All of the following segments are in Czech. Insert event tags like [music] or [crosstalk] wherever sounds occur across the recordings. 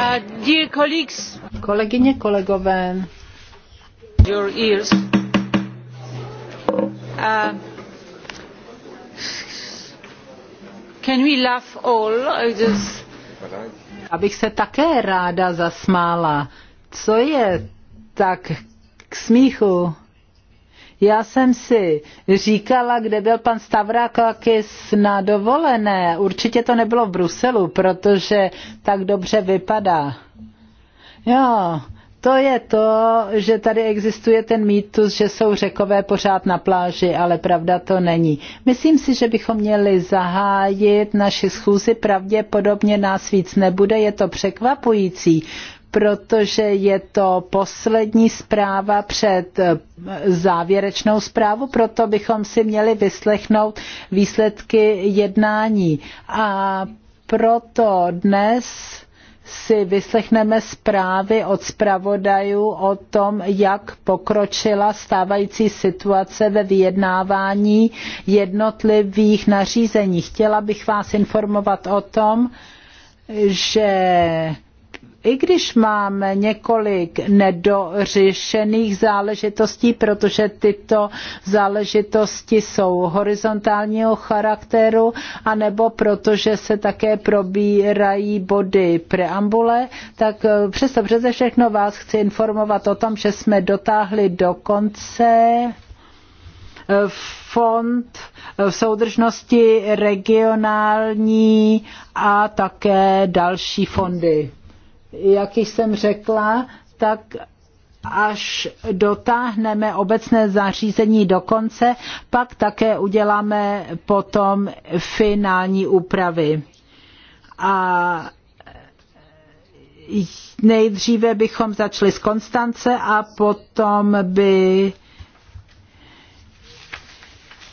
Uh, Kolegyně, kolegové, your ears. Uh, can we laugh all? I Just... Abych se také ráda zasmála. Co je tak k smíchu? Já jsem si říkala, kde byl pan Stavrakakis na dovolené. Určitě to nebylo v Bruselu, protože tak dobře vypadá. Jo, to je to, že tady existuje ten mýtus, že jsou řekové pořád na pláži, ale pravda to není. Myslím si, že bychom měli zahájit naši schůzi, pravděpodobně nás víc nebude, je to překvapující, protože je to poslední zpráva před eh, závěrečnou zprávu, proto bychom si měli vyslechnout výsledky jednání. A proto dnes si vyslechneme zprávy od zpravodajů o tom, jak pokročila stávající situace ve vyjednávání jednotlivých nařízení. Chtěla bych vás informovat o tom, že i když máme několik nedořešených záležitostí, protože tyto záležitosti jsou horizontálního charakteru, anebo protože se také probírají body preambule, tak eh, přesto přeze všechno vás chci informovat o tom, že jsme dotáhli do konce eh, fond eh, v soudržnosti regionální a také další fondy jak již jsem řekla, tak až dotáhneme obecné zařízení do konce, pak také uděláme potom finální úpravy. A nejdříve bychom začali z Konstance a potom by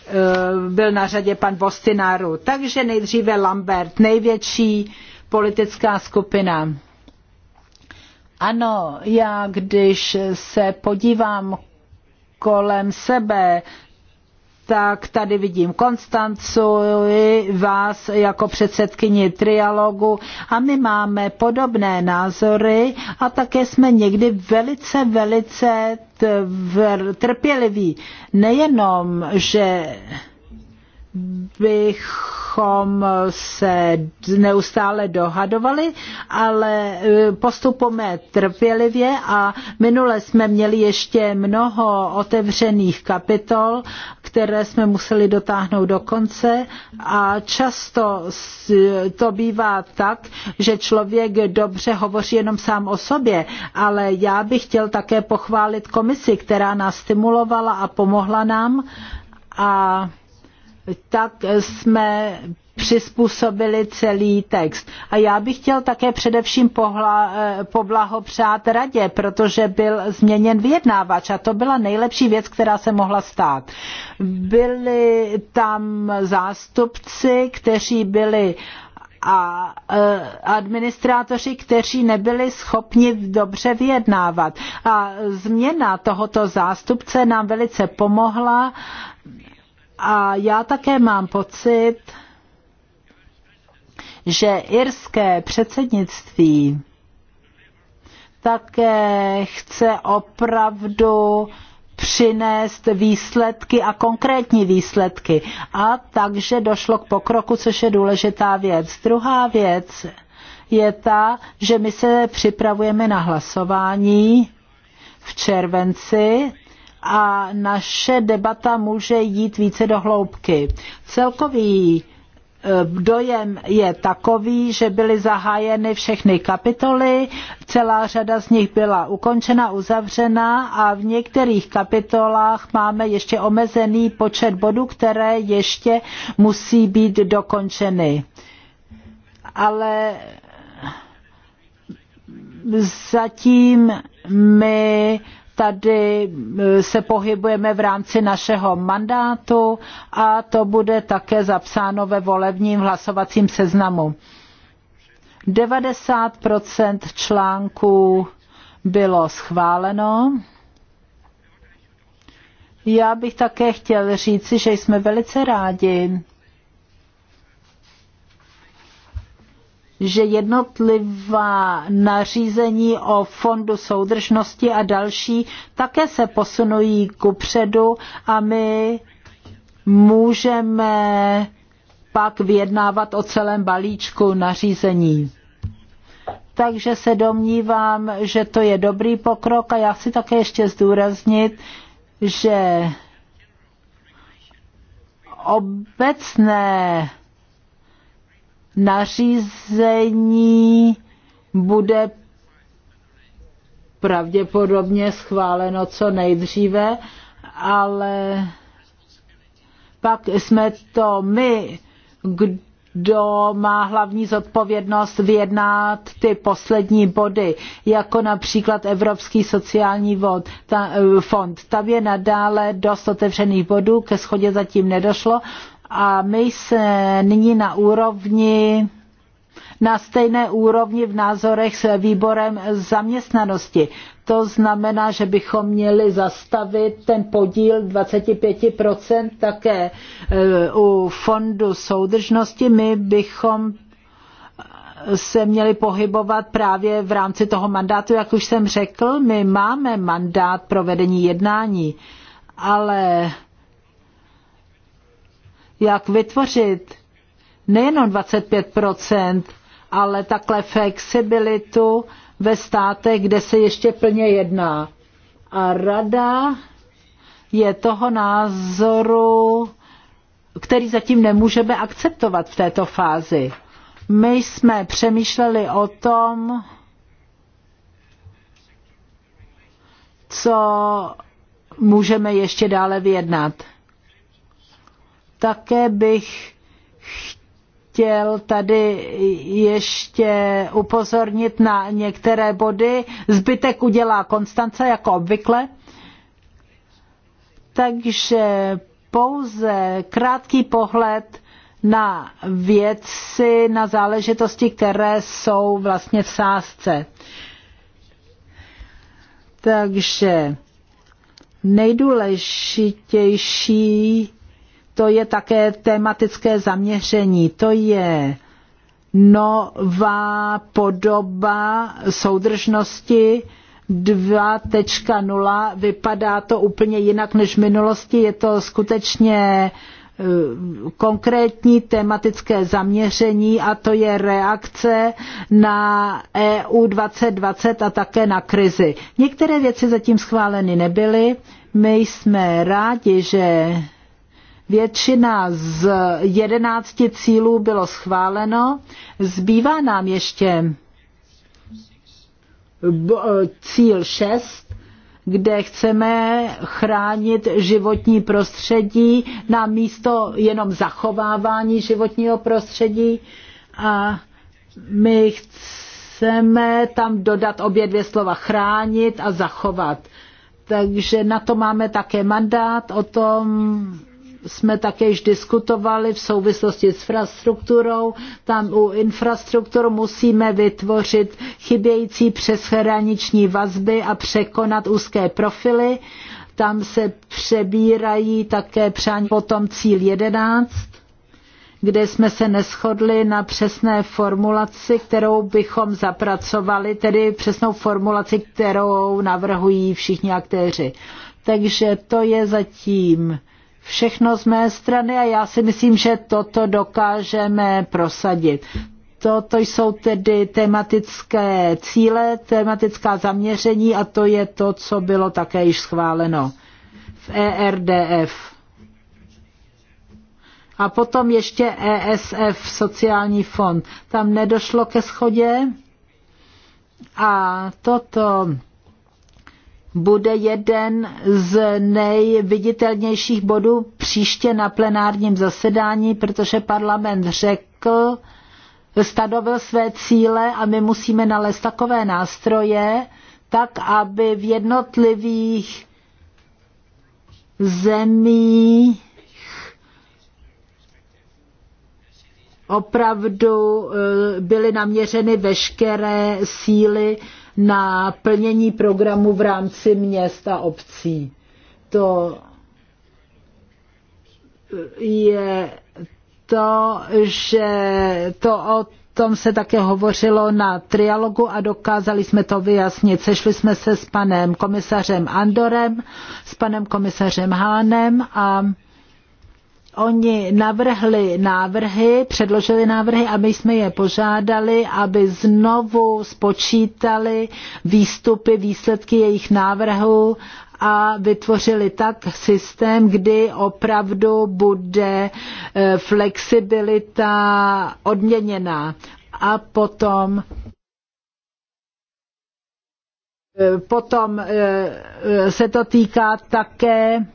e, byl na řadě pan Bostináru. Takže nejdříve Lambert, největší politická skupina. Ano, já když se podívám kolem sebe, tak tady vidím Konstancu, vás jako předsedkyni trialogu a my máme podobné názory a také jsme někdy velice, velice trpěliví. Nejenom, že bychom se neustále dohadovali, ale e, postupujeme trpělivě a minule jsme měli ještě mnoho otevřených kapitol, které jsme museli dotáhnout do konce a často to bývá tak, že člověk dobře hovoří jenom sám o sobě, ale já bych chtěl také pochválit komisi, která nás stimulovala a pomohla nám a tak jsme přizpůsobili celý text. A já bych chtěl také především pohla, eh, poblahopřát radě, protože byl změněn vyjednávač a to byla nejlepší věc, která se mohla stát. Byli tam zástupci, kteří byli a eh, administrátoři, kteří nebyli schopni dobře vyjednávat. A změna tohoto zástupce nám velice pomohla a já také mám pocit, že irské předsednictví také chce opravdu přinést výsledky a konkrétní výsledky. A takže došlo k pokroku, což je důležitá věc. Druhá věc je ta, že my se připravujeme na hlasování v červenci a naše debata může jít více do hloubky. Celkový eh, dojem je takový, že byly zahájeny všechny kapitoly, celá řada z nich byla ukončena, uzavřena a v některých kapitolách máme ještě omezený počet bodů, které ještě musí být dokončeny. Ale zatím my tady eh, se pohybujeme v rámci našeho mandátu a to bude také zapsáno ve volebním hlasovacím seznamu. 90 článků bylo schváleno. Já bych také chtěl říci, že jsme velice rádi, že jednotlivá nařízení o fondu soudržnosti a další také se posunují ku předu a my můžeme pak vyjednávat o celém balíčku nařízení. Takže se domnívám, že to je dobrý pokrok a já chci také ještě zdůraznit, že obecné nařízení bude pravděpodobně schváleno co nejdříve, ale pak jsme to my, kdo má hlavní zodpovědnost vyjednat ty poslední body, jako například Evropský sociální vod, ta, eh, fond. Tam je nadále dost otevřených bodů, ke schodě zatím nedošlo a my se nyní na úrovni na stejné úrovni v názorech s výborem zaměstnanosti. To znamená, že bychom měli zastavit ten podíl 25% také e, u fondu soudržnosti. My bychom se měli pohybovat právě v rámci toho mandátu, jak už jsem řekl, my máme mandát pro vedení jednání, ale jak vytvořit nejenom 25 ale takhle flexibilitu ve státech, kde se ještě plně jedná. A rada je toho názoru, který zatím nemůžeme akceptovat v této fázi. My jsme přemýšleli o tom, co můžeme ještě dále vyjednat. Také bych chtěl tady ještě upozornit na některé body. Zbytek udělá Konstance jako obvykle. Takže pouze krátký pohled na věci, na záležitosti, které jsou vlastně v sázce. Takže nejdůležitější to je také tematické zaměření. To je nová podoba soudržnosti 2.0. Vypadá to úplně jinak než v minulosti. Je to skutečně eh, konkrétní tematické zaměření a to je reakce na EU 2020 a také na krizi. Některé věci zatím schváleny nebyly. My jsme rádi, že Většina z jedenácti cílů bylo schváleno. Zbývá nám ještě eh, cíl šest, kde chceme chránit životní prostředí na místo jenom zachovávání životního prostředí a my chceme tam dodat obě dvě slova chránit a zachovat. Takže na to máme také mandát, o tom jsme také již diskutovali v souvislosti s infrastrukturou. Tam u infrastrukturu musíme vytvořit chybějící přeshraniční vazby a překonat úzké profily. Tam se přebírají také přání potom cíl 11 kde jsme se neschodli na přesné formulaci, kterou bychom zapracovali, tedy přesnou formulaci, kterou navrhují všichni aktéři. Takže to je zatím všechno z mé strany a já si myslím, že toto dokážeme prosadit. Toto jsou tedy tematické cíle, tematická zaměření a to je to, co bylo také již schváleno v ERDF. A potom ještě ESF, sociální fond. Tam nedošlo ke schodě a toto bude jeden z nejviditelnějších bodů příště na plenárním zasedání, protože parlament řekl, stanovil své cíle a my musíme nalézt takové nástroje, tak aby v jednotlivých zemích opravdu eh, byly naměřeny veškeré síly na plnění programu v rámci měst a obcí. To je to, že to o tom se také hovořilo na trialogu a dokázali jsme to vyjasnit. Sešli jsme se s panem komisařem Andorem, s panem komisařem Hánem a Oni navrhli návrhy, předložili návrhy a my jsme je požádali, aby znovu spočítali výstupy, výsledky jejich návrhu a vytvořili tak systém, kdy opravdu bude e, flexibilita odměněná. A potom e, potom e, se to týká také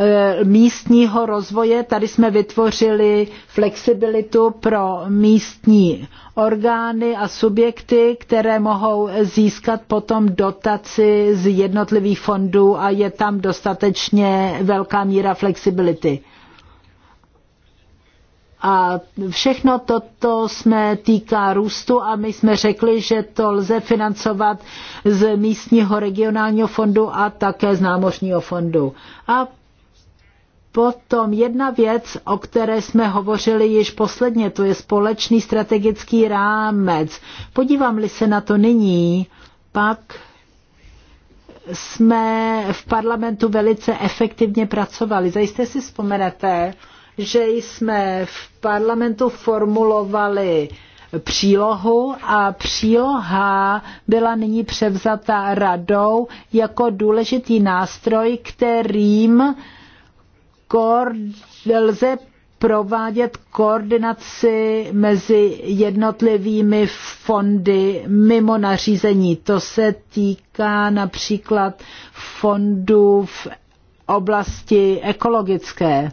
Eh, místního rozvoje. Tady jsme vytvořili flexibilitu pro místní orgány a subjekty, které mohou získat potom dotaci z jednotlivých fondů a je tam dostatečně velká míra flexibility. A všechno toto jsme týká růstu a my jsme řekli, že to lze financovat z místního regionálního fondu a také z námořního fondu. A Potom jedna věc, o které jsme hovořili již posledně, to je společný strategický rámec. Podívám-li se na to nyní, pak jsme v parlamentu velice efektivně pracovali. Zajisté si vzpomenete, že jsme v parlamentu formulovali přílohu a příloha byla nyní převzata radou jako důležitý nástroj, kterým lze provádět koordinaci mezi jednotlivými fondy mimo nařízení. To se týká například fondů v oblasti ekologické.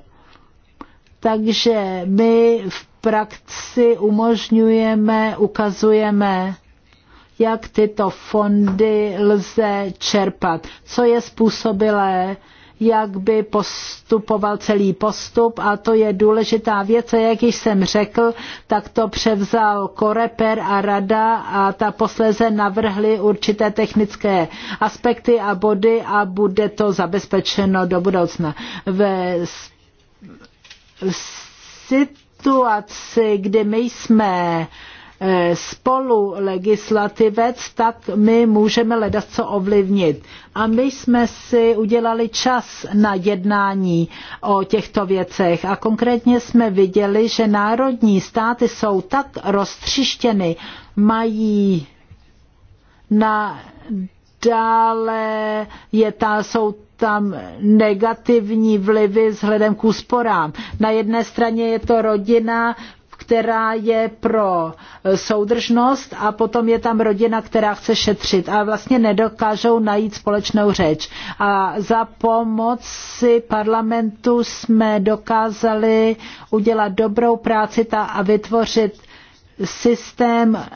Takže my v praxi umožňujeme, ukazujeme, jak tyto fondy lze čerpat, co je způsobilé jak by postupoval celý postup a to je důležitá věc a jak již jsem řekl, tak to převzal Koreper a Rada a ta posléze navrhly určité technické aspekty a body a bude to zabezpečeno do budoucna. Ve situaci, kdy my jsme uh, spolu legislativec, tak my můžeme ledat co ovlivnit. A my jsme si udělali čas na jednání o těchto věcech a konkrétně jsme viděli, že národní státy jsou tak roztřištěny, mají na dále je ta, jsou tam negativní vlivy vzhledem k úsporám. Na jedné straně je to rodina, která je pro eh, soudržnost a potom je tam rodina, která chce šetřit a vlastně nedokážou najít společnou řeč. A za pomoci parlamentu jsme dokázali udělat dobrou práci a vytvořit systém, eh,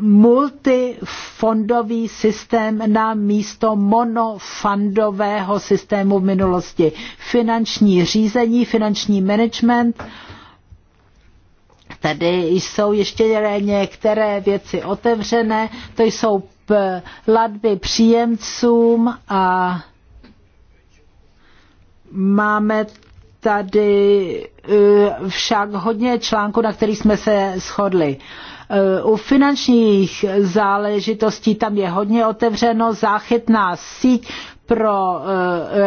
multifondový systém na místo monofundového systému v minulosti. Finanční řízení, finanční management, Tady jsou ještě některé věci otevřené, to jsou platby příjemcům a máme tady e, však hodně článků, na kterých jsme se shodli. E, u finančních záležitostí tam je hodně otevřeno, záchytná síť, pro eh,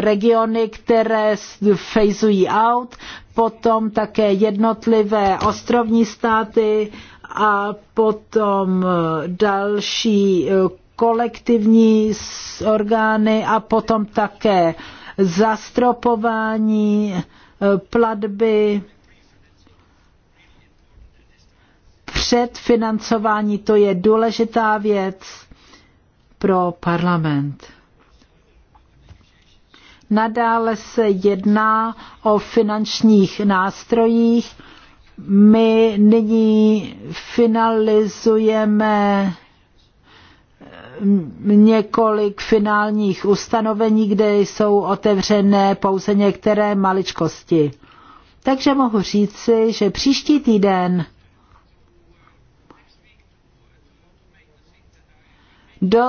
regiony, které fejzují out, potom také jednotlivé ostrovní státy a potom eh, další eh, kolektivní orgány a potom také zastropování, platby, předfinancování, to je důležitá věc pro parlament. Nadále se jedná o finančních nástrojích. My nyní finalizujeme mm, několik finálních ustanovení, kde jsou otevřené pouze některé maličkosti. Takže mohu říci, že příští týden do,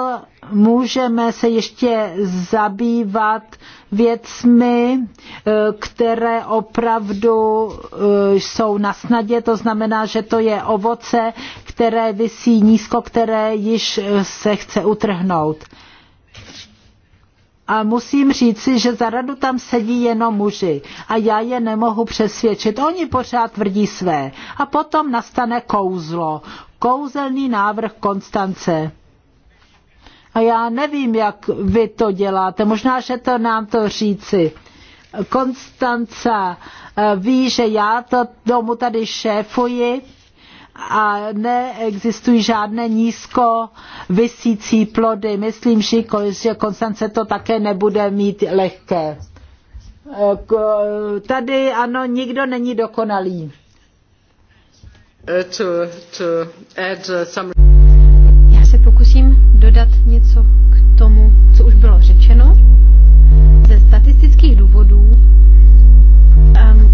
můžeme se ještě zabývat věcmi, eh, které opravdu eh, jsou na snadě, to znamená, že to je ovoce, které vysí nízko, které již eh, se chce utrhnout. A musím říci, že za radu tam sedí jenom muži a já je nemohu přesvědčit. Oni pořád tvrdí své. A potom nastane kouzlo. Kouzelný návrh Konstance a já nevím, jak vy to děláte. Možná, že to nám to říci. Konstanca eh, ví, že já to domu tady šéfuji a neexistují žádné nízko vysící plody. Myslím, že Konstance to také nebude mít lehké. Eh, tady ano, nikdo není dokonalý. Eh, to, to add some... Já se pokusím dodat něco k tomu, co už bylo řečeno. Ze statistických důvodů um,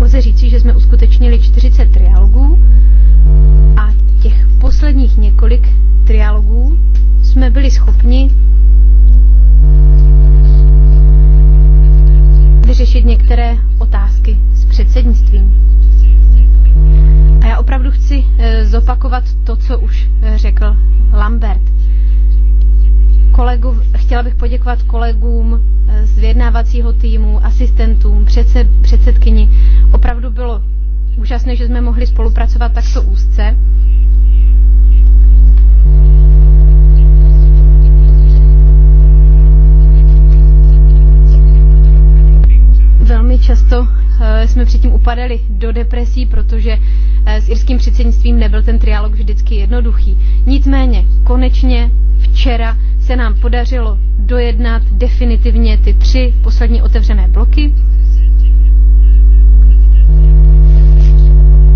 lze říci, že jsme uskutečnili 40 trialogů a těch posledních několik trialogů jsme byli schopni vyřešit některé otázky s předsednictvím. A já opravdu chci eh, zopakovat to, co už řekl Lambert. Kolegu, chtěla bych poděkovat kolegům eh, z vyjednávacího týmu, asistentům, předsed, předsedkyni. Opravdu bylo úžasné, že jsme mohli spolupracovat takto úzce. Velmi často Eh, jsme předtím upadali do depresí, protože eh, s irským předsednictvím nebyl ten trialog vždycky jednoduchý. Nicméně, konečně včera se nám podařilo dojednat definitivně ty tři poslední otevřené bloky.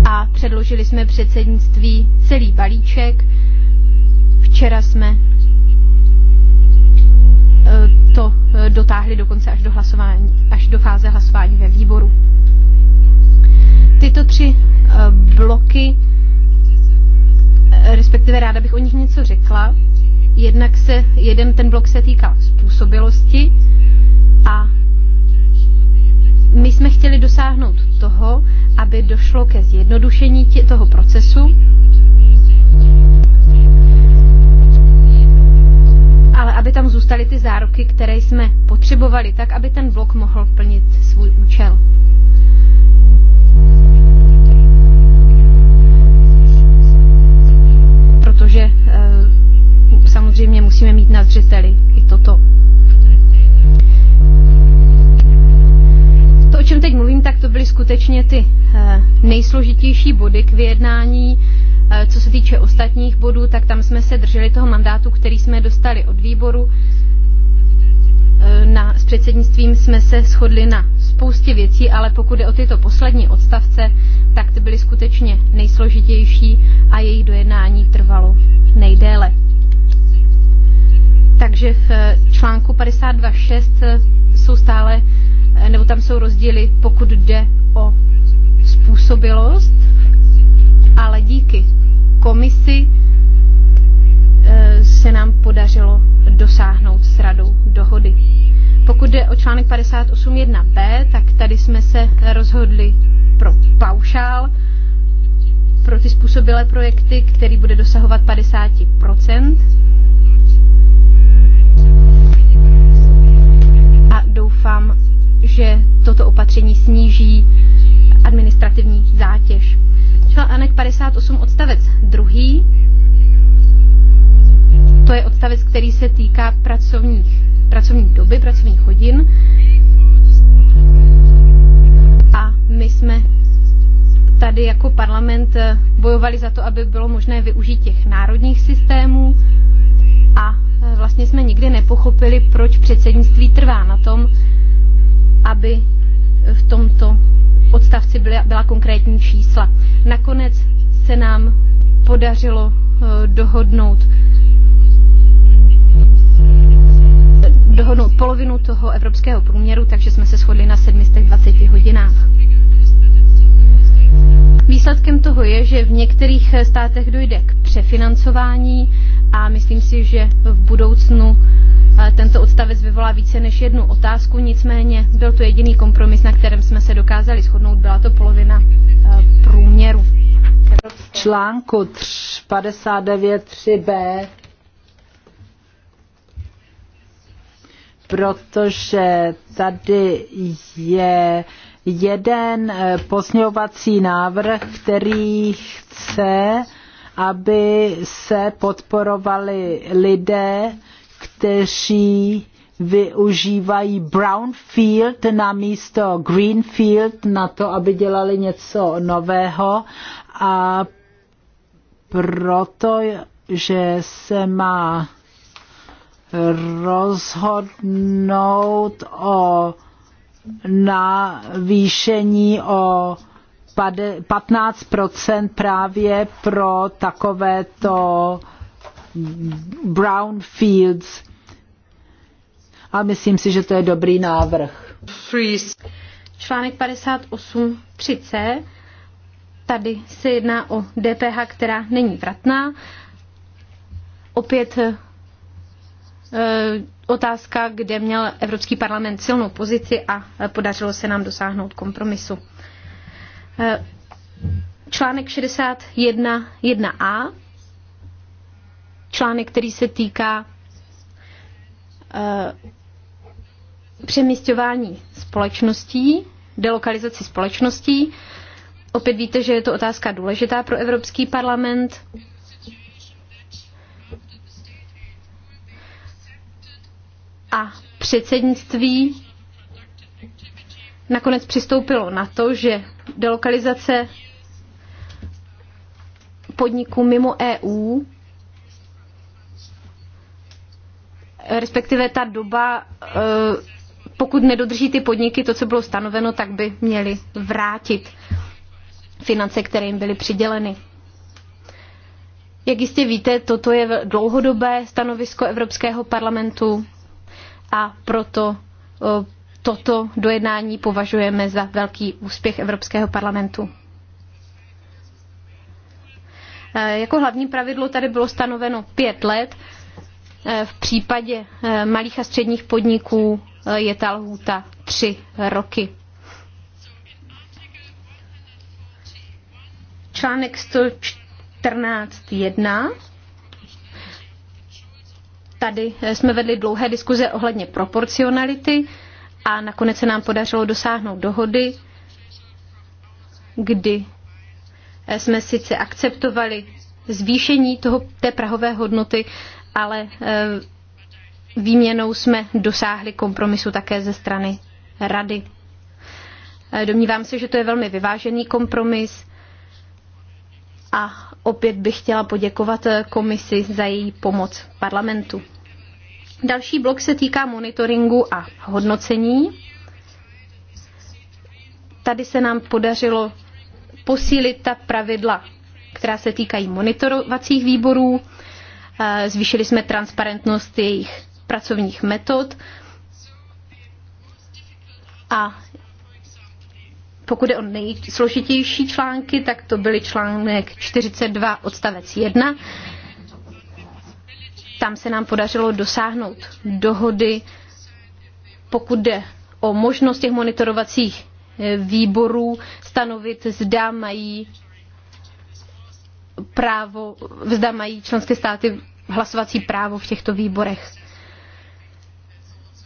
A předložili jsme předsednictví celý balíček. Včera jsme Eh, to eh, dotáhli dokonce až do, hlasování, až do fáze hlasování ve výboru. Tyto tři eh, bloky, respektive ráda bych o nich něco řekla. Jednak se, jeden ten blok se týká způsobilosti a my jsme chtěli dosáhnout toho, aby došlo ke zjednodušení tě, toho procesu ale aby tam zůstaly ty záruky, které jsme potřebovali, tak aby ten blok mohl plnit svůj účel. Protože eh, samozřejmě musíme mít na zřeteli i toto. To, o čem teď mluvím, tak to byly skutečně ty eh, nejsložitější body k vyjednání Eh, co se týče ostatních bodů, tak tam jsme se drželi toho mandátu, který jsme dostali od výboru. Eh, na, s předsednictvím jsme se shodli na spoustě věcí, ale pokud je o tyto poslední odstavce, tak ty byly skutečně nejsložitější a jejich dojednání trvalo nejdéle. Takže v eh, článku 52.6 jsou stále, nebo tam jsou rozdíly, pokud jde o způsobilost ale díky komisi eh, se nám podařilo dosáhnout s radou dohody. Pokud jde o článek 58.1b, tak tady jsme se rozhodli pro paušál pro ty způsobilé projekty, který bude dosahovat 50%. A že toto opatření sníží administrativní zátěž anek 58 odstavec druhý, To je odstavec, který se týká pracovních, pracovní doby, pracovních hodin. A my jsme tady jako parlament eh, bojovali za to, aby bylo možné využít těch národních systémů a eh, vlastně jsme nikdy nepochopili, proč předsednictví trvá na tom, aby v tomto odstavci byla, byla konkrétní čísla. Nakonec se nám podařilo eh, dohodnout dohodnout polovinu toho evropského průměru, takže jsme se shodli na 720 hodinách. Výsledkem toho je, že v některých eh, státech dojde k přefinancování a myslím si, že v budoucnu eh, tento odstavec vyvolá více než jednu otázku, nicméně byl to jediný kompromis, na kterém jsme se dokázali shodnout, byla to polovina eh, průměru. článku 59.3b protože tady je jeden eh, posměvací návrh, který chce, aby se podporovali lidé, kteří využívají brownfield na místo greenfield na to, aby dělali něco nového a proto, že se má rozhodnout o na výšení o 15 právě pro takovéto brownfields. A myslím si, že to je dobrý návrh. Freeze. Článek 58.3c. Tady se jedná o DPH, která není vratná. Opět eh, otázka, kde měl Evropský parlament silnou pozici a e, podařilo se nám dosáhnout kompromisu. E, článek 61.1a, článek, který se týká e, přemysťování společností, delokalizaci společností. Opět víte, že je to otázka důležitá pro Evropský parlament. a předsednictví nakonec přistoupilo na to, že delokalizace podniků mimo EU, respektive ta doba, eh, pokud nedodrží ty podniky to, co bylo stanoveno, tak by měly vrátit finance, které jim byly přiděleny. Jak jistě víte, toto je dlouhodobé stanovisko Evropského parlamentu a proto toto dojednání považujeme za velký úspěch Evropského parlamentu. E, jako hlavní pravidlo tady bylo stanoveno pět let. E, v případě e, malých a středních podniků je ta lhůta tři roky. Článek 114.1 Tady eh, jsme vedli dlouhé diskuze ohledně proporcionality a nakonec se nám podařilo dosáhnout dohody, kdy eh, jsme sice akceptovali zvýšení toho, té prahové hodnoty, ale eh, výměnou jsme dosáhli kompromisu také ze strany rady. Domnívám se, že to je velmi vyvážený kompromis a opět bych chtěla poděkovat komisi za její pomoc parlamentu. Další blok se týká monitoringu a hodnocení. Tady se nám podařilo posílit ta pravidla, která se týkají monitorovacích výborů. Eh, zvýšili jsme transparentnost jejich pracovních metod. A pokud je o nejsložitější články, tak to byly článek 42 odstavec 1, tam se nám podařilo dosáhnout dohody, pokud jde o možnost těch monitorovacích e, výborů stanovit, zda mají právo, zda mají členské státy hlasovací právo v těchto výborech.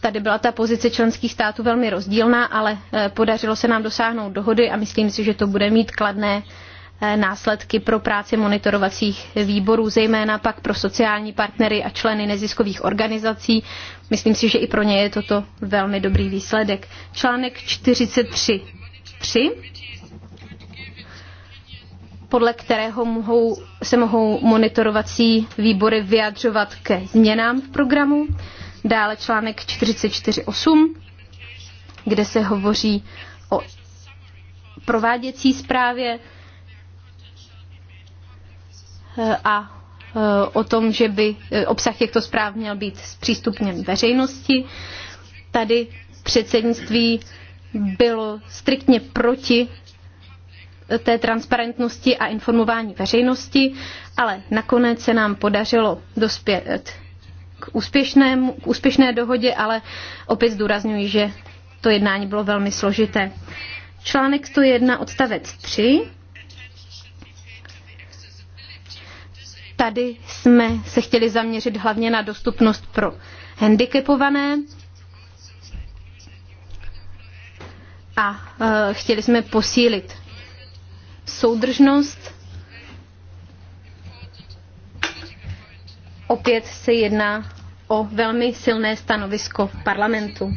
Tady byla ta pozice členských států velmi rozdílná, ale e, podařilo se nám dosáhnout dohody a myslím si, že to bude mít kladné Eh, následky pro práci monitorovacích výborů, zejména pak pro sociální partnery a členy neziskových organizací. Myslím si, že i pro ně je toto velmi dobrý výsledek. Článek 43.3 podle kterého mohou, se mohou monitorovací výbory vyjadřovat ke změnám v programu. Dále článek 44.8, kde se hovoří o prováděcí zprávě Eh, a eh, o tom, že by eh, obsah těchto zpráv měl být zpřístupněn veřejnosti. Tady předsednictví bylo striktně proti té transparentnosti a informování veřejnosti, ale nakonec se nám podařilo dospět k, úspěšnému, k úspěšné dohodě, ale opět zdůrazňuji, že to jednání bylo velmi složité. Článek 101 odstavec 3 Tady jsme se chtěli zaměřit hlavně na dostupnost pro handicapované a e, chtěli jsme posílit soudržnost. Opět se jedná o velmi silné stanovisko parlamentu.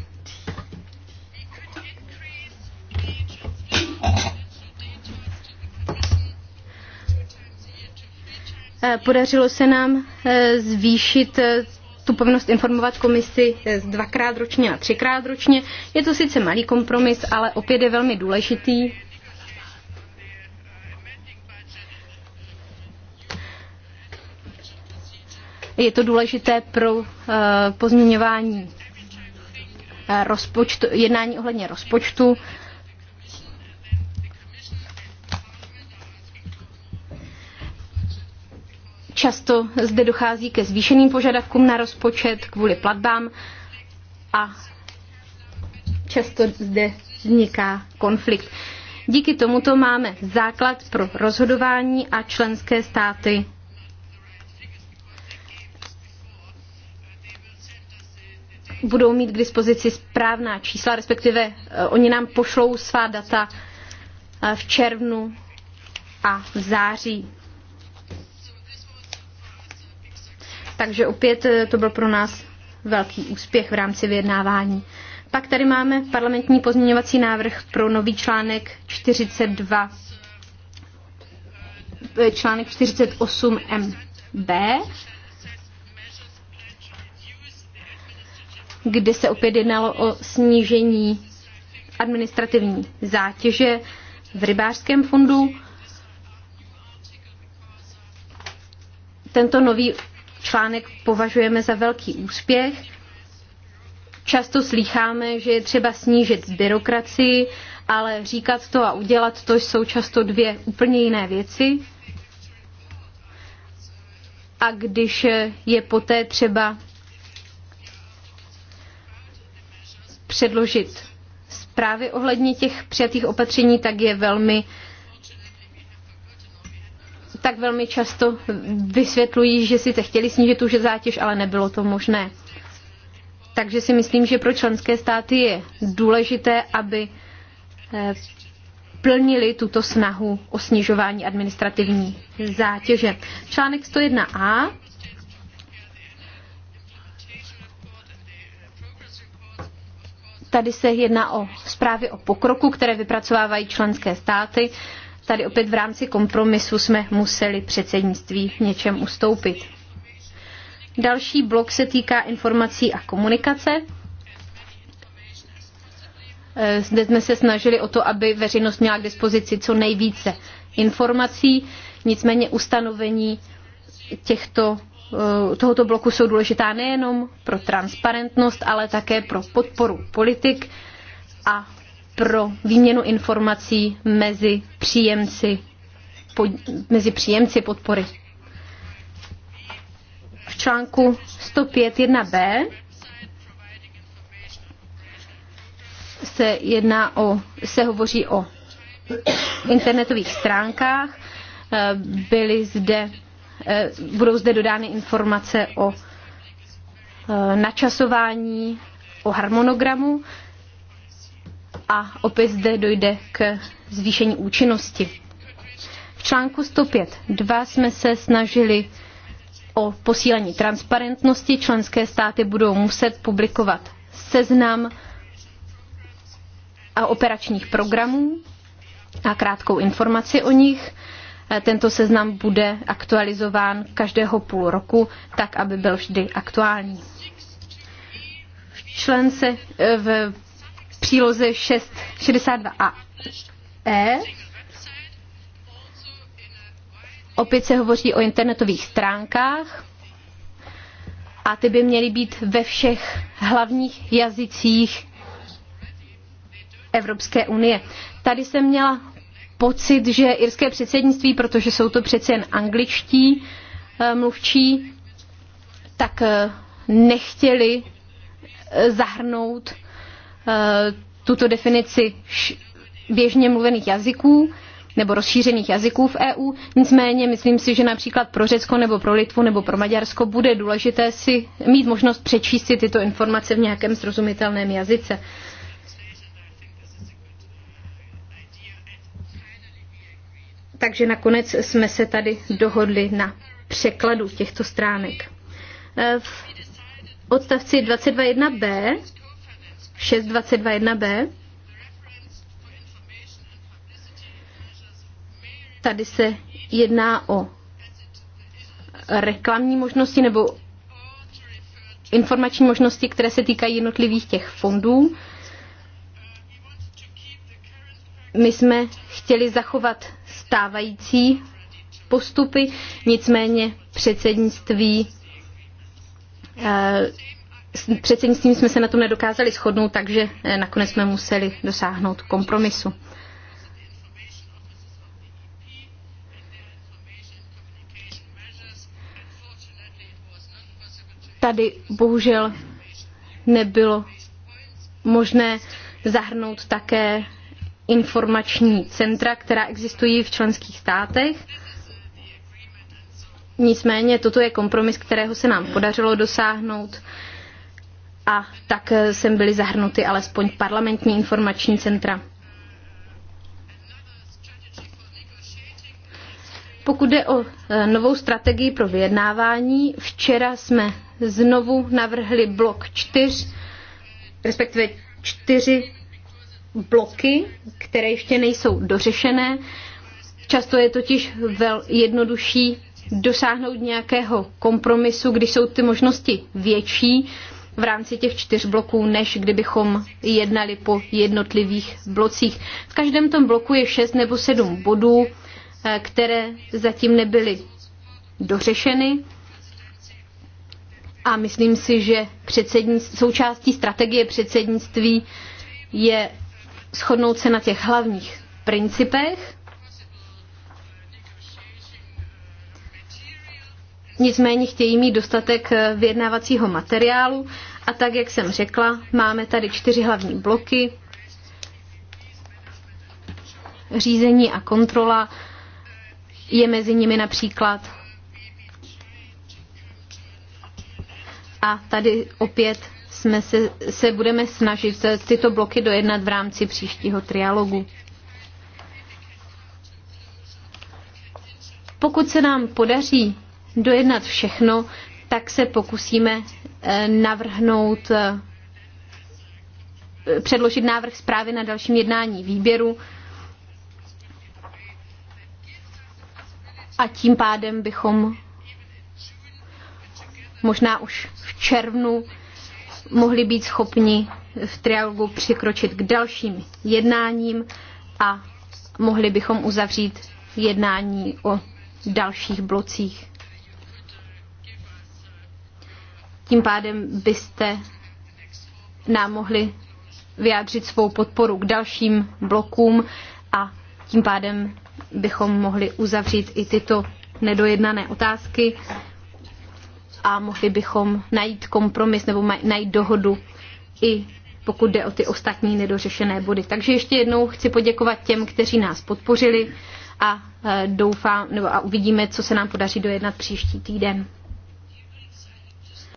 Eh, podařilo se nám eh, zvýšit eh, tu povinnost informovat komisi dvakrát ročně a třikrát ročně. Je to sice malý kompromis, ale opět je velmi důležitý. Je to důležité pro uh, pozměňování rozpočtu, jednání ohledně rozpočtu. Často zde dochází ke zvýšeným požadavkům na rozpočet kvůli platbám a často zde vzniká konflikt. Díky tomuto máme základ pro rozhodování a členské státy budou mít k dispozici správná čísla, respektive eh, oni nám pošlou svá data eh, v červnu a v září. Takže opět eh, to byl pro nás velký úspěch v rámci vyjednávání. Pak tady máme parlamentní pozměňovací návrh pro nový článek 42, eh, článek 48 MB, kde se opět jednalo o snížení administrativní zátěže v rybářském fondu. Tento nový článek považujeme za velký úspěch. Často slýcháme, že je třeba snížit byrokracii, ale říkat to a udělat to jsou často dvě úplně jiné věci. A když je poté třeba předložit zprávy ohledně těch přijatých opatření, tak je velmi tak velmi často vysvětlují, že sice chtěli snížit tu zátěž, ale nebylo to možné. Takže si myslím, že pro členské státy je důležité, aby eh, plnili tuto snahu o snižování administrativní zátěže. Článek 101a Tady se jedná o zprávy o pokroku, které vypracovávají členské státy tady opět v rámci kompromisu jsme museli předsednictví něčem ustoupit. Další blok se týká informací a komunikace. Zde jsme se snažili o to, aby veřejnost měla k dispozici co nejvíce informací, nicméně ustanovení těchto, eh, tohoto bloku jsou důležitá nejenom pro transparentnost, ale také pro podporu politik a pro výměnu informací mezi příjemci, pod, mezi příjemci podpory. V článku 105.1b se jedná o, se hovoří o internetových stránkách. Eh, byly zde, eh, budou zde dodány informace o eh, načasování, o harmonogramu a opět zde dojde k zvýšení účinnosti. V článku 105.2 jsme se snažili o posílení transparentnosti. Členské státy budou muset publikovat seznam a operačních programů a krátkou informaci o nich. E, tento seznam bude aktualizován každého půl roku, tak aby byl vždy aktuální. V, člence, e, v příloze 6, 62 a E. Opět se hovoří o internetových stránkách a ty by měly být ve všech hlavních jazycích Evropské unie. Tady jsem měla pocit, že irské předsednictví, protože jsou to přece jen angličtí eh, mluvčí, tak eh, nechtěli eh, zahrnout Eh, tuto definici běžně mluvených jazyků nebo rozšířených jazyků v EU. Nicméně myslím si, že například pro Řecko nebo pro Litvu nebo pro Maďarsko bude důležité si mít možnost přečíst si tyto informace v nějakém srozumitelném jazyce. Takže nakonec jsme se tady dohodli na překladu těchto stránek. Eh, v odstavci 22.1b 6.22.1b. Tady se jedná o reklamní možnosti nebo informační možnosti, které se týkají jednotlivých těch fondů. My jsme chtěli zachovat stávající postupy, nicméně předsednictví eh, předsednictvím jsme se na tom nedokázali shodnout, takže eh, nakonec jsme museli dosáhnout kompromisu. Tady bohužel nebylo možné zahrnout také informační centra, která existují v členských státech. Nicméně toto je kompromis, kterého se nám podařilo dosáhnout a tak eh, sem byly zahrnuty alespoň parlamentní informační centra. Pokud jde o eh, novou strategii pro vyjednávání, včera jsme znovu navrhli blok čtyř, respektive čtyři bloky, které ještě nejsou dořešené. Často je totiž vel jednodušší dosáhnout nějakého kompromisu, když jsou ty možnosti větší, v rámci těch čtyř bloků, než kdybychom jednali po jednotlivých blocích. V každém tom bloku je šest nebo sedm bodů, eh, které zatím nebyly dořešeny. A myslím si, že součástí strategie předsednictví je shodnout se na těch hlavních principech Nicméně chtějí mít dostatek eh, vyjednávacího materiálu a tak, jak jsem řekla, máme tady čtyři hlavní bloky. Řízení a kontrola je mezi nimi například. A tady opět jsme se, se budeme snažit tyto bloky dojednat v rámci příštího trialogu. Pokud se nám podaří dojednat všechno, tak se pokusíme eh, navrhnout, eh, předložit návrh zprávy na dalším jednání výběru a tím pádem bychom možná už v červnu mohli být schopni v trialogu přikročit k dalším jednáním a mohli bychom uzavřít jednání o dalších blocích. Tím pádem byste nám mohli vyjádřit svou podporu k dalším blokům a tím pádem bychom mohli uzavřít i tyto nedojednané otázky a mohli bychom najít kompromis nebo najít dohodu i pokud jde o ty ostatní nedořešené body. Takže ještě jednou chci poděkovat těm, kteří nás podpořili a e, doufám, nebo a uvidíme, co se nám podaří dojednat příští týden.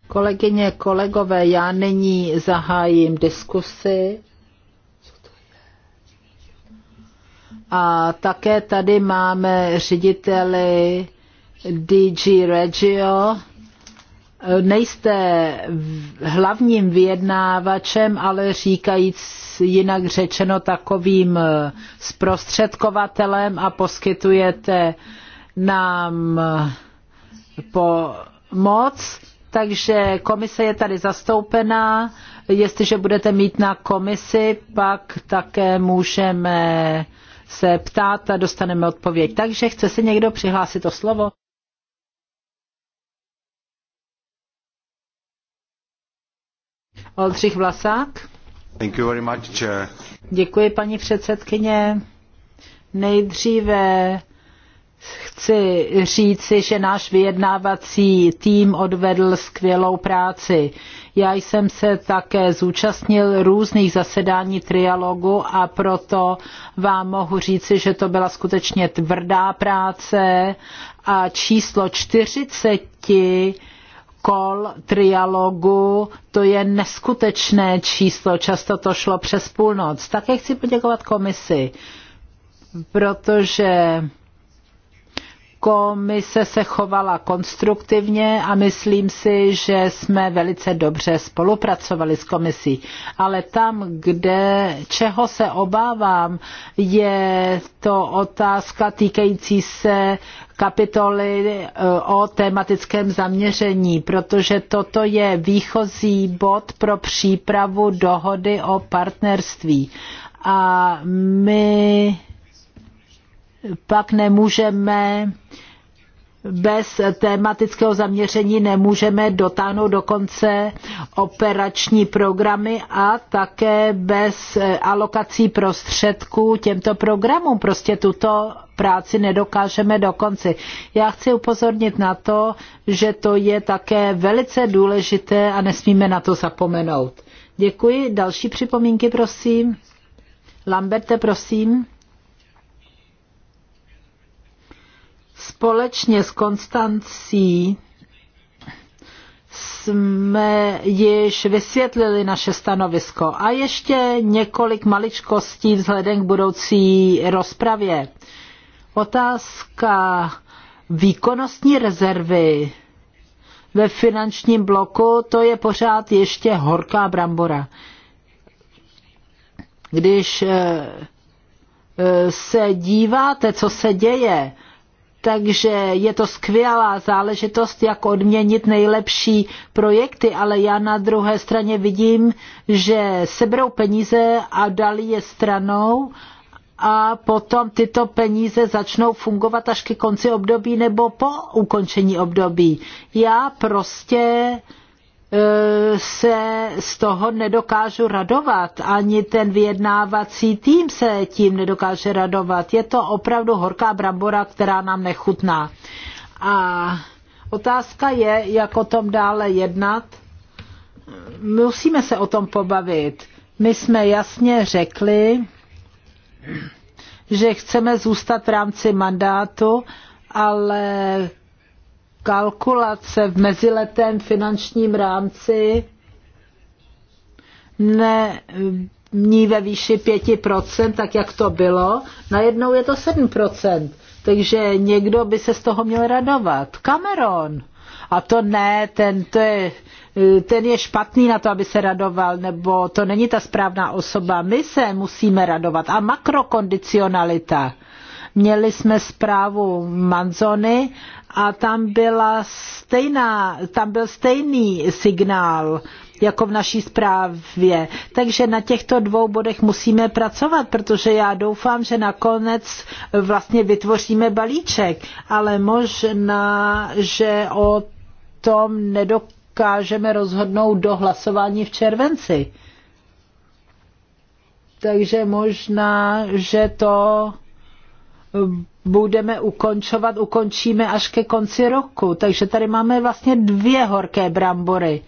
Kolegyně, kolegové, já nyní zahájím diskusy. A také tady máme řediteli DG Regio. Nejste hlavním vyjednávačem, ale říkajíc jinak řečeno takovým zprostředkovatelem a poskytujete nám pomoc takže komise je tady zastoupená. Jestliže budete mít na komisi, pak také můžeme se ptát a dostaneme odpověď. Takže chce se někdo přihlásit o slovo? Oldřich Vlasák. Thank you very much, Děkuji, paní předsedkyně. Nejdříve chci říci, že náš vyjednávací tým odvedl skvělou práci. Já jsem se také zúčastnil různých zasedání trialogu a proto vám mohu říci, že to byla skutečně tvrdá práce a číslo 40 kol trialogu, to je neskutečné číslo, často to šlo přes půlnoc. Také chci poděkovat komisi, protože komise se chovala konstruktivně a myslím si, že jsme velice dobře spolupracovali s komisí. Ale tam, kde, čeho se obávám, je to otázka týkající se kapitoly eh, o tematickém zaměření, protože toto je výchozí bod pro přípravu dohody o partnerství. A my pak nemůžeme bez tématického zaměření nemůžeme dotáhnout do konce operační programy a také bez eh, alokací prostředků těmto programům. Prostě tuto práci nedokážeme do konce. Já chci upozornit na to, že to je také velice důležité a nesmíme na to zapomenout. Děkuji. Další připomínky, prosím. Lamberte, prosím. Společně s Konstancí jsme již vysvětlili naše stanovisko. A ještě několik maličkostí vzhledem k budoucí rozpravě. Otázka výkonnostní rezervy ve finančním bloku, to je pořád ještě horká brambora. Když eh, eh, se díváte, co se děje, takže je to skvělá záležitost, jak odměnit nejlepší projekty, ale já na druhé straně vidím, že seberou peníze a dali je stranou a potom tyto peníze začnou fungovat až ke konci období nebo po ukončení období. Já prostě E, se z toho nedokážu radovat. Ani ten vyjednávací tým se tím nedokáže radovat. Je to opravdu horká brambora, která nám nechutná. A otázka je, jak o tom dále jednat. Musíme se o tom pobavit. My jsme jasně řekli, že chceme zůstat v rámci mandátu, ale kalkulace v meziletém finančním rámci ne, ní ve výši 5%, tak jak to bylo, najednou je to 7%. Takže někdo by se z toho měl radovat. Cameron. A to ne, ten, to je, ten je špatný na to, aby se radoval, nebo to není ta správná osoba. My se musíme radovat. A makrokondicionalita. Měli jsme zprávu Manzony a tam, byla stejná, tam byl stejný signál jako v naší zprávě. Takže na těchto dvou bodech musíme pracovat, protože já doufám, že nakonec vlastně vytvoříme balíček, ale možná, že o tom nedokážeme rozhodnout do hlasování v červenci. Takže možná, že to budeme ukončovat, ukončíme až ke konci roku. Takže tady máme vlastně dvě horké brambory.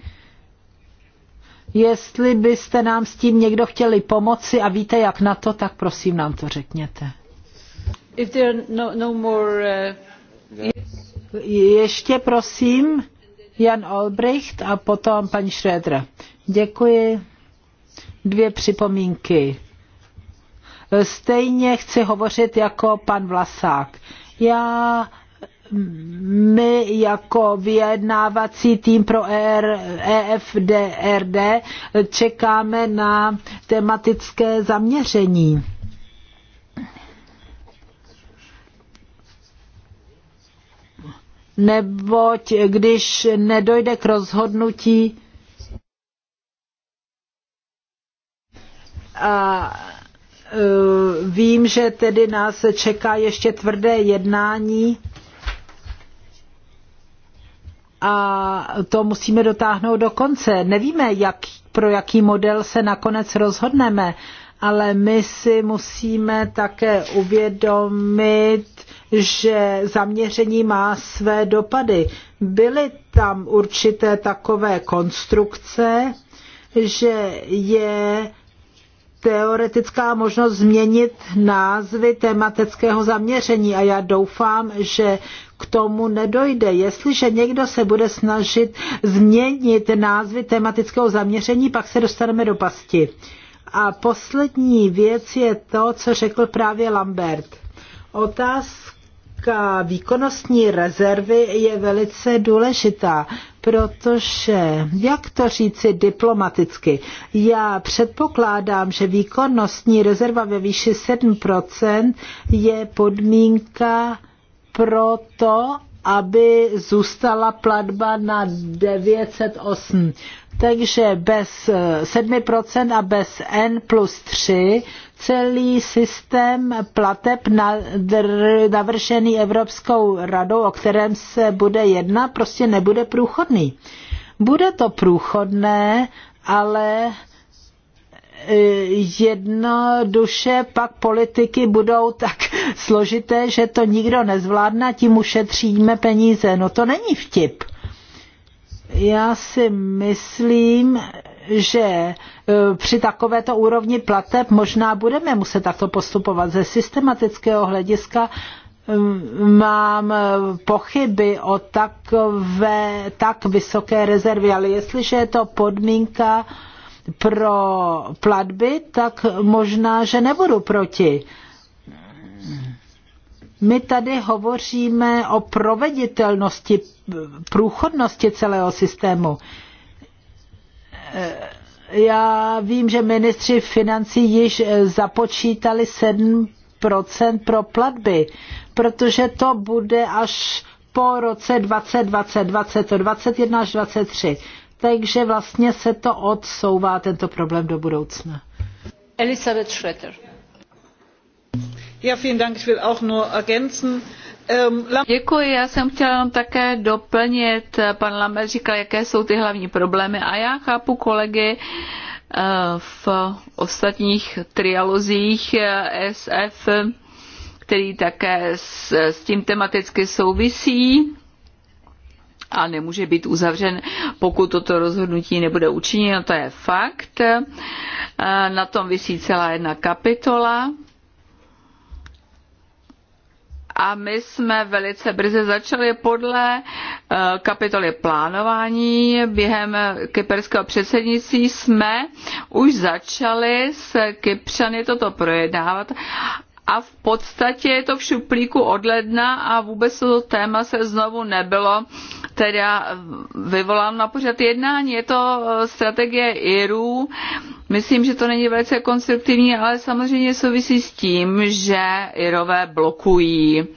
Jestli byste nám s tím někdo chtěli pomoci a víte jak na to, tak prosím nám to řekněte. If there are no, no more, uh... Ještě prosím Jan Olbricht a potom paní Šredra. Děkuji. Dvě připomínky Stejně chci hovořit jako pan Vlasák. Já my jako vyjednávací tým pro ER, EFDRD čekáme na tematické zaměření. Neboť když nedojde k rozhodnutí a Eh, vím, že tedy nás čeká ještě tvrdé jednání a to musíme dotáhnout do konce. Nevíme, jak, pro jaký model se nakonec rozhodneme, ale my si musíme také uvědomit, že zaměření má své dopady. Byly tam určité takové konstrukce, že je teoretická možnost změnit názvy tematického zaměření a já doufám, že k tomu nedojde. Jestliže někdo se bude snažit změnit názvy tematického zaměření, pak se dostaneme do pasti. A poslední věc je to, co řekl právě Lambert. Otázka výkonnostní rezervy je velice důležitá protože, jak to říci diplomaticky, já předpokládám, že výkonnostní rezerva ve výši 7% je podmínka pro to, aby zůstala platba na 908. Takže bez 7% eh, a bez N plus 3 celý systém plateb navršený Evropskou radou, o kterém se bude jednat, prostě nebude průchodný. Bude to průchodné, ale e, jednoduše pak politiky budou tak [laughs] složité, že to nikdo nezvládne, tím ušetříme peníze. No to není vtip. Já si myslím, že e, při takovéto úrovni plateb možná budeme muset takto postupovat ze systematického hlediska, e, mám e, pochyby o takové, tak vysoké rezervy, ale jestliže je to podmínka pro platby, tak možná, že nebudu proti. My tady hovoříme o proveditelnosti, průchodnosti celého systému. Eh, já vím, že ministři financí již eh, započítali 7% pro platby, protože to bude až po roce 2020, 20, 21 až 23. Takže vlastně se to odsouvá tento problém do budoucna. Elisabeth Schröter. Ja, vielen Dank. Ich will auch nur ergänzen. Ehm, Děkuji, já jsem chtěla jenom také doplnit, pan Lambert říkal, jaké jsou ty hlavní problémy a já chápu kolegy eh, v ostatních trialozích eh, SF, který také s, s tím tematicky souvisí a nemůže být uzavřen, pokud toto rozhodnutí nebude učiněno, to je fakt. Eh, na tom vysí celá jedna kapitola a my jsme velice brzy začali podle eh, kapitoly plánování. Během kyperského předsednictví jsme už začali s Kypřany toto projednávat a v podstatě je to v šuplíku od ledna a vůbec to téma se znovu nebylo teda vyvolám na pořad jednání. Je to eh, strategie IRů. Myslím, že to není velice konstruktivní, ale samozřejmě souvisí s tím, že Irové blokují.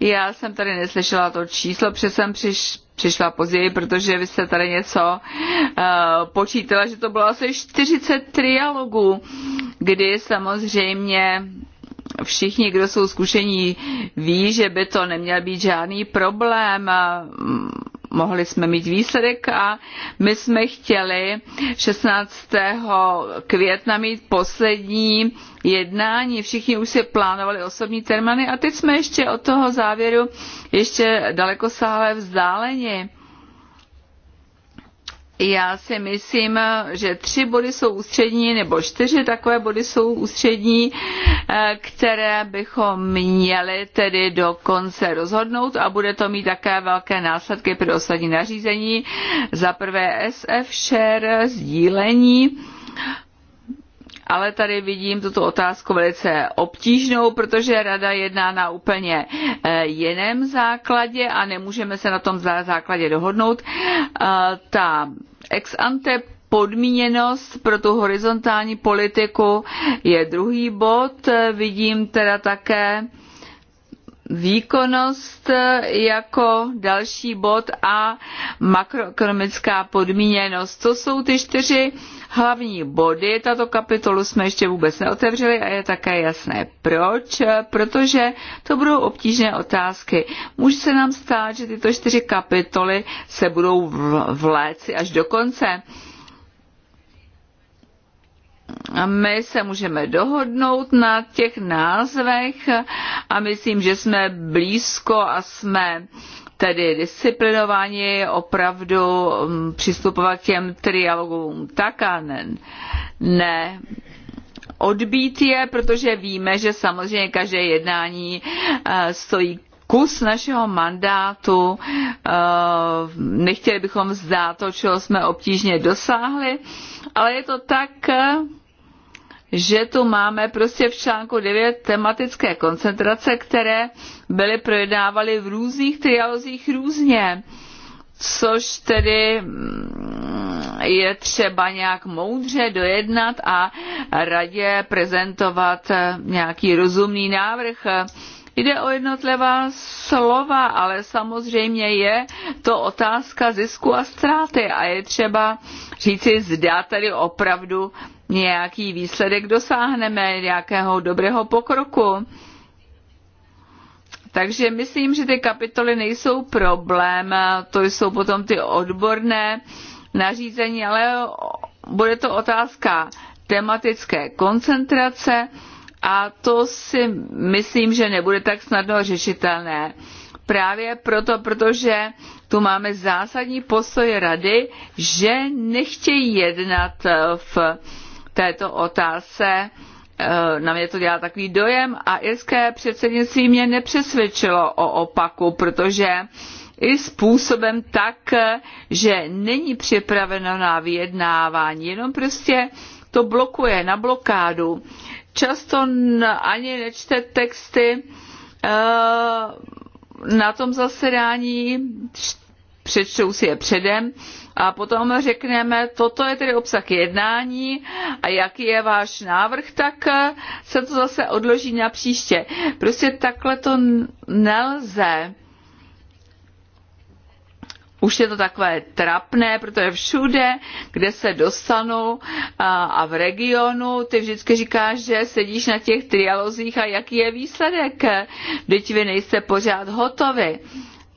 Já jsem tady neslyšela to číslo, protože jsem přiš, přišla později, protože vy jste tady něco uh, počítala, že to bylo asi 40 trialogů, kdy samozřejmě všichni, kdo jsou zkušení, ví, že by to neměl být žádný problém. Mm, mohli jsme mít výsledek a my jsme chtěli 16. května mít poslední jednání. Všichni už si plánovali osobní termíny a teď jsme ještě od toho závěru ještě daleko sále vzdáleni já si myslím, že tři body jsou ústřední, nebo čtyři takové body jsou ústřední, eh, které bychom měli tedy do konce rozhodnout a bude to mít také velké následky pro ostatní nařízení. Za prvé SF share, sdílení, ale tady vidím tuto otázku velice obtížnou, protože rada jedná na úplně eh, jiném základě a nemůžeme se na tom základě dohodnout. Eh, ta Ex ante podmíněnost pro tu horizontální politiku je druhý bod. Vidím teda také výkonnost jako další bod a makroekonomická podmíněnost. To jsou ty čtyři hlavní body. Tato kapitolu jsme ještě vůbec neotevřeli a je také jasné proč, protože to budou obtížné otázky. Může se nám stát, že tyto čtyři kapitoly se budou vléci až do konce a my se můžeme dohodnout na těch názvech a myslím, že jsme blízko a jsme tedy disciplinováni opravdu mm, přistupovat k těm trialogům tak a ne, ne odbít je, protože víme, že samozřejmě každé jednání eh, stojí kus našeho mandátu. Eh, nechtěli bychom zdát to, čeho jsme obtížně dosáhli, ale je to tak, eh, že tu máme prostě v článku 9 tematické koncentrace, které byly projednávaly v různých trialozích různě, což tedy mm, je třeba nějak moudře dojednat a radě prezentovat eh, nějaký rozumný návrh. Jde o jednotlivá slova, ale samozřejmě je to otázka zisku a ztráty a je třeba říci, zda tady opravdu nějaký výsledek dosáhneme, nějakého dobrého pokroku. Takže myslím, že ty kapitoly nejsou problém, to jsou potom ty odborné nařízení, ale bude to otázka tematické koncentrace a to si myslím, že nebude tak snadno řešitelné. Právě proto, protože tu máme zásadní postoj rady, že nechtějí jednat v této otázce eh, na mě to dělá takový dojem a irské předsednictví mě nepřesvědčilo o opaku, protože i způsobem tak, že není připraveno na vyjednávání, jenom prostě to blokuje na blokádu. Často ani nečte texty eh, na tom zasedání přečtou si je předem a potom řekneme, toto je tedy obsah jednání a jaký je váš návrh, tak eh, se to zase odloží na příště. Prostě takhle to nelze. Už je to takové trapné, protože všude, kde se dostanu a v regionu, ty vždycky říkáš, že sedíš na těch trialozích a jaký je výsledek, teď vy nejste pořád hotovi.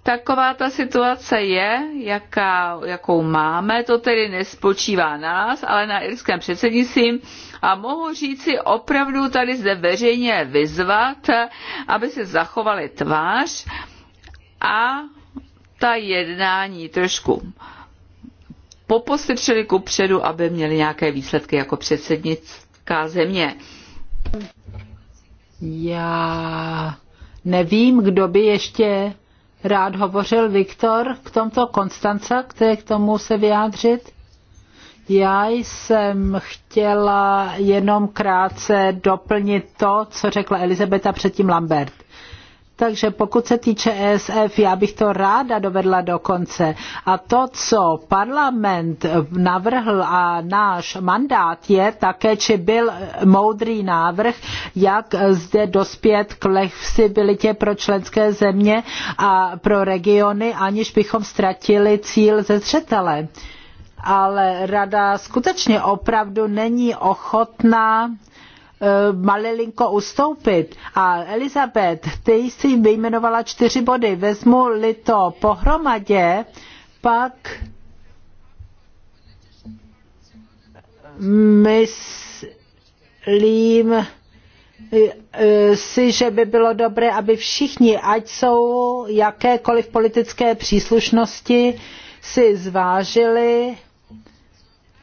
Taková ta situace je, jaká, jakou máme, to tedy nespočívá na nás, ale na irském předsednictví a mohu říci opravdu tady zde veřejně vyzvat, aby se zachovali tvář a ta jednání trošku popostrčili ku předu, aby měli nějaké výsledky jako předsednická země. Já nevím, kdo by ještě rád hovořil. Viktor, k tomto Konstanca, které k tomu se vyjádřit? Já jsem chtěla jenom krátce doplnit to, co řekla Elizabeta předtím Lambert. Takže pokud se týče ESF, já bych to ráda dovedla do konce. A to, co parlament navrhl a náš mandát je také, či byl moudrý návrh, jak zde dospět k flexibilitě pro členské země a pro regiony, aniž bychom ztratili cíl ze zřetele. Ale rada skutečně opravdu není ochotná Eh, malilinko ustoupit. A Elizabeth, ty jsi vyjmenovala čtyři body. Vezmu-li to pohromadě, pak myslím, eh, si, že by bylo dobré, aby všichni, ať jsou jakékoliv politické příslušnosti, si zvážili,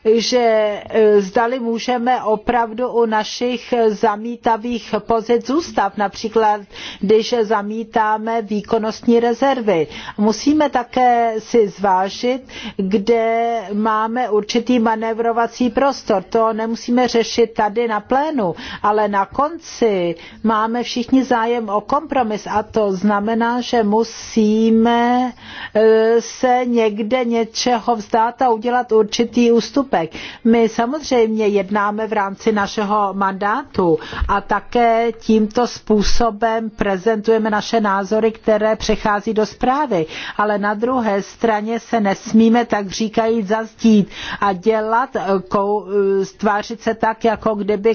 že e, zdali můžeme opravdu u našich zamítavých pozic zůstat, například když zamítáme výkonnostní rezervy. Musíme také si zvážit, kde máme určitý manevrovací prostor. To nemusíme řešit tady na plénu, ale na konci máme všichni zájem o kompromis a to znamená, že musíme e, se někde něčeho vzdát a udělat určitý ústup přestupek. My samozřejmě jednáme v rámci našeho mandátu a také tímto způsobem prezentujeme naše názory, které přechází do zprávy. Ale na druhé straně se nesmíme tak říkají zazdít a dělat, eh, eh, stvářit se tak, jako kdyby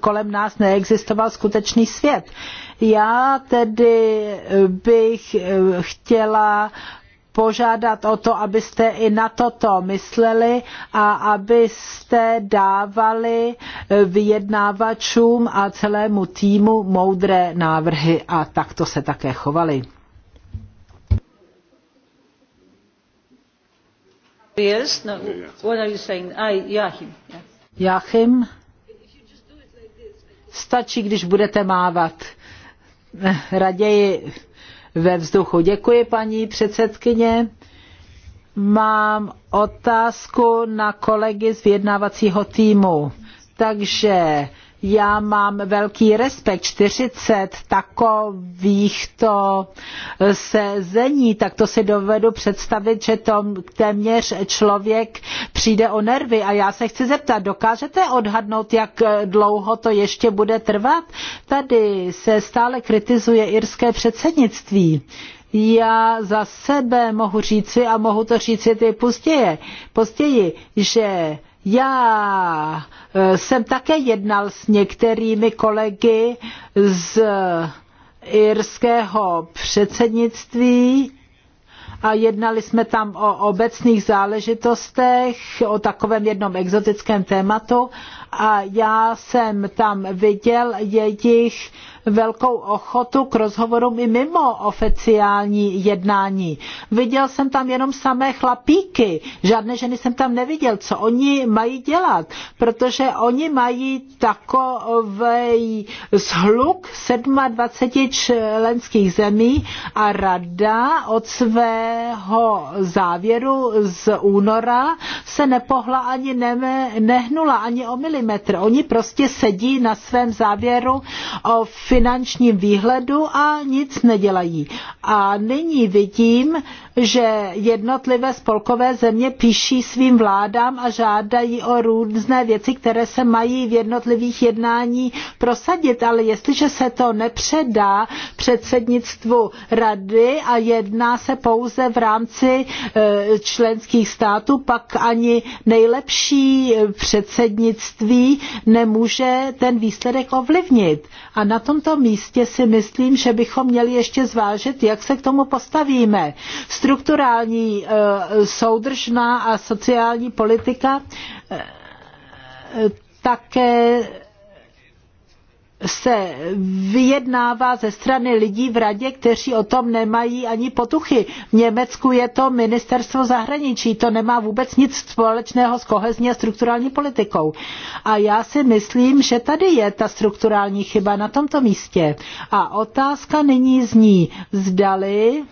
kolem nás neexistoval skutečný svět. Já tedy eh, bych chtěla požádat o to, abyste i na toto mysleli a abyste dávali e, vyjednávačům a celému týmu moudré návrhy a takto se také chovali. Yes? No. What are you saying? I, ah, Yahim. Yahim. Stačí, když budete mávat. Eh, raději ve vzduchu. Děkuji, paní předsedkyně. Mám otázku na kolegy z vyjednávacího týmu. Takže já mám velký respekt. 40 takovýchto sezení, tak to si dovedu představit, že to téměř člověk přijde o nervy. A já se chci zeptat, dokážete odhadnout, jak dlouho to ještě bude trvat? Tady se stále kritizuje irské předsednictví já za sebe mohu říci a mohu to říci ty později, později že já eh, jsem také jednal s některými kolegy z irského předsednictví a jednali jsme tam o obecných záležitostech, o takovém jednom exotickém tématu a já jsem tam viděl jejich velkou ochotu k rozhovorům i mimo oficiální jednání. Viděl jsem tam jenom samé chlapíky, žádné ženy jsem tam neviděl, co oni mají dělat, protože oni mají takový zhluk 27 členských zemí a rada od svého závěru z února se nepohla ani ne, nehnula ani o milimetr. Oni prostě sedí na svém závěru o finančním výhledu a nic nedělají. A nyní vidím, že jednotlivé spolkové země píší svým vládám a žádají o různé věci, které se mají v jednotlivých jednání prosadit, ale jestliže se to nepředá předsednictvu rady a jedná se pouze v rámci e, členských států, pak ani nejlepší předsednictví nemůže ten výsledek ovlivnit. A na tom tomto místě si myslím, že bychom měli ještě zvážit, jak se k tomu postavíme. Strukturální eh, soudržná a sociální politika eh, také se vyjednává ze strany lidí v radě, kteří o tom nemají ani potuchy. V Německu je to ministerstvo zahraničí, to nemá vůbec nic společného s kohezní a strukturální politikou. A já si myslím, že tady je ta strukturální chyba na tomto místě. A otázka nyní zní, zdali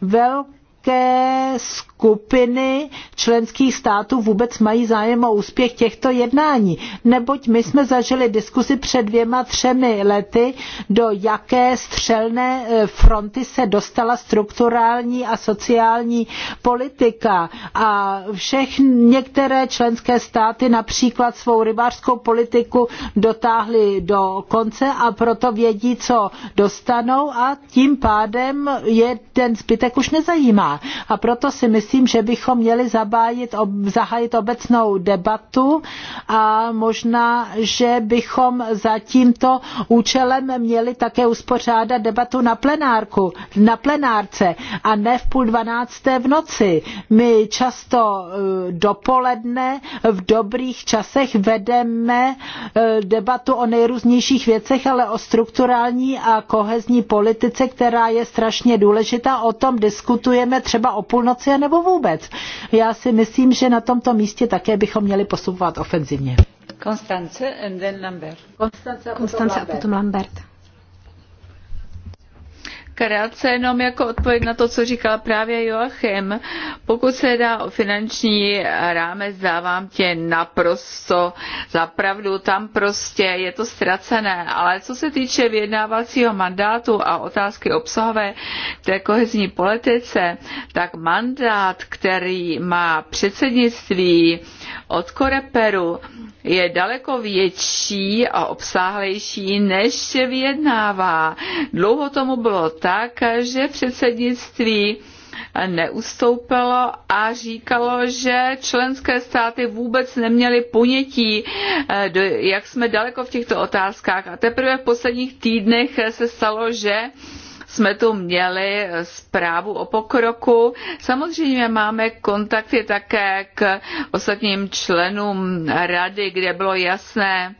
velké skupiny skupiny členských států vůbec mají zájem o úspěch těchto jednání. Neboť my jsme zažili diskusi před dvěma, třemi lety, do jaké střelné e, fronty se dostala strukturální a sociální politika. A všech některé členské státy například svou rybářskou politiku dotáhly do konce a proto vědí, co dostanou a tím pádem je ten zbytek už nezajímá. A proto si myslím, myslím, že bychom měli zabájit, ob, zahájit obecnou debatu a možná, že bychom za tímto účelem měli také uspořádat debatu na plenárku, na plenárce a ne v půl dvanácté v noci. My často eh, dopoledne v dobrých časech vedeme eh, debatu o nejrůznějších věcech, ale o strukturální a kohezní politice, která je strašně důležitá. O tom diskutujeme třeba o půlnoci nebo vůbec. Já si myslím, že na tomto místě také bychom měli postupovat ofenzivně. Konstance a potom Lambert. Konstance a potom Lambert krátce jenom jako odpověď na to, co říkal právě Joachim. Pokud se dá o finanční rámec, dávám tě naprosto zapravdu, tam prostě je to ztracené. Ale co se týče vyjednávacího mandátu a otázky obsahové té kohezní politice, tak mandát, který má předsednictví, od Koreperu je daleko větší a obsáhlejší, než se vyjednává. Dlouho tomu bylo tak, že předsednictví neustoupilo a říkalo, že členské státy vůbec neměly ponětí, eh, jak jsme daleko v těchto otázkách. A teprve v posledních týdnech se stalo, že jsme tu měli zprávu o pokroku. Samozřejmě máme kontakty také k ostatním členům rady, kde bylo jasné,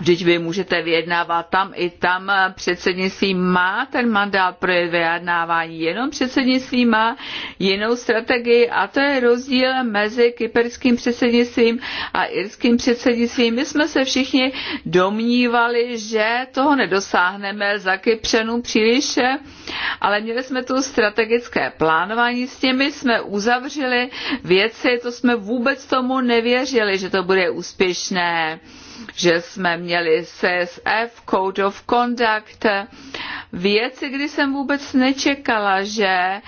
Vždyť vy můžete vyjednávat tam i tam. Předsednictví má ten mandát pro vyjednávání, jenom předsednictví má jinou strategii a to je rozdíl mezi kyperským předsednictvím a irským předsednictvím. My jsme se všichni domnívali, že toho nedosáhneme za Kypřenů příliš, ale měli jsme tu strategické plánování, s těmi jsme uzavřeli věci, to jsme vůbec tomu nevěřili, že to bude úspěšné že jsme měli CSF, Code of Conduct, věci, kdy jsem vůbec nečekala, že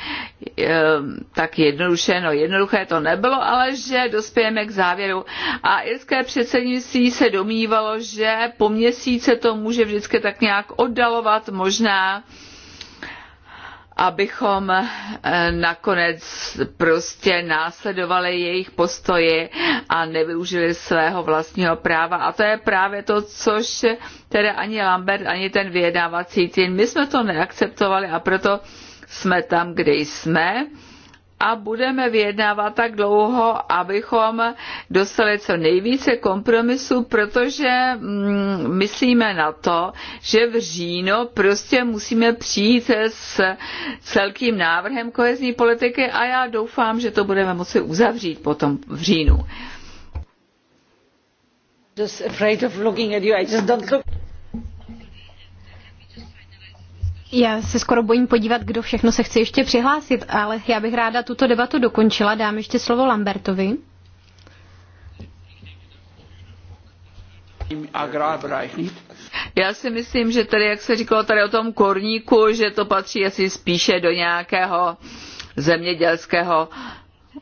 ehm, tak jednoduše, no jednoduché to nebylo, ale že dospějeme k závěru. A irské předsednictví se domývalo, že po měsíce to může vždycky tak nějak oddalovat, možná abychom eh, nakonec prostě následovali jejich postoje a nevyužili svého vlastního práva. A to je právě to, což teda ani Lambert, ani ten vyjednávací tým, my jsme to neakceptovali a proto jsme tam, kde jsme a budeme vyjednávat tak dlouho, abychom dostali co nejvíce kompromisů, protože mm, myslíme na to, že v říjnu prostě musíme přijít s celkým návrhem kohezní politiky a já doufám, že to budeme moci uzavřít potom v říjnu. Já se skoro bojím podívat, kdo všechno se chce ještě přihlásit, ale já bych ráda tuto debatu dokončila. Dám ještě slovo Lambertovi. Já si myslím, že tady, jak se říkalo tady o tom korníku, že to patří asi spíše do nějakého zemědělského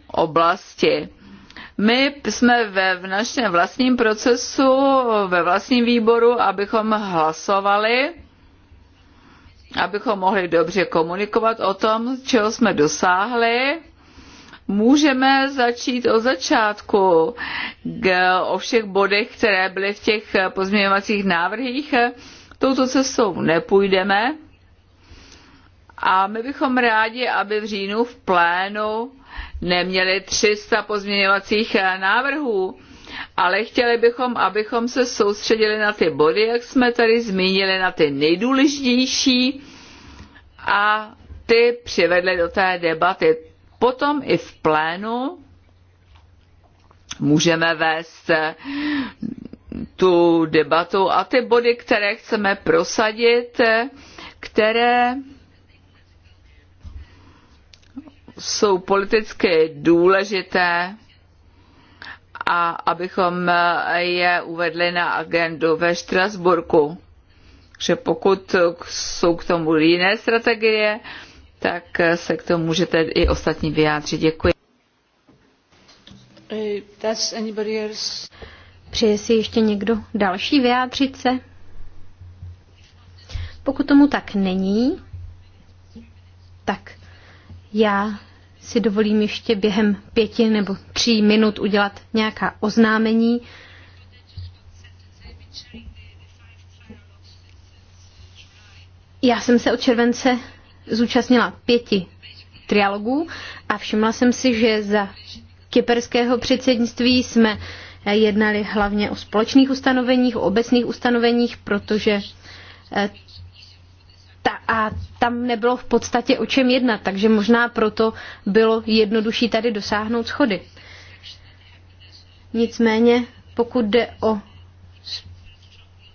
oblasti. My jsme ve v našem vlastním procesu, ve vlastním výboru, abychom hlasovali abychom mohli dobře komunikovat o tom, čeho jsme dosáhli, můžeme začít od začátku k, o všech bodech, které byly v těch pozměňovacích návrhích. Touto cestou nepůjdeme. A my bychom rádi, aby v říjnu v plénu neměli 300 pozměňovacích návrhů ale chtěli bychom, abychom se soustředili na ty body, jak jsme tady zmínili, na ty nejdůležitější a ty přivedly do té debaty. Potom i v plénu můžeme vést eh, tu debatu a ty body, které chceme prosadit, eh, které jsou politicky důležité a abychom je uvedli na agendu ve Štrasburku. Že pokud jsou k tomu jiné strategie, tak se k tomu můžete i ostatní vyjádřit. Děkuji. Eh, Přeje si ještě někdo další vyjádřit se? Pokud tomu tak není, tak já si dovolím ještě během pěti nebo tří minut udělat nějaká oznámení. Já jsem se od července zúčastnila pěti trialogů a všimla jsem si, že za kyperského předsednictví jsme jednali hlavně o společných ustanoveních, o obecných ustanoveních, protože eh, ta, a tam nebylo v podstatě o čem jednat, takže možná proto bylo jednodušší tady dosáhnout schody. Nicméně, pokud jde o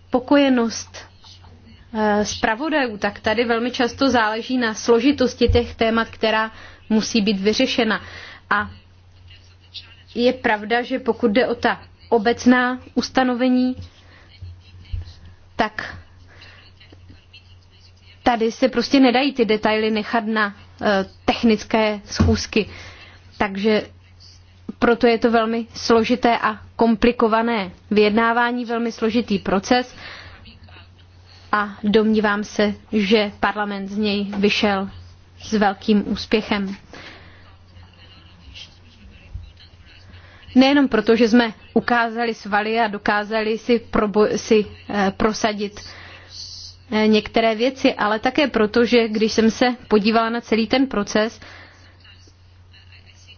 spokojenost eh, zpravodajů, tak tady velmi často záleží na složitosti těch témat, která musí být vyřešena. A je pravda, že pokud jde o ta obecná ustanovení, tak tady se prostě nedají ty detaily nechat na eh, technické schůzky. Takže proto je to velmi složité a komplikované vyjednávání, velmi složitý proces a domnívám se, že parlament z něj vyšel s velkým úspěchem. Nejenom proto, že jsme ukázali svaly a dokázali si, probo- si eh, prosadit eh, Eh, některé věci, ale také proto, že když jsem se podívala na celý ten proces,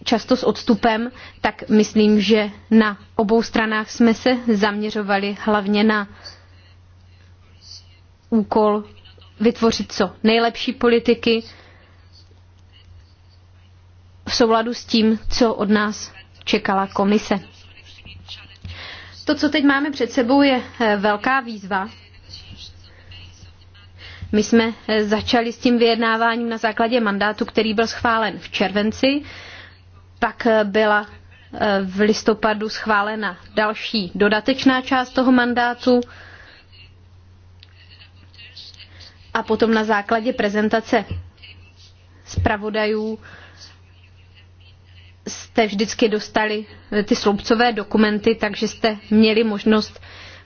často s odstupem, tak myslím, že na obou stranách jsme se zaměřovali hlavně na úkol vytvořit co nejlepší politiky v souladu s tím, co od nás čekala komise. To, co teď máme před sebou, je eh, velká výzva, my jsme eh, začali s tím vyjednáváním na základě mandátu, který byl schválen v červenci, pak eh, byla eh, v listopadu schválena další dodatečná část toho mandátu a potom na základě prezentace zpravodajů jste vždycky dostali ty sloupcové dokumenty, takže jste měli možnost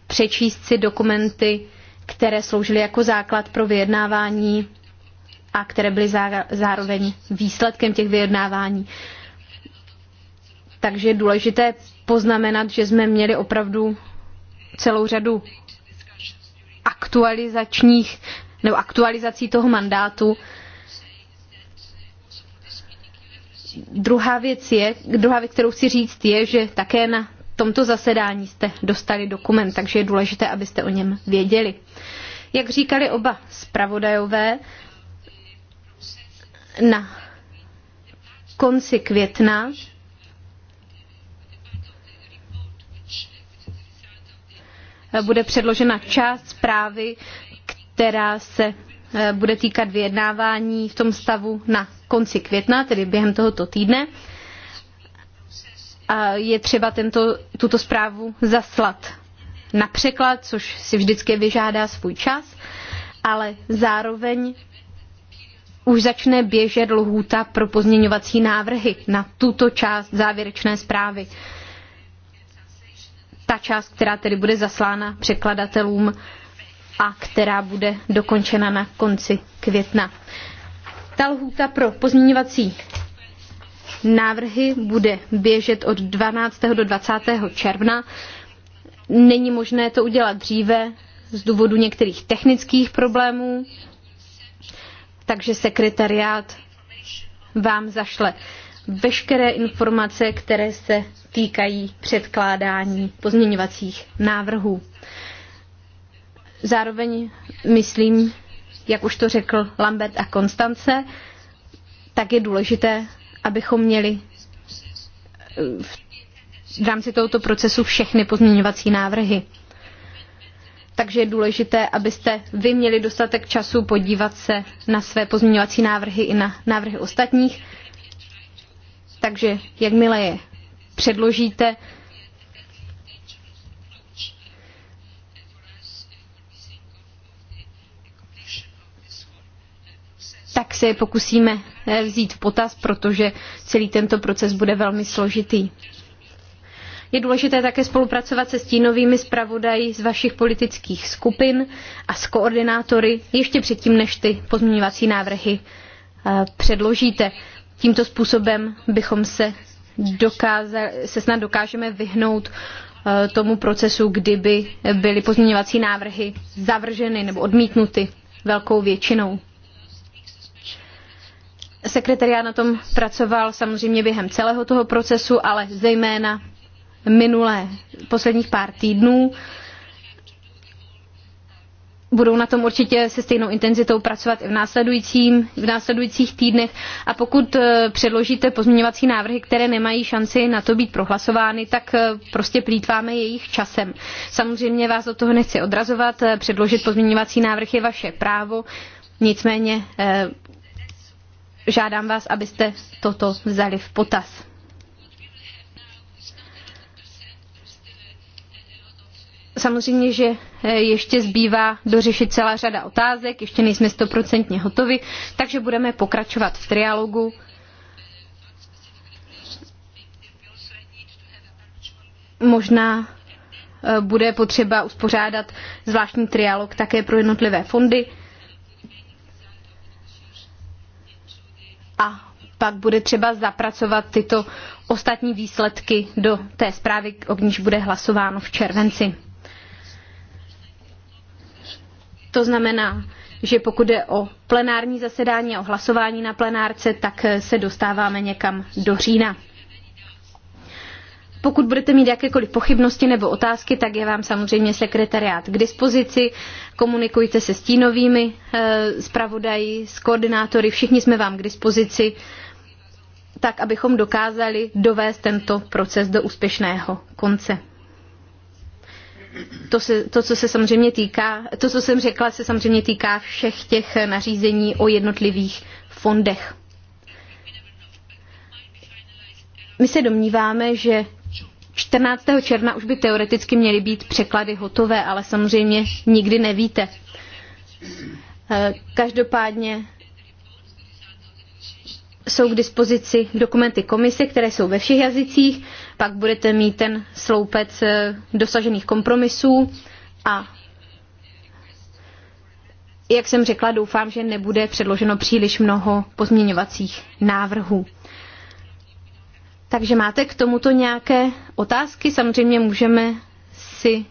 přečíst si dokumenty které sloužily jako základ pro vyjednávání a které byly zároveň výsledkem těch vyjednávání. Takže je důležité poznamenat, že jsme měli opravdu celou řadu aktualizačních nebo aktualizací toho mandátu. Druhá věc, je, druhá věc, kterou chci říct, je, že také na tomto zasedání jste dostali dokument, takže je důležité, abyste o něm věděli. Jak říkali oba zpravodajové, na konci května bude předložena část zprávy, která se eh, bude týkat vyjednávání v tom stavu na konci května, tedy během tohoto týdne je třeba tento, tuto zprávu zaslat na překlad, což si vždycky vyžádá svůj čas, ale zároveň už začne běžet lhůta pro pozměňovací návrhy na tuto část závěrečné zprávy. Ta část, která tedy bude zaslána překladatelům a která bude dokončena na konci května. Ta lhůta pro pozměňovací návrhy bude běžet od 12. do 20. června. Není možné to udělat dříve z důvodu některých technických problémů, takže sekretariát vám zašle veškeré informace, které se týkají předkládání pozměňovacích návrhů. Zároveň myslím, jak už to řekl Lambert a Konstance, tak je důležité abychom měli eh, v rámci tohoto procesu všechny pozměňovací návrhy. Takže je důležité, abyste vy měli dostatek času podívat se na své pozměňovací návrhy i na návrhy ostatních. Takže jakmile je předložíte, tak se je pokusíme eh, vzít v potaz, protože celý tento proces bude velmi složitý. Je důležité také spolupracovat se stínovými zpravodaji z vašich politických skupin a s koordinátory ještě předtím, než ty pozměňovací návrhy eh, předložíte. Tímto způsobem bychom se, dokázali, se snad dokážeme vyhnout eh, tomu procesu, kdyby byly pozměňovací návrhy zavrženy nebo odmítnuty velkou většinou. Sekretariát na tom pracoval samozřejmě během celého toho procesu, ale zejména minulé posledních pár týdnů. Budou na tom určitě se stejnou intenzitou pracovat i v, následujícím, v následujících týdnech a pokud eh, předložíte pozměňovací návrhy, které nemají šanci na to být prohlasovány, tak eh, prostě plítváme jejich časem. Samozřejmě vás do toho nechci odrazovat, eh, předložit pozměňovací návrh je vaše právo, nicméně žádám vás, abyste toto vzali v potaz. Samozřejmě, že eh, ještě zbývá dořešit celá řada otázek, ještě nejsme stoprocentně hotovi, takže budeme pokračovat v trialogu. Možná eh, bude potřeba uspořádat zvláštní trialog také pro jednotlivé fondy. a pak bude třeba zapracovat tyto ostatní výsledky do té zprávy, o níž bude hlasováno v červenci. To znamená, že pokud je o plenární zasedání a o hlasování na plenárce, tak se dostáváme někam do října. Pokud budete mít jakékoliv pochybnosti nebo otázky, tak je vám samozřejmě sekretariát k dispozici. Komunikujte se stínovými eh, zpravodají, s koordinátory, všichni jsme vám k dispozici, tak abychom dokázali dovést tento proces do úspěšného konce. To, se, to, co se samozřejmě týká, to, co jsem řekla, se samozřejmě týká všech těch nařízení o jednotlivých fondech. My se domníváme, že 14. června už by teoreticky měly být překlady hotové, ale samozřejmě nikdy nevíte. Eh, každopádně jsou k dispozici dokumenty komise, které jsou ve všech jazycích, pak budete mít ten sloupec eh, dosažených kompromisů a jak jsem řekla, doufám, že nebude předloženo příliš mnoho pozměňovacích návrhů. Takže máte k tomuto nějaké otázky? Samozřejmě můžeme si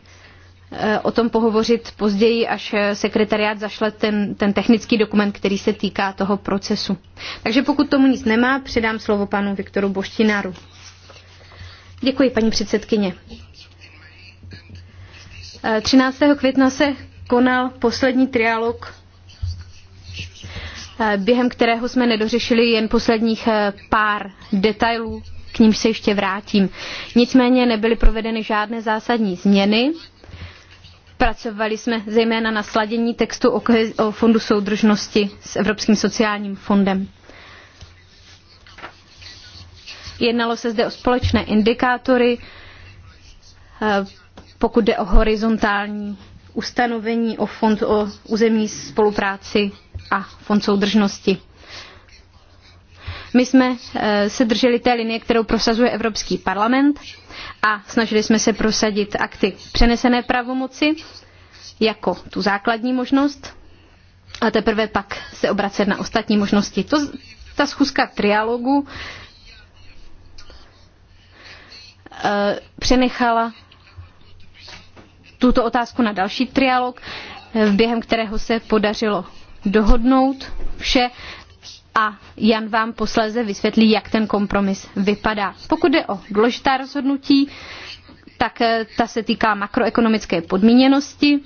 eh, o tom pohovořit později, až eh, sekretariát zašle ten, ten technický dokument, který se týká toho procesu. Takže pokud tomu nic nemá, předám slovo panu Viktoru Boštinaru. Děkuji, paní předsedkyně. 13. Eh, května se konal poslední trialog, během kterého jsme nedořešili jen posledních pár detailů k nímž se ještě vrátím. Nicméně nebyly provedeny žádné zásadní změny. Pracovali jsme zejména na sladění textu o, o Fondu soudržnosti s Evropským sociálním fondem. Jednalo se zde o společné indikátory, eh, pokud jde o horizontální ustanovení o fond o územní spolupráci a fond soudržnosti. My jsme eh, se drželi té linie, kterou prosazuje Evropský parlament a snažili jsme se prosadit akty přenesené pravomoci jako tu základní možnost a teprve pak se obracet na ostatní možnosti. To, ta schůzka trialogu eh, přenechala tuto otázku na další trialog, eh, během kterého se podařilo dohodnout vše a Jan vám posléze vysvětlí, jak ten kompromis vypadá. Pokud jde o důležitá rozhodnutí, tak eh, ta se týká makroekonomické podmíněnosti.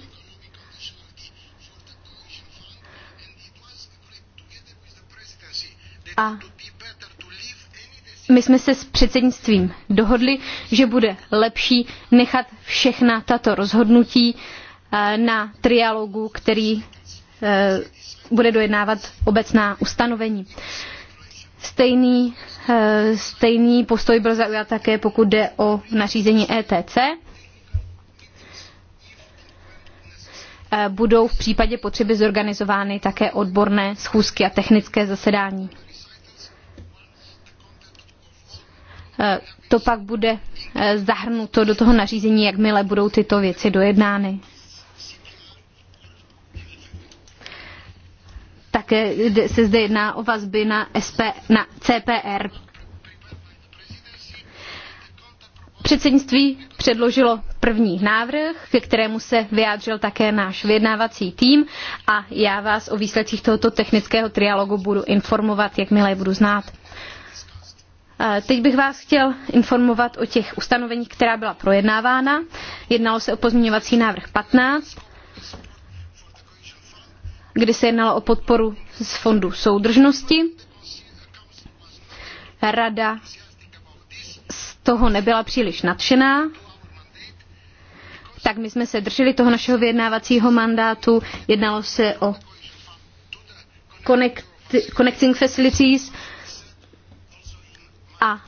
A my jsme se s předsednictvím dohodli, že bude lepší nechat všechna tato rozhodnutí eh, na trialogu, který bude dojednávat obecná ustanovení. Stejný, eh, stejný postoj byl zaujat také, pokud jde o nařízení ETC. Eh, budou v případě potřeby zorganizovány také odborné schůzky a technické zasedání. Eh, to pak bude zahrnuto do toho nařízení, jakmile budou tyto věci dojednány. také se zde jedná o vazby na, SP, na CPR. Předsednictví předložilo první návrh, ke kterému se vyjádřil také náš vyjednávací tým a já vás o výsledcích tohoto technického trialogu budu informovat, jakmile je budu znát. Eh, teď bych vás chtěl informovat o těch ustanoveních, která byla projednávána. Jednalo se o pozměňovací návrh 15, kdy se jednalo o podporu z fondu soudržnosti. Rada z toho nebyla příliš nadšená, tak my jsme se drželi toho našeho vyjednávacího mandátu. Jednalo se o connect, Connecting Facilities a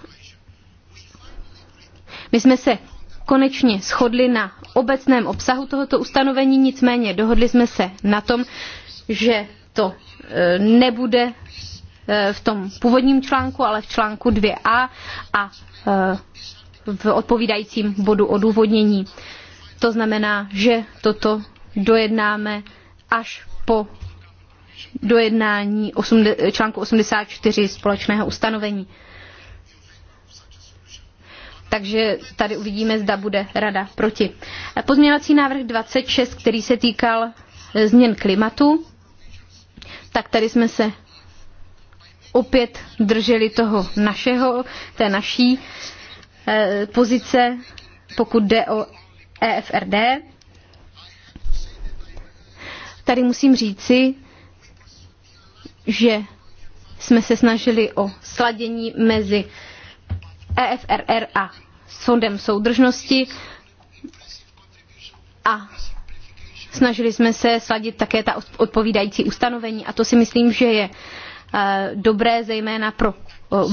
my jsme se konečně shodli na obecném obsahu tohoto ustanovení, nicméně dohodli jsme se na tom, že to e, nebude e, v tom původním článku, ale v článku 2a a e, v odpovídajícím bodu odůvodnění. To znamená, že toto dojednáme až po dojednání článku 84 společného ustanovení. Takže tady uvidíme, zda bude rada proti. Pozměňovací návrh 26, který se týkal změn klimatu, tak tady jsme se opět drželi toho našeho, té naší eh, pozice, pokud jde o EFRD. Tady musím říci, že jsme se snažili o sladění mezi EFRR a Soudem soudržnosti a Snažili jsme se sladit také ta odpovídající ustanovení a to si myslím, že je eh, dobré zejména pro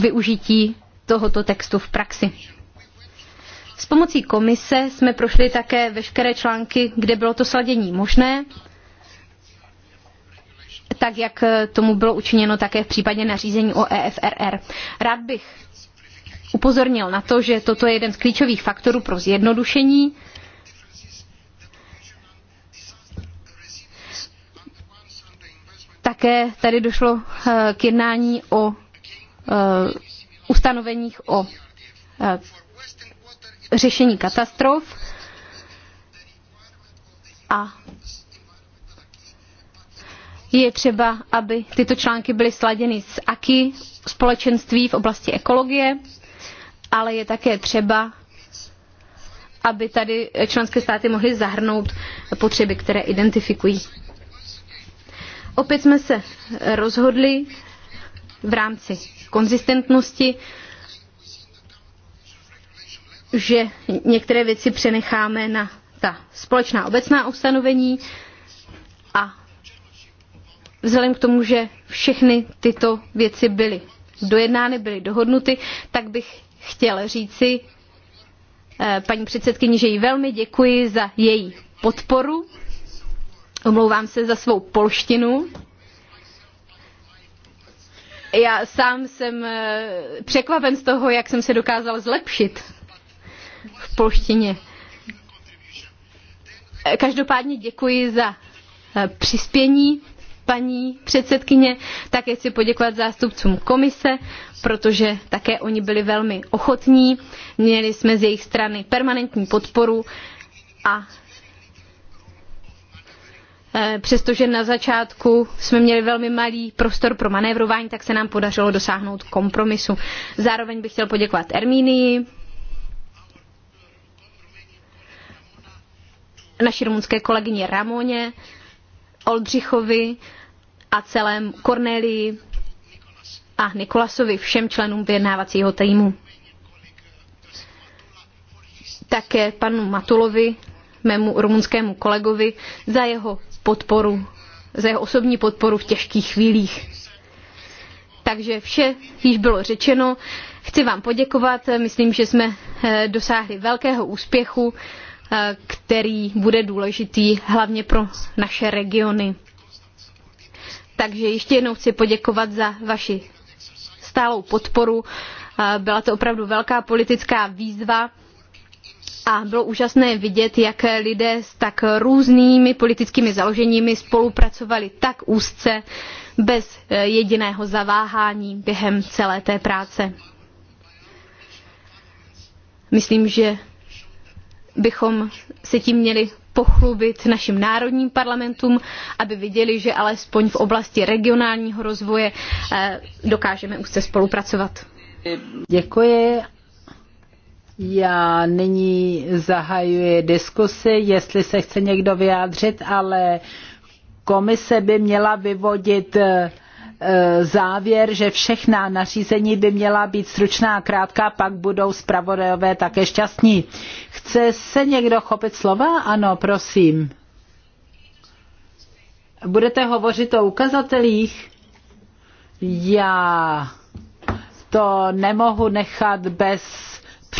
využití tohoto textu v praxi. S pomocí komise jsme prošli také veškeré články, kde bylo to sladění možné, tak jak eh, tomu bylo učiněno také v případě nařízení o EFRR. Rád bych upozornil na to, že toto je jeden z klíčových faktorů pro zjednodušení Také tady došlo eh, k jednání o eh, ustanoveních o eh, řešení katastrof a je třeba, aby tyto články byly sladěny s AKI společenství v oblasti ekologie, ale je také třeba, aby tady členské státy mohly zahrnout potřeby, které identifikují. Opět jsme se rozhodli v rámci konzistentnosti, že některé věci přenecháme na ta společná obecná ustanovení a vzhledem k tomu, že všechny tyto věci byly dojednány, byly dohodnuty, tak bych chtěl říci eh, paní předsedkyni, že jí velmi děkuji za její podporu Omlouvám se za svou polštinu. Já sám jsem eh, překvapen z toho, jak jsem se dokázal zlepšit v polštině. Každopádně děkuji za eh, přispění paní předsedkyně, také chci poděkovat zástupcům komise, protože také oni byli velmi ochotní. Měli jsme z jejich strany permanentní podporu a Eh, přestože na začátku jsme měli velmi malý prostor pro manévrování, tak se nám podařilo dosáhnout kompromisu. Zároveň bych chtěl poděkovat Ermínii, naší rumunské kolegyni Ramoně, Oldřichovi a celém Kornelii a Nikolasovi, všem členům vyjednávacího týmu. Také panu Matulovi, mému rumunskému kolegovi, za jeho podporu, za jeho osobní podporu v těžkých chvílích. Takže vše již bylo řečeno. Chci vám poděkovat. Myslím, že jsme eh, dosáhli velkého úspěchu, eh, který bude důležitý hlavně pro naše regiony. Takže ještě jednou chci poděkovat za vaši stálou podporu. Eh, byla to opravdu velká politická výzva a bylo úžasné vidět, jak lidé s tak různými politickými založeními spolupracovali tak úzce, bez eh, jediného zaváhání během celé té práce. Myslím, že bychom se tím měli pochlubit našim národním parlamentům, aby viděli, že alespoň v oblasti regionálního rozvoje eh, dokážeme úzce spolupracovat. Děkuji já nyní zahajuji diskusi, jestli se chce někdo vyjádřit, ale komise by měla vyvodit eh, eh, závěr, že všechna nařízení by měla být stručná a krátká, pak budou zpravodajové také šťastní. Chce se někdo chopit slova? Ano, prosím. Budete hovořit o ukazatelích? Já to nemohu nechat bez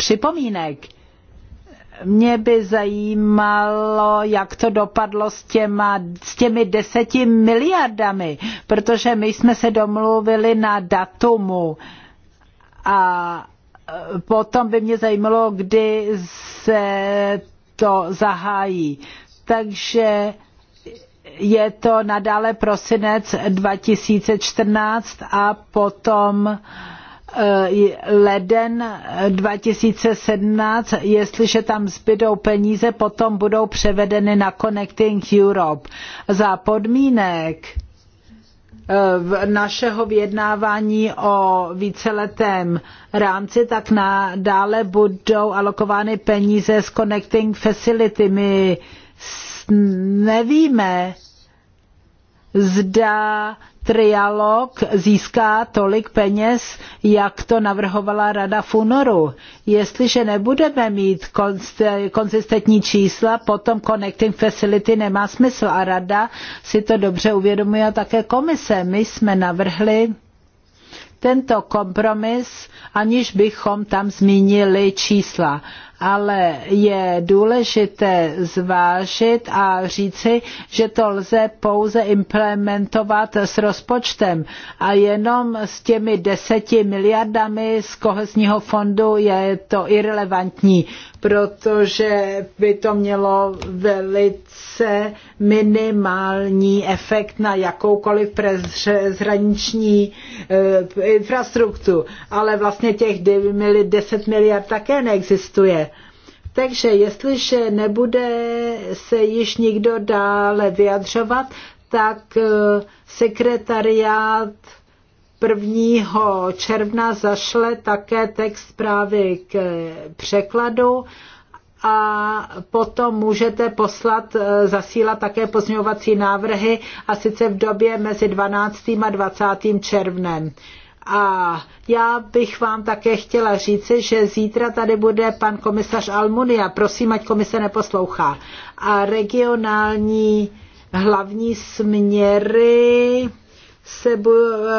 připomínek. Mě by zajímalo, jak to dopadlo s, těma, s těmi deseti miliardami, protože my jsme se domluvili na datumu a e, potom by mě zajímalo, kdy se to zahájí. Takže je to nadále prosinec 2014 a potom uh, Eh, leden 2017, eh, jestliže tam zbydou peníze, potom budou převedeny na Connecting Europe. Za podmínek eh, našeho vyjednávání o víceletém rámci, tak nadále budou alokovány peníze z Connecting Facility. My nevíme, zda trialog získá tolik peněz, jak to navrhovala Rada v únoru. Jestliže nebudeme mít konzistentní čísla, potom Connecting Facility nemá smysl a Rada si to dobře uvědomuje a také komise. My jsme navrhli tento kompromis, aniž bychom tam zmínili čísla ale je důležité zvážit a říci, že to lze pouze implementovat s rozpočtem a jenom s těmi deseti miliardami z kohezního fondu je to irrelevantní, protože by to mělo velice minimální efekt na jakoukoliv zraniční eh, infrastrukturu. Ale vlastně těch 10 miliard také neexistuje. Takže jestliže nebude se již nikdo dále vyjadřovat, tak eh, sekretariát 1. června zašle také text zprávy k překladu a potom můžete poslat, eh, zasílat také pozměňovací návrhy a sice v době mezi 12. a 20. červnem. A já bych vám také chtěla říci, že zítra tady bude pan komisař Almunia. Prosím, ať komise neposlouchá. A regionální hlavní směry se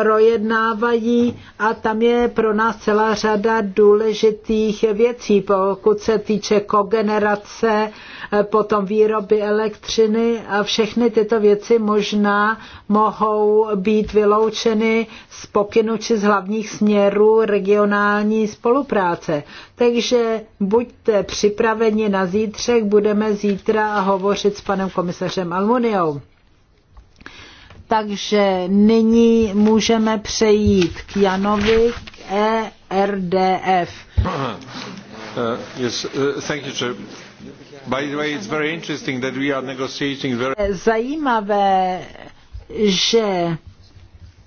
projednávají a tam je pro nás celá řada důležitých věcí, pokud se týče kogenerace Eh, potom výroby elektřiny a všechny tyto věci možná mohou být vyloučeny z pokynu či z hlavních směrů regionální spolupráce. Takže buďte připraveni na zítřek, budeme zítra hovořit s panem komisařem Almuniou. Takže nyní můžeme přejít k Janovi k ERDF. Uh, yes, uh, thank you, sir. Zajímavé, že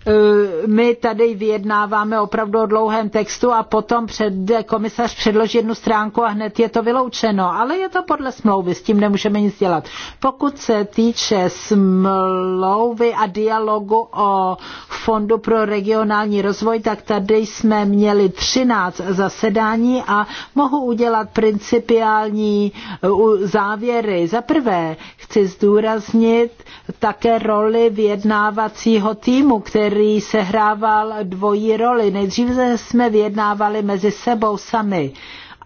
E, my tady vyjednáváme opravdu o dlouhém textu a potom před, komisař předloží jednu stránku a hned je to vyloučeno. Ale je to podle smlouvy, s tím nemůžeme nic dělat. Pokud se týče smlouvy a dialogu o Fondu pro regionální rozvoj, tak tady jsme měli 13 zasedání a mohu udělat principiální e, závěry. Za prvé chci zdůraznit také roli vyjednávacího týmu, který který sehrával dvojí roli. Nejdříve jsme vyjednávali mezi sebou sami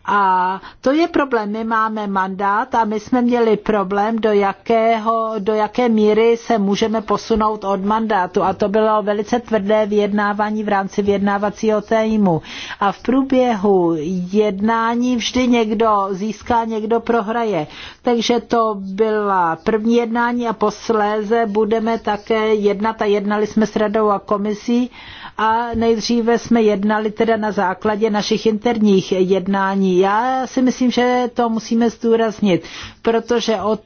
a to je problém. My máme mandát a my jsme měli problém, do, jakého, do jaké míry se můžeme posunout od mandátu. A to bylo velice tvrdé vyjednávání v rámci vyjednávacího týmu. A v průběhu jednání vždy někdo získá, někdo prohraje. Takže to byla první jednání a posléze budeme také jednat a jednali jsme s radou a komisí. Uh, a nejdříve jsme jednali teda na základě našich interních jednání. Já si myslím, že to musíme zdůraznit, protože od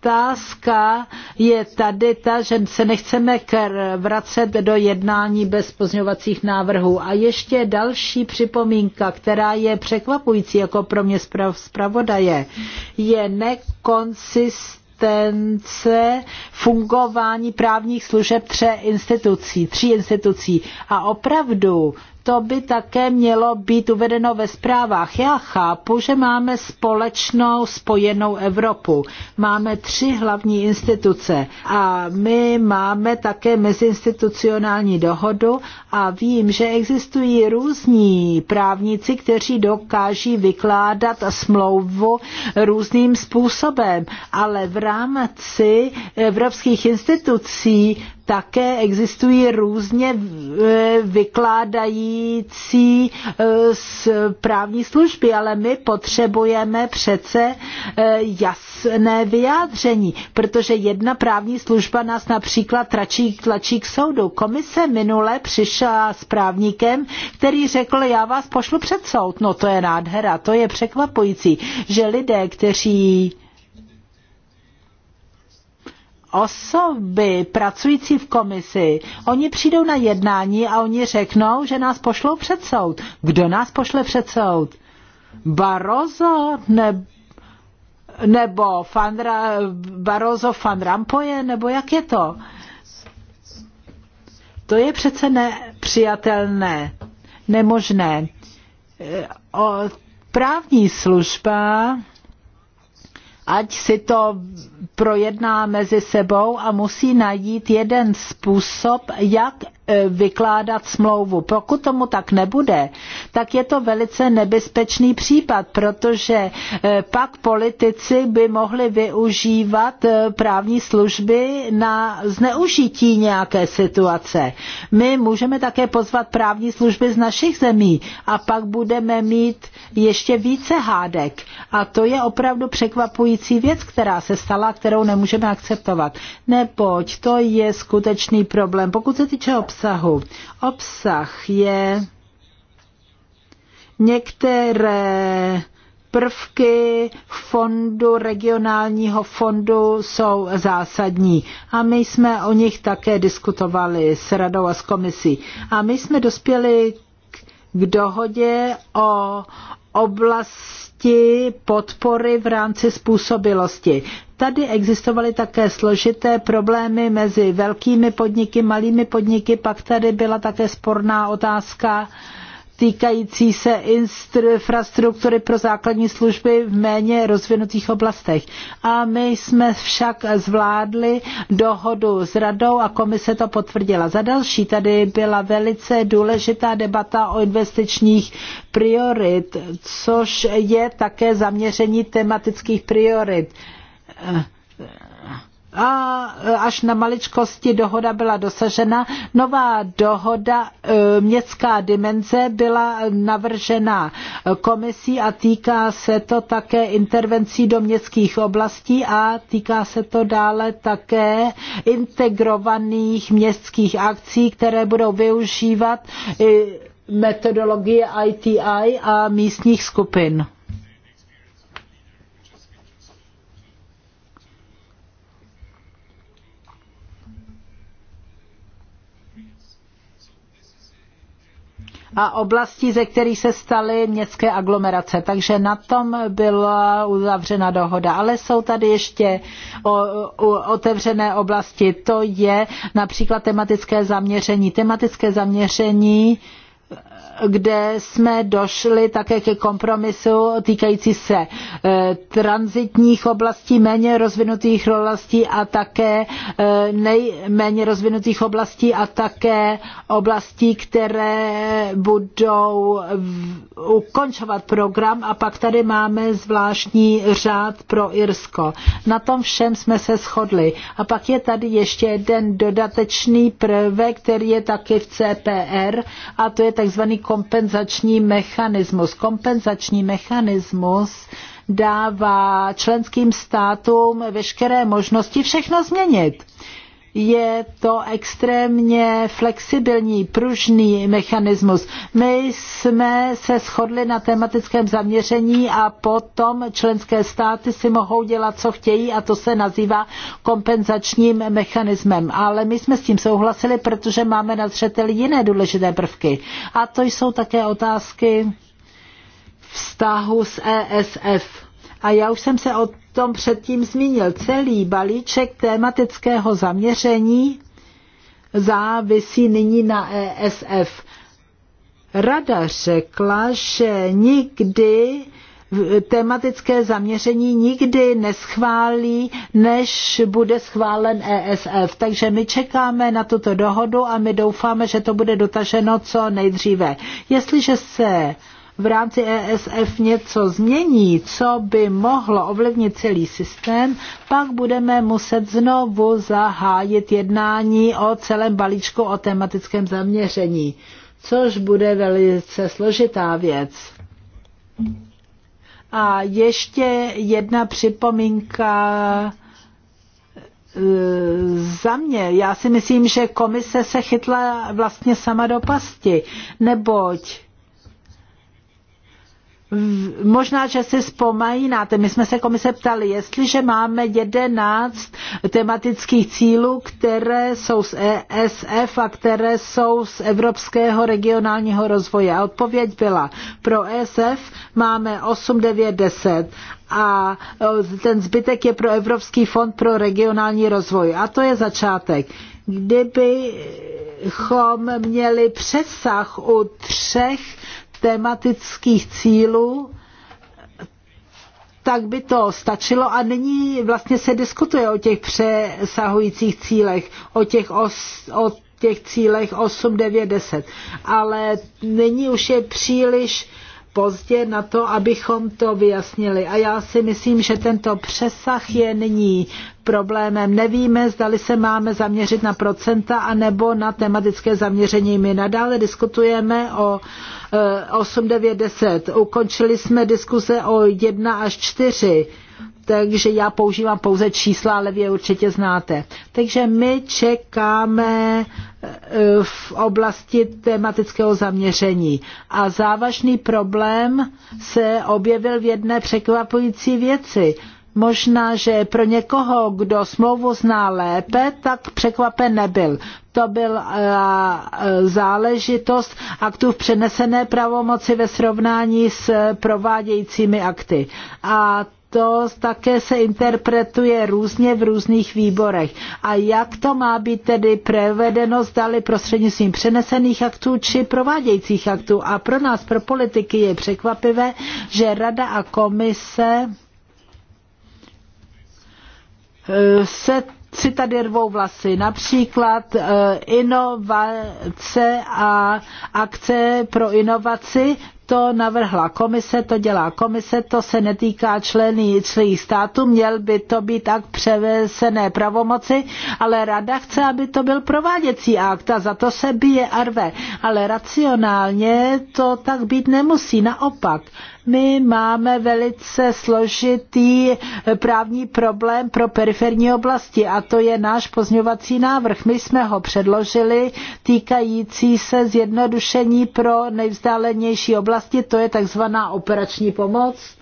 otázka je tady ta, že se nechceme vracet do jednání bez pozňovacích návrhů. A ještě další připomínka, která je překvapující jako pro mě zpravodaje, je nekonsistentní kompetence fungování právních služeb tří institucí, tří institucí. A opravdu to by také mělo být uvedeno ve zprávách. Já chápu, že máme společnou spojenou Evropu. Máme tři hlavní instituce a my máme také mezinstitucionální dohodu a vím, že existují různí právníci, kteří dokáží vykládat smlouvu různým způsobem, ale v rámci evropských institucí také existují různě e, vykládající z e, právní služby, ale my potřebujeme přece e, jasné vyjádření, protože jedna právní služba nás například tračí, tlačí k soudu. Komise minule přišla s právníkem, který řekl, já vás pošlu před soud. No to je nádhera, to je překvapující, že lidé, kteří osoby pracující v komisi, oni přijdou na jednání a oni řeknou, že nás pošlou před soud. Kdo nás pošle před soud? Barozo ne, nebo Fandra, Barozo van Rampoje, nebo jak je to? To je přece nepřijatelné, nemožné. O, právní služba ať si to projedná mezi sebou a musí najít jeden způsob, jak Eh, vykládat smlouvu. Pokud tomu tak nebude, tak je to velice nebezpečný případ, protože eh, pak politici by mohli využívat eh, právní služby na zneužití nějaké situace. My můžeme také pozvat právní služby z našich zemí a pak budeme mít ještě více hádek. A to je opravdu překvapující věc, která se stala, kterou nemůžeme akceptovat. Neboť to je skutečný problém. Pokud se týče obsahu, obsahu. Obsah je některé prvky fondu, regionálního fondu jsou zásadní. A my jsme o nich také diskutovali s radou a s komisí. A my jsme dospěli k dohodě o oblasti podpory v rámci způsobilosti. Tady existovaly také složité problémy mezi velkými podniky, malými podniky, pak tady byla také sporná otázka týkající se infrastruktury pro základní služby v méně rozvinutých oblastech. A my jsme však zvládli dohodu s radou a komise to potvrdila. Za další tady byla velice důležitá debata o investičních priorit, což je také zaměření tematických priorit a až na maličkosti dohoda byla dosažena. Nová dohoda e, městská dimenze byla navržena komisí a týká se to také intervencí do městských oblastí a týká se to dále také integrovaných městských akcí, které budou využívat metodologie ITI a místních skupin. a oblasti ze kterých se staly městské aglomerace. Takže na tom byla uzavřena dohoda. Ale jsou tady ještě o, o, otevřené oblasti. To je například tematické zaměření. Tematické zaměření kde jsme došli také ke kompromisu týkající se e, transitních oblastí, méně rozvinutých oblastí a také e, nejméně rozvinutých oblastí a také oblastí, které budou v, ukončovat program a pak tady máme zvláštní řád pro Irsko. Na tom všem jsme se shodli. A pak je tady ještě jeden dodatečný prvek, který je taky v CPR a to je takzvaný kompenzační mechanismus. Kompenzační mechanismus dává členským státům veškeré možnosti všechno změnit je to extrémně flexibilní, pružný mechanismus. My jsme se shodli na tematickém zaměření a potom členské státy si mohou dělat, co chtějí a to se nazývá kompenzačním mechanismem. Ale my jsme s tím souhlasili, protože máme na zřeteli jiné důležité prvky. A to jsou také otázky vztahu s ESF a já už jsem se o tom předtím zmínil. Celý balíček tématického zaměření závisí nyní na ESF. Rada řekla, že nikdy tematické zaměření nikdy neschválí, než bude schválen ESF. Takže my čekáme na tuto dohodu a my doufáme, že to bude dotaženo co nejdříve. Jestliže se v rámci ESF něco změní, co by mohlo ovlivnit celý systém, pak budeme muset znovu zahájit jednání o celém balíčku o tematickém zaměření, což bude velice složitá věc. A ještě jedna připomínka e, za mě. Já si myslím, že komise se chytla vlastně sama do pasti, neboť Možná, že si vzpomínáte, my jsme se komise ptali, jestliže máme 11 tematických cílů, které jsou z ESF a které jsou z Evropského regionálního rozvoje. A odpověď byla, pro ESF máme 8, 9, 10 a ten zbytek je pro Evropský fond pro regionální rozvoj. A to je začátek. Kdybychom bychom měli přesah u třech tematických cílů, tak by to stačilo a nyní vlastně se diskutuje o těch přesahujících cílech, o těch, os, o těch cílech 8, 9, 10. Ale nyní už je příliš pozdě na to, abychom to vyjasnili. A já si myslím, že tento přesah je nyní problémem. Nevíme, zdali se máme zaměřit na procenta anebo na tematické zaměření. My nadále diskutujeme o 8, 9, 10. Ukončili jsme diskuse o 1 až 4 takže já používám pouze čísla, ale vy je určitě znáte. Takže my čekáme v oblasti tematického zaměření. A závažný problém se objevil v jedné překvapující věci. Možná, že pro někoho, kdo smlouvu zná lépe, tak překvapen nebyl. To byla eh, záležitost aktů v přenesené pravomoci ve srovnání s provádějícími akty. A to také se interpretuje různě v různých výborech. A jak to má být tedy prevedeno, zdali prostřednictvím přenesených aktů či provádějících aktů. A pro nás, pro politiky, je překvapivé, že Rada a komise eh, se si tady rvou vlasy. Například eh, inovace a akce pro inovaci to navrhla komise, to dělá komise, to se netýká členy členských států, měl by to být tak převesené pravomoci, ale rada chce, aby to byl prováděcí akt a za to se bije arve. Ale racionálně to tak být nemusí, naopak. My máme velice složitý eh, právní problém pro periferní oblasti a to je náš pozňovací návrh. My jsme ho předložili týkající se zjednodušení pro nejvzdálenější oblasti, to je takzvaná operační pomoc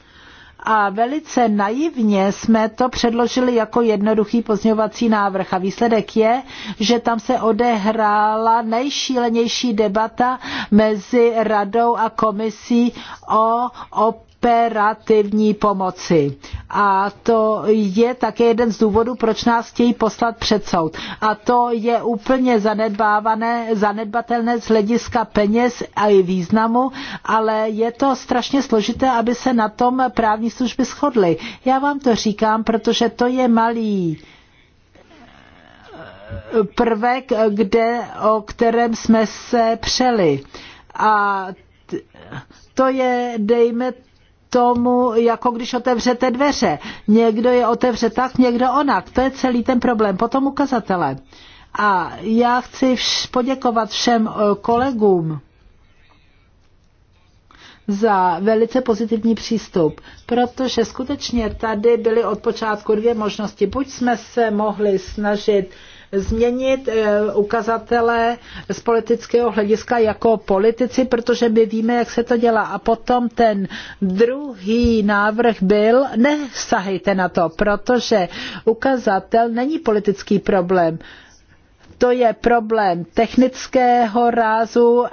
a velice naivně jsme to předložili jako jednoduchý pozňovací návrh a výsledek je, že tam se odehrála nejšílenější debata mezi radou a komisí o, o operativní pomoci. A to je také jeden z důvodů, proč nás chtějí poslat před soud. A to je úplně zanedbávané, zanedbatelné z hlediska peněz a i významu, ale je to strašně složité, aby se na tom právní služby shodly. Já vám to říkám, protože to je malý eh, prvek, kde, o kterém jsme se přeli. A to je, dejme tomu, jako když otevřete dveře. Někdo je otevře tak, někdo onak. To je celý ten problém. Potom ukazatele. A já chci vš- poděkovat všem eh, kolegům za velice pozitivní přístup, protože skutečně tady byly od počátku dvě možnosti. Buď jsme se mohli snažit uh, změnit eh, ukazatele z politického hlediska jako politici, protože my víme, jak se to dělá. A potom ten druhý návrh byl, nesahejte na to, protože ukazatel není politický problém to je problém technického rázu,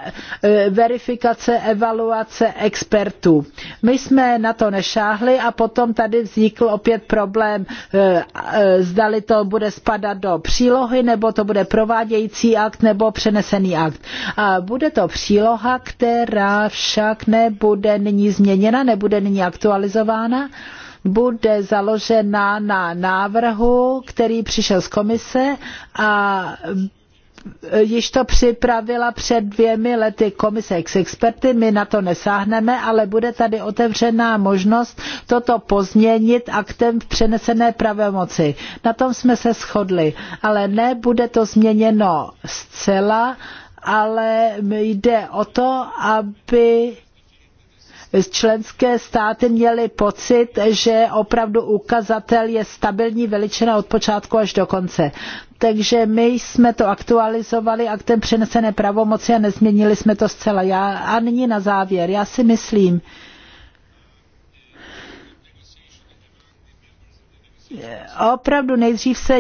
e, verifikace, evaluace expertů. My jsme na to nešáhli a potom tady vznikl opět problém, e, e, zdali to bude spadat do přílohy, nebo to bude provádějící akt, nebo přenesený akt. A bude to příloha, která však nebude nyní změněna, nebude nyní aktualizována bude založena na návrhu, který přišel z komise a e, již to připravila před dvěmi lety komise ex experty, my na to nesáhneme, ale bude tady otevřená možnost toto pozměnit aktem v přenesené pravomoci. Na tom jsme se shodli, ale ne bude to změněno zcela, ale jde o to, aby členské státy měly pocit, že opravdu ukazatel je stabilní veličina od počátku až do konce. Takže my jsme to aktualizovali aktem přenesené pravomoci a nezměnili jsme to zcela. Já, a nyní na závěr. Já si myslím, opravdu nejdřív se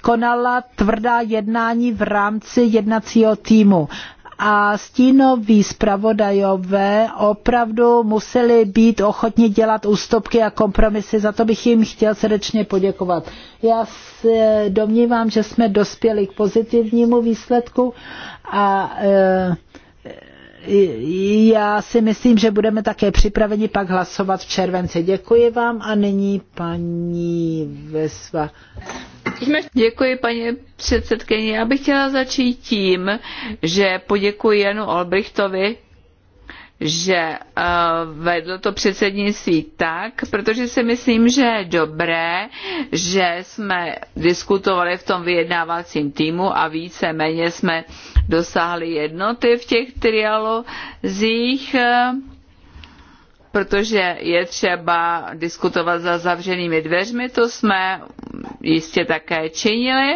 konala tvrdá jednání v rámci jednacího týmu a stínoví zpravodajové opravdu museli být ochotni dělat ústupky a kompromisy, za to bych jim chtěl srdečně poděkovat. Já se domnívám, že jsme dospěli k pozitivnímu výsledku a e, já si myslím, že budeme také připraveni pak hlasovat v červenci. Děkuji vám a nyní paní Vesva. Děkuji, paní předsedkyně. Já bych chtěla začít tím, že poděkuji Janu Olbrichtovi, že eh, vedl to předsednictví tak, protože si myslím, že je dobré, že jsme diskutovali v tom vyjednávacím týmu a více-méně jsme dosáhli jednoty v těch trialozích. Uh, protože je třeba diskutovat za zavřenými dveřmi, to jsme jistě také činili,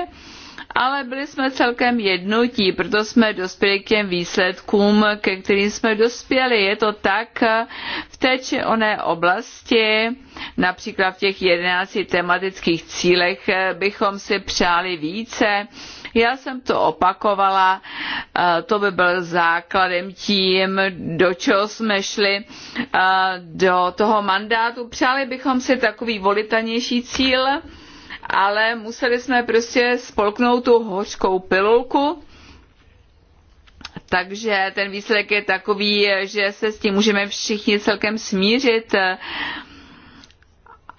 ale byli jsme celkem jednotí, proto jsme dospěli k těm výsledkům, ke kterým jsme dospěli. Je to tak v té či oné oblasti, například v těch jedenácti tematických cílech bychom si přáli více, já jsem to opakovala, eh, to by byl základem tím, do čeho jsme šli eh, do toho mandátu. Přáli bychom si takový volitelnější cíl, ale museli jsme prostě spolknout tu hořkou pilulku, takže ten výsledek je takový, že se s tím můžeme všichni celkem smířit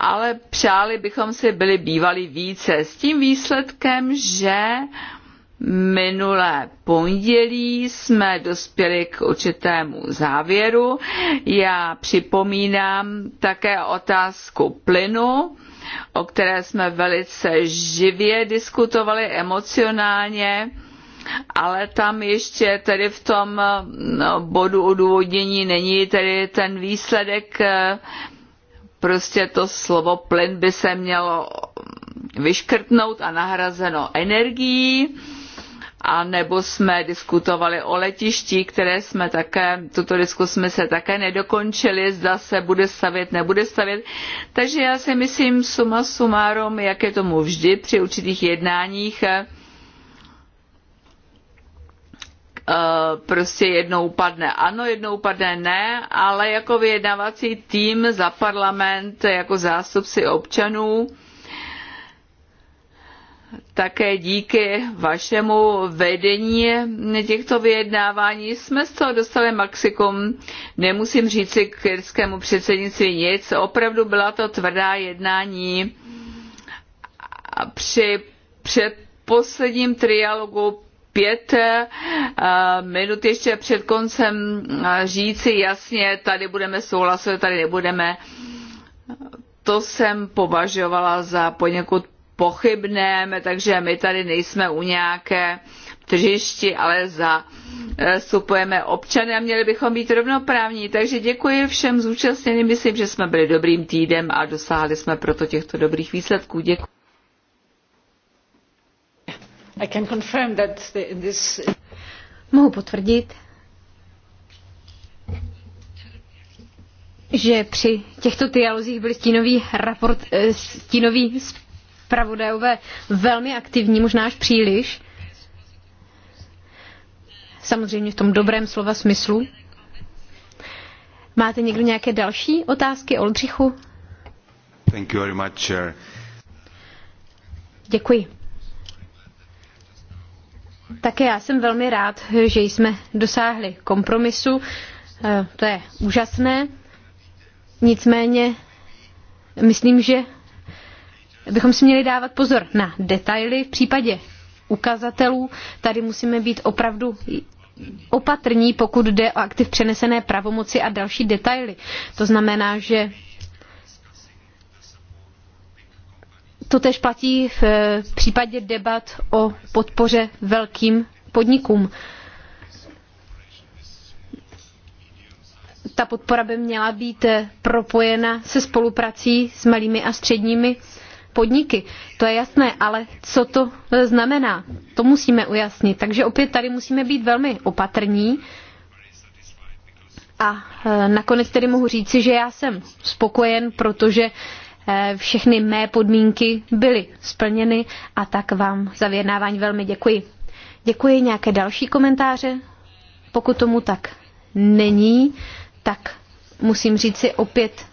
ale přáli bychom si byli bývali více. S tím výsledkem, že minulé pondělí jsme dospěli k určitému závěru. Já připomínám také otázku plynu, o které jsme velice živě diskutovali emocionálně ale tam ještě tedy v tom no, bodu odůvodnění není tedy ten výsledek eh, Prostě to slovo plyn by se mělo vyškrtnout a nahrazeno energií. A nebo jsme diskutovali o letišti, které jsme také, tuto diskus jsme se také nedokončili, zda se bude stavět, nebude stavět. Takže já si myslím suma sumárom, jak je tomu vždy při určitých jednáních, Eh, prostě jednou padne ano, jednou padne ne, ale jako vyjednavací tým za parlament, jako zástupci občanů, také díky vašemu vedení těchto vyjednávání jsme z toho dostali maxikum. Nemusím říci k irskému předsednictví nic, opravdu byla to tvrdá jednání. A při před posledním trialogu pět eh, minut ještě před koncem eh, říci jasně, tady budeme souhlasit, tady nebudeme. To jsem považovala za poněkud pochybné, takže my tady nejsme u nějaké tržišti, ale eh, supujeme občany a měli bychom být rovnoprávní. Takže děkuji všem zúčastněným, myslím, že jsme byli dobrým týdem a dosáhli jsme proto těchto dobrých výsledků. Děkuji. Mohu potvrdit, že při těchto dialozích byli stínoví, raport, eh, stínoví zpravodajové velmi aktivní, možná až příliš. Samozřejmě v tom dobrém slova smyslu. Máte někdo nějaké další otázky, Oldřichu? Thank you very much, Děkuji. Také já jsem velmi rád, že jsme dosáhli kompromisu. Eh, to je úžasné. Nicméně myslím, že bychom si měli dávat pozor na detaily. V případě ukazatelů tady musíme být opravdu opatrní, pokud jde o aktiv přenesené pravomoci a další detaily. To znamená, že to tež platí v eh, případě debat o podpoře velkým podnikům. Ta podpora by měla být eh, propojena se spoluprací s malými a středními podniky. To je jasné, ale co to eh, znamená? To musíme ujasnit. Takže opět tady musíme být velmi opatrní. A nakonec tedy mohu říci, že já jsem spokojen, protože Eh, všechny mé podmínky byly splněny a tak vám za vyjednávání velmi děkuji. Děkuji. Nějaké další komentáře? Pokud tomu tak není, tak musím říct si opět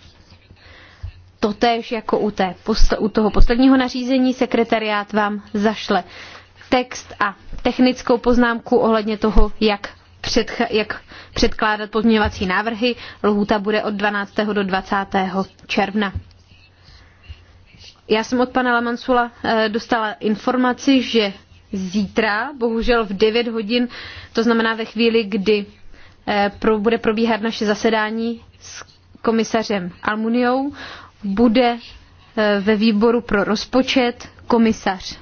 totéž jako u, té, u toho posledního nařízení. Sekretariát vám zašle text a technickou poznámku ohledně toho, jak, před, jak předkládat pozměňovací návrhy. Lhůta bude od 12. do 20. června. Já jsem od pana Lamansula eh, dostala informaci, že zítra, bohužel v 9 hodin, to znamená ve chvíli, kdy eh, bude probíhat naše zasedání s komisařem Almuniou, bude eh, ve výboru pro rozpočet komisař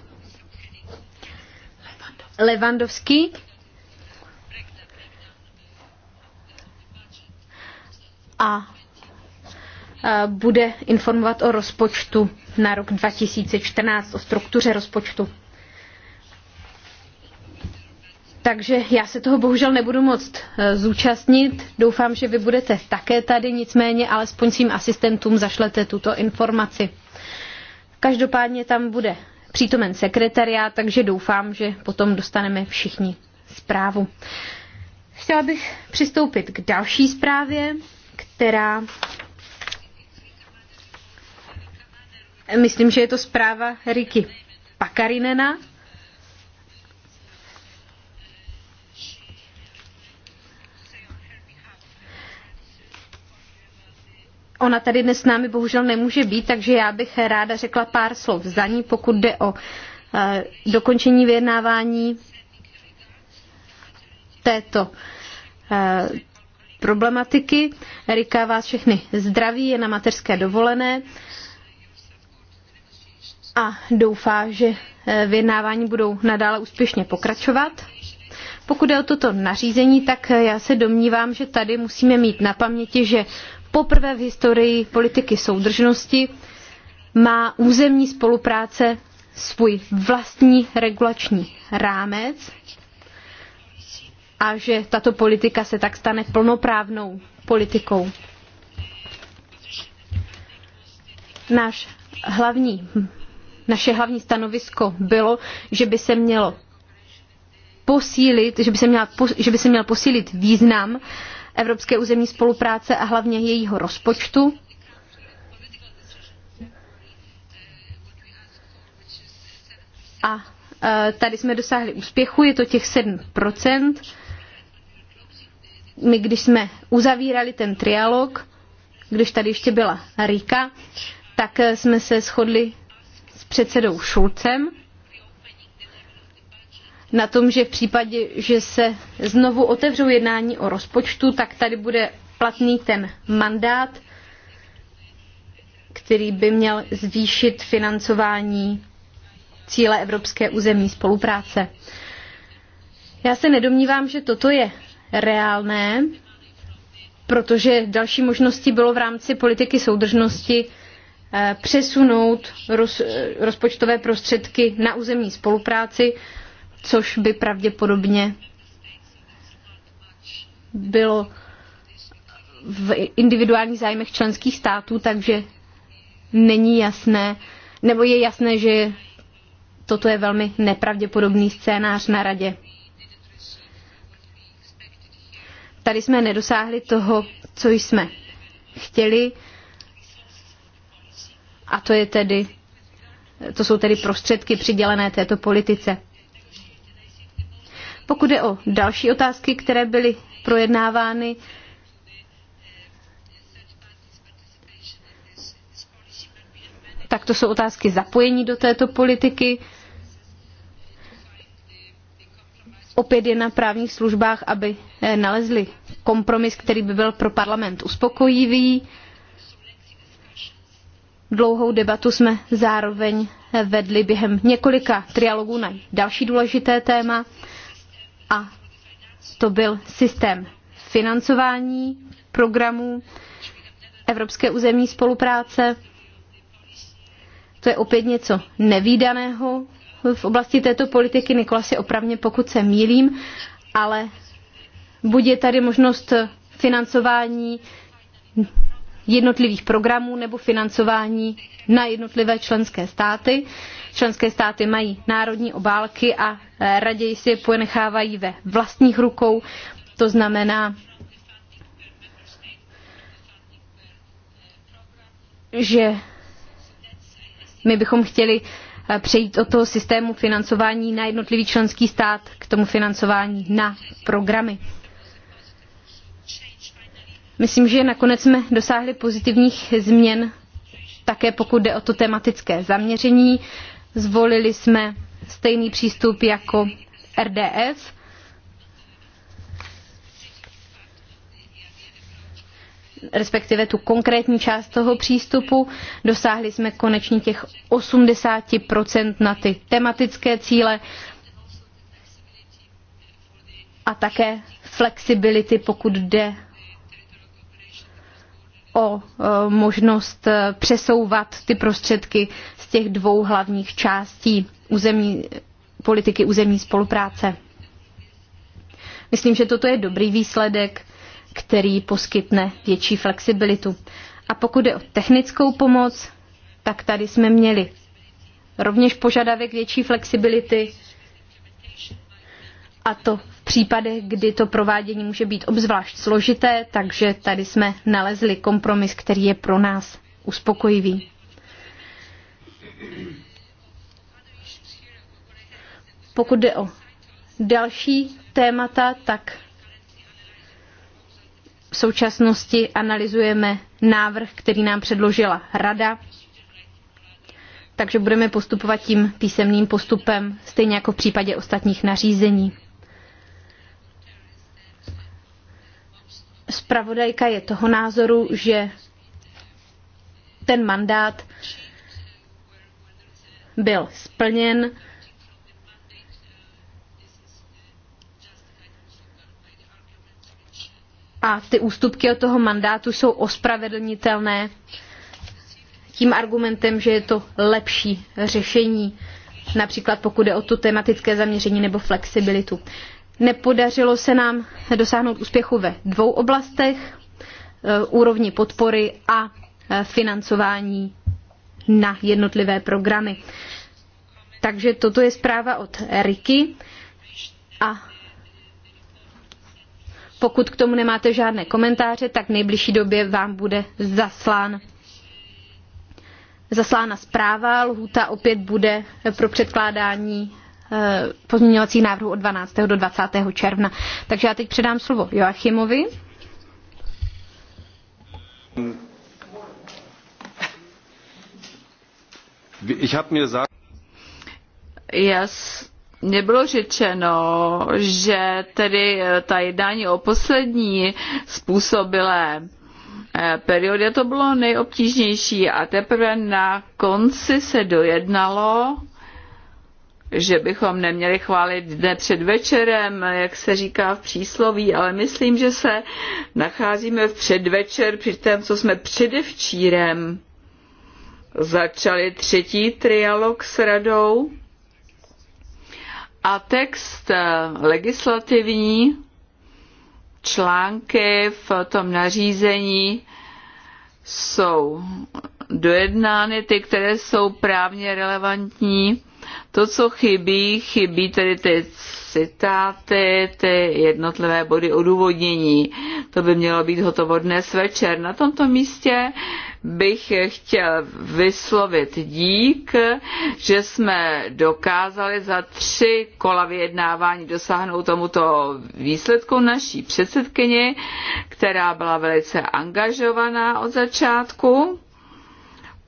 Levandovský. A bude informovat o rozpočtu na rok 2014, o struktuře rozpočtu. Takže já se toho bohužel nebudu moc e, zúčastnit. Doufám, že vy budete také tady, nicméně alespoň svým asistentům zašlete tuto informaci. Každopádně tam bude přítomen sekretariát, takže doufám, že potom dostaneme všichni zprávu. Chtěla bych přistoupit k další zprávě, která myslím, že je to zpráva Riky Pakarinena. Ona tady dnes s námi bohužel nemůže být, takže já bych ráda řekla pár slov za ní, pokud jde o eh, dokončení vyjednávání této eh, problematiky. Rika vás všechny zdraví, je na mateřské dovolené a doufá, že eh, vyjednávání budou nadále úspěšně pokračovat. Pokud je o toto nařízení, tak eh, já se domnívám, že tady musíme mít na paměti, že poprvé v historii politiky soudržnosti má územní spolupráce svůj vlastní regulační rámec a že tato politika se tak stane plnoprávnou politikou. Náš hlavní naše hlavní stanovisko bylo, že by se mělo posílit, že by se, měla, že by se měl posílit význam Evropské územní spolupráce a hlavně jejího rozpočtu. A e, tady jsme dosáhli úspěchu, je to těch 7%. My, když jsme uzavírali ten trialog, když tady ještě byla Rika, tak e, jsme se shodli s předsedou Šulcem na tom, že v případě, že se znovu otevřou jednání o rozpočtu, tak tady bude platný ten mandát, který by měl zvýšit financování cíle Evropské územní spolupráce. Já se nedomnívám, že toto je reálné, protože další možností bylo v rámci politiky soudržnosti Eh, přesunout eh, rozpočtové prostředky na územní spolupráci, což by pravděpodobně bylo v individuálních zájmech členských států, takže není jasné, nebo je jasné, že toto je velmi nepravděpodobný scénář na radě. Tady jsme nedosáhli toho, co jsme chtěli. A to, je tedy, to jsou tedy prostředky přidělené této politice. Pokud je o další otázky, které byly projednávány, tak to jsou otázky zapojení do této politiky. Opět je na právních službách, aby nalezli kompromis, který by byl pro parlament uspokojivý. Dlouhou debatu jsme zároveň vedli během několika trialogů na další důležité téma a to byl systém financování programů Evropské územní spolupráce. To je opět něco nevýdaného v oblasti této politiky. si opravně, pokud se mílím, ale bude tady možnost financování jednotlivých programů nebo financování na jednotlivé členské státy. Členské státy mají národní obálky a e, raději si je ponechávají ve vlastních rukou. To znamená, že my bychom chtěli e, přejít od toho systému financování na jednotlivý členský stát k tomu financování na programy. Myslím, že nakonec jsme dosáhli pozitivních změn také pokud jde o to tematické zaměření. Zvolili jsme stejný přístup jako RDF. respektive tu konkrétní část toho přístupu. Dosáhli jsme konečně těch 80% na ty tematické cíle a také flexibility, pokud jde o e, možnost e, přesouvat ty prostředky z těch dvou hlavních částí územní, politiky územní spolupráce. Myslím, že toto je dobrý výsledek, který poskytne větší flexibilitu. A pokud je o technickou pomoc, tak tady jsme měli rovněž požadavek větší flexibility a to v případech, kdy to provádění může být obzvlášť složité, takže tady jsme nalezli kompromis, který je pro nás uspokojivý. Pokud jde o další témata, tak v současnosti analyzujeme návrh, který nám předložila Rada, takže budeme postupovat tím písemným postupem, stejně jako v případě ostatních nařízení. Spravodajka je toho názoru, že ten mandát byl splněn. A ty ústupky od toho mandátu jsou ospravedlnitelné tím argumentem, že je to lepší řešení, například pokud jde o to tematické zaměření nebo flexibilitu. Nepodařilo se nám dosáhnout úspěchu ve dvou oblastech, eh, úrovni podpory a eh, financování na jednotlivé programy. Takže toto je zpráva od Eriky. a pokud k tomu nemáte žádné komentáře, tak v nejbližší době vám bude zaslán zaslána zpráva. Lhůta opět bude pro předkládání Eh, pozměňovacích návrhů od 12. do 20. června. Takže já teď předám slovo Joachimovi. Ich hab mir Yes mně bylo řečeno, že tedy eh, ta jednání o poslední způsobilé eh, periodě to bylo nejobtížnější a teprve na konci se dojednalo, že bychom neměli chválit dne před večerem, jak se říká v přísloví, ale myslím, že se nacházíme v předvečer při tom, co jsme předevčírem začali třetí trialog s radou a text legislativní články v tom nařízení jsou dojednány ty, které jsou právně relevantní to, co chybí, chybí tedy ty citáty, ty jednotlivé body odůvodnění. To by mělo být hotovo dnes večer. Na tomto místě bych chtěl vyslovit dík, že jsme dokázali za tři kola vyjednávání dosáhnout tomuto výsledku naší předsedkyni, která byla velice angažovaná od začátku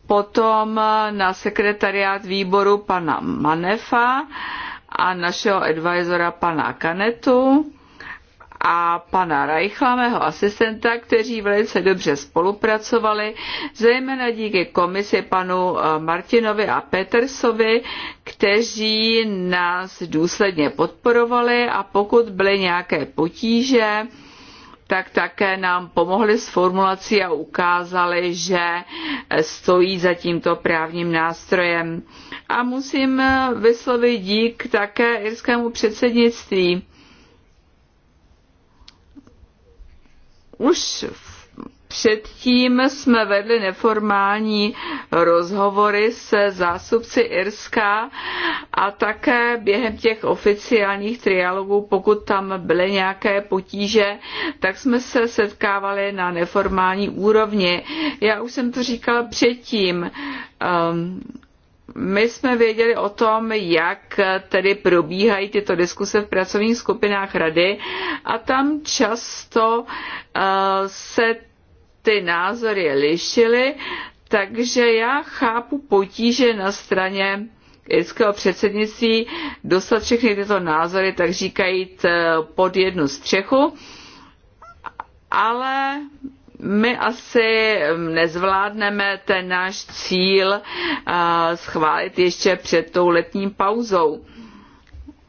potom eh, na sekretariát výboru pana Manefa a našeho advisora pana Kanetu a pana Reichla, mého asistenta, kteří velice dobře spolupracovali, zejména díky komisi panu eh, Martinovi a Petersovi, kteří nás důsledně podporovali a pokud byly nějaké potíže, tak také nám pomohli s formulací a ukázali, že stojí za tímto právním nástrojem. A musím vyslovit dík také irskému předsednictví. Už v Předtím jsme vedli neformální rozhovory se zástupci Irska a také během těch oficiálních trialogů, pokud tam byly nějaké potíže, tak jsme se setkávali na neformální úrovni. Já už jsem to říkala předtím. Um, my jsme věděli o tom, jak tedy probíhají tyto diskuse v pracovních skupinách rady a tam často eh, se ty názory lišily, takže já chápu potíže na straně irského předsednictví dostat všechny tyto názory, tak říkajíc, pod jednu střechu, ale my asi nezvládneme ten náš cíl schválit ještě před tou letní pauzou.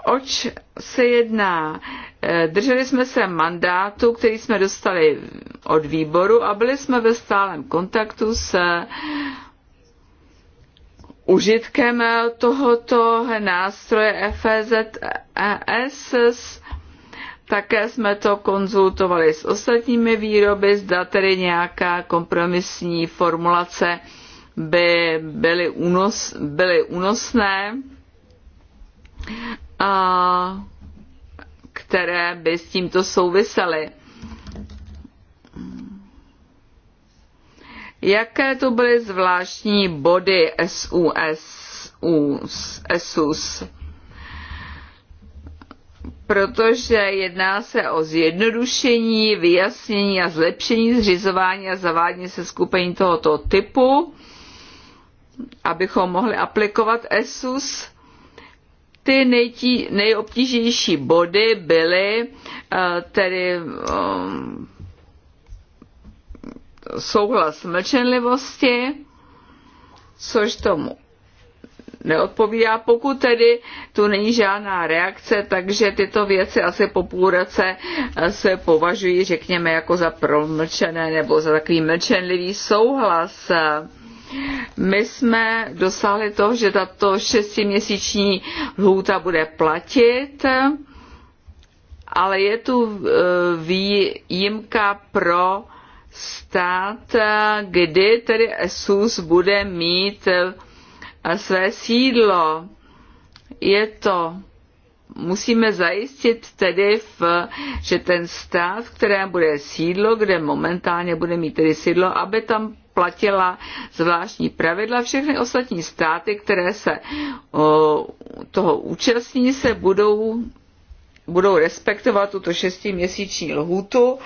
Oč se jedná? Eh, drželi jsme se mandátu, který jsme dostali od výboru a byli jsme ve stálem kontaktu s eh, užitkem eh, tohoto nástroje FZS. E e Také jsme to konzultovali s ostatními výroby, zda tedy nějaká kompromisní formulace by byly, unos, byly unosné. A které by s tímto souvisely. Jaké to byly zvláštní body SUS? US, SUS? protože jedná se o zjednodušení, vyjasnění a zlepšení zřizování a zavádění se skupení tohoto typu, abychom mohli aplikovat ESUS ty nejtí, nejobtížnější body byly eh, tedy eh, souhlas mlčenlivosti, což tomu neodpovídá. Pokud tedy tu není žádná reakce, takže tyto věci asi po půl roce eh, se považují, řekněme, jako za promlčené nebo za takový mlčenlivý souhlas. My jsme dosáhli toho, že tato šestiměsíční lhůta bude platit, ale je tu e, výjimka pro stát, e, kdy tedy ESUS bude mít e, své sídlo. Je to musíme zajistit tedy, v, že ten stát, v kterém bude sídlo, kde momentálně bude mít tedy sídlo, aby tam platila zvláštní pravidla. Všechny ostatní státy, které se toho účastní, se budou, budou respektovat tuto šestiměsíční lhůtu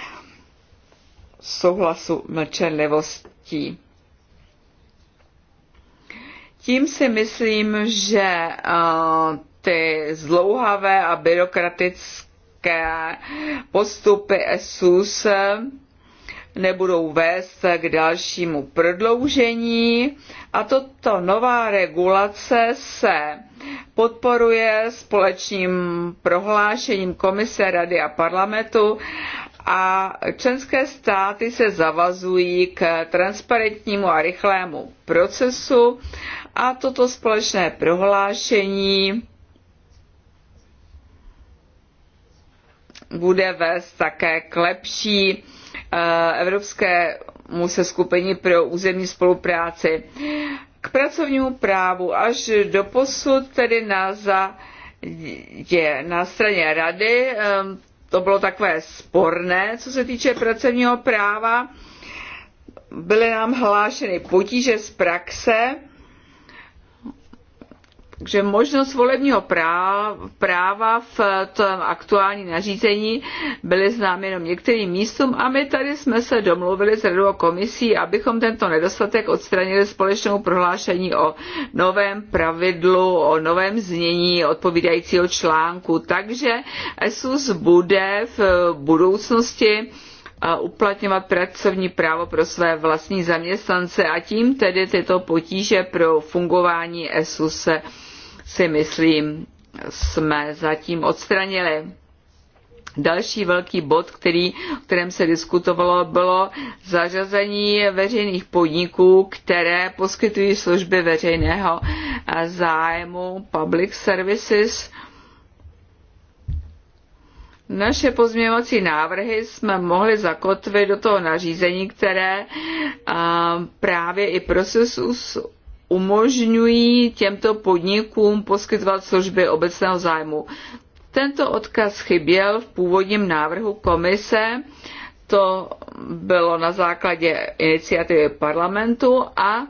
souhlasu mlčenlivostí. Tím si myslím, že ty zlouhavé a byrokratické postupy SUS nebudou vést k dalšímu prodloužení a toto nová regulace se podporuje společným prohlášením Komise Rady a parlamentu a členské státy se zavazují k transparentnímu a rychlému procesu a toto společné prohlášení bude vést také k lepší Evropskému seskupení pro územní spolupráci. K pracovnímu právu až do posud tedy na, za, je, na straně rady ehm, to bylo takové sporné, co se týče pracovního práva. Byly nám hlášeny potíže z praxe, že možnost volebního práva v tom aktuální nařízení byly známy jenom některým místům a my tady jsme se domluvili s radou komisí, abychom tento nedostatek odstranili společnou prohlášení o novém pravidlu, o novém znění odpovídajícího článku. Takže ESUS bude v budoucnosti eh, uplatňovat pracovní právo pro své vlastní zaměstnance a tím tedy tyto potíže pro fungování ESU se si myslím, jsme zatím odstranili. Další velký bod, který, o kterém se diskutovalo, bylo zařazení veřejných podniků, které poskytují služby veřejného zájmu, public services. Naše pozměňovací návrhy jsme mohli zakotvit do toho nařízení, které právě i procesus umožňují těmto podnikům poskytovat služby obecného zájmu. Tento odkaz chyběl v původním návrhu komise, to bylo na základě iniciativy parlamentu a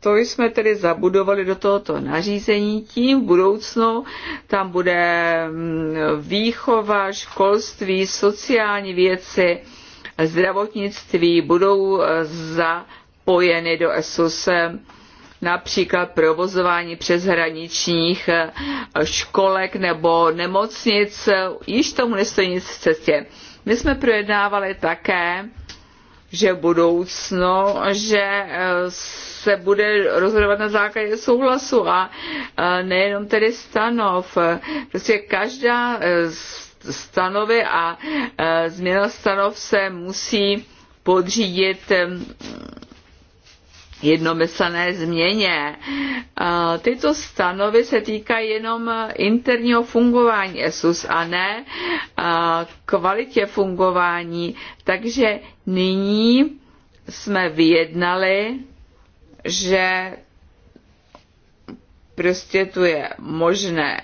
to jsme tedy zabudovali do tohoto nařízení. Tím v budoucnu tam bude mm, výchova, školství, sociální věci, zdravotnictví budou e, za spojeny do se například provozování přeshraničních eh, školek nebo nemocnic, již tomu nestojí nic v cestě. My jsme projednávali také, že budoucno, že eh, se bude rozhodovat na základě souhlasu a eh, nejenom tedy stanov. Prostě každá stanovy a změna stanov se musí podřídit jednomyslné změně. Tyto stanovy se týkají jenom interního fungování ESUS a ne kvalitě fungování. Takže nyní jsme vyjednali, že prostě tu je možné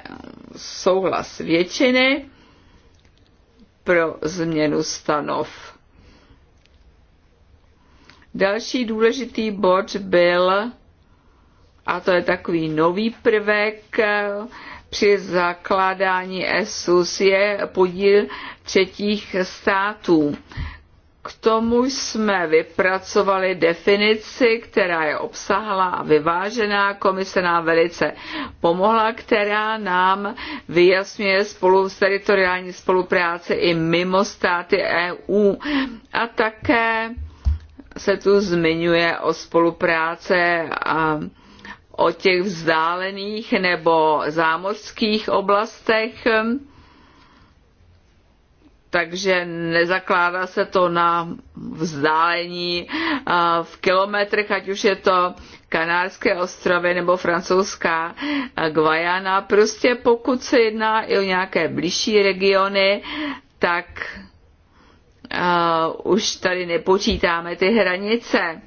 souhlas většiny pro změnu stanov Další důležitý bod byl, a to je takový nový prvek při zakládání ESUS, je podíl třetích států. K tomu jsme vypracovali definici, která je obsahlá a vyvážená. Komise nám velice pomohla, která nám vyjasňuje spolu s teritoriální spolupráce i mimo státy EU. A také se tu zmiňuje o spolupráce a o těch vzdálených nebo zámořských oblastech, takže nezakládá se to na vzdálení v kilometrech, ať už je to Kanárské ostrovy nebo francouzská Guajana. Prostě pokud se jedná i o nějaké blížší regiony, tak uh, už tady nepočítáme ty hranice.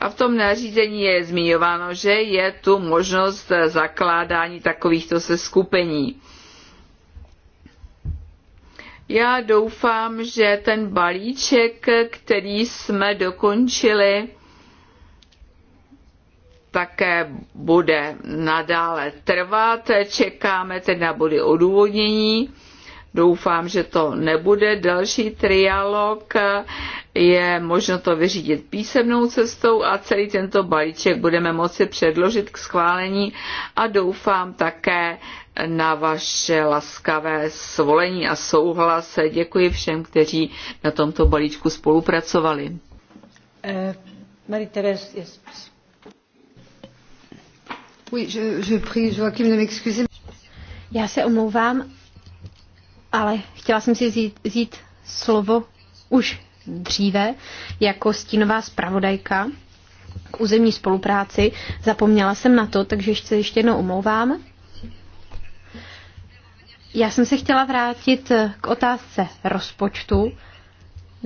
A v tom nařízení je zmiňováno, že je tu možnost zakládání takovýchto seskupení. Já doufám, že ten balíček, který jsme dokončili, také bude nadále trvat. Čekáme teď na body odůvodnění Doufám, že to nebude. Další trialog eh, je možno to vyřídit písemnou cestou a celý tento balíček budeme moci předložit k schválení a doufám také na vaše laskavé svolení a souhlas. Děkuji všem, kteří na tomto balíčku spolupracovali. Eh, Já se omlouvám, ale chtěla jsem si vzít, vzít slovo už dříve jako stínová zpravodajka k územní spolupráci. Zapomněla jsem na to, takže se ještě jednou omlouvám. Já jsem se chtěla vrátit k otázce rozpočtu.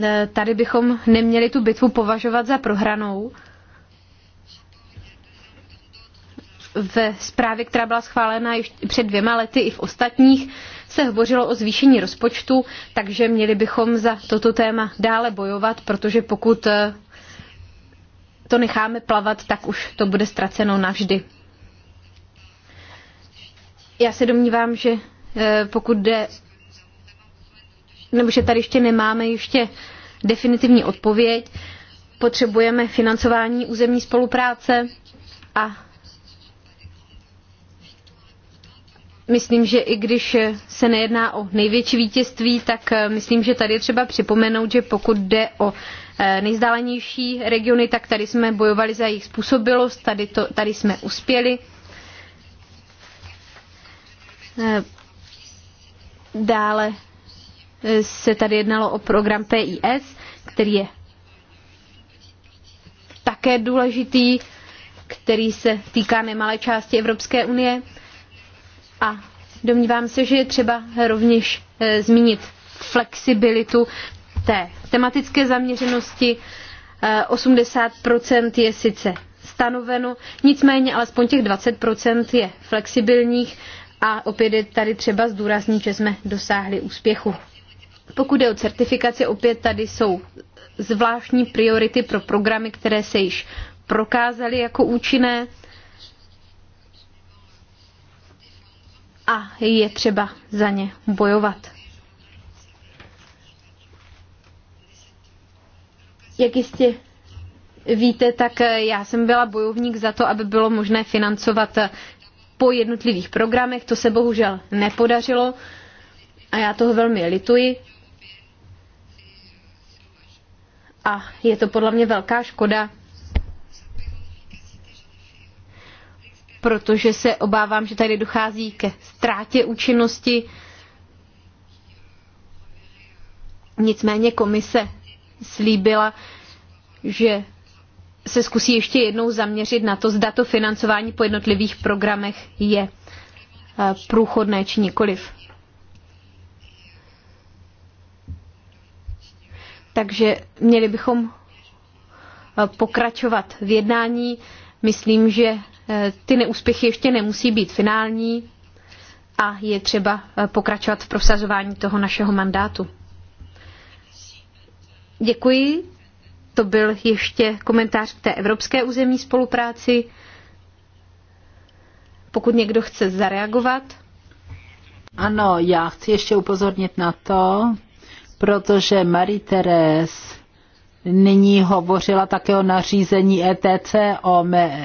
E, tady bychom neměli tu bitvu považovat za prohranou. v zprávě, která byla schválena před dvěma lety i v ostatních se hovořilo o zvýšení rozpočtu, takže měli bychom za toto téma dále bojovat, protože pokud eh, to necháme plavat, tak už to bude ztraceno navždy. Já se domnívám, že eh, pokud jde, nebo že tady ještě nemáme ještě definitivní odpověď, potřebujeme financování územní spolupráce a myslím, že i když se nejedná o největší vítězství, tak eh, myslím, že tady je třeba připomenout, že pokud jde o eh, nejzdálenější regiony, tak tady jsme bojovali za jejich způsobilost, tady, to, tady jsme uspěli. Eh, dále se tady jednalo o program PIS, který je také důležitý, který se týká nemalé části Evropské unie. A domnívám se, že je třeba rovněž eh, zmínit flexibilitu té tematické zaměřenosti. 80% eh, je sice stanoveno, nicméně alespoň těch 20% je flexibilních a opět je tady třeba zdůraznit, že jsme dosáhli úspěchu. Pokud je o certifikaci, opět tady jsou zvláštní priority pro programy, které se již prokázaly jako účinné. a je třeba za ně bojovat. Jak jistě víte, tak já jsem byla bojovník za to, aby bylo možné financovat po jednotlivých programech. To se bohužel nepodařilo a já toho velmi lituji. A je to podle mě velká škoda, protože se obávám, že tady dochází ke ztrátě účinnosti. Nicméně komise slíbila, že se zkusí ještě jednou zaměřit na to, zda to financování po jednotlivých programech je eh, průchodné či nikoliv. Takže měli bychom eh, pokračovat v jednání. Myslím, že Eh, ty neúspěchy ještě nemusí být finální a je třeba eh, pokračovat v prosazování toho našeho mandátu. Děkuji. To byl ještě komentář k té evropské územní spolupráci. Pokud někdo chce zareagovat. Ano, já chci ještě upozornit na to, protože Marie thérèse nyní hovořila také o nařízení ETC o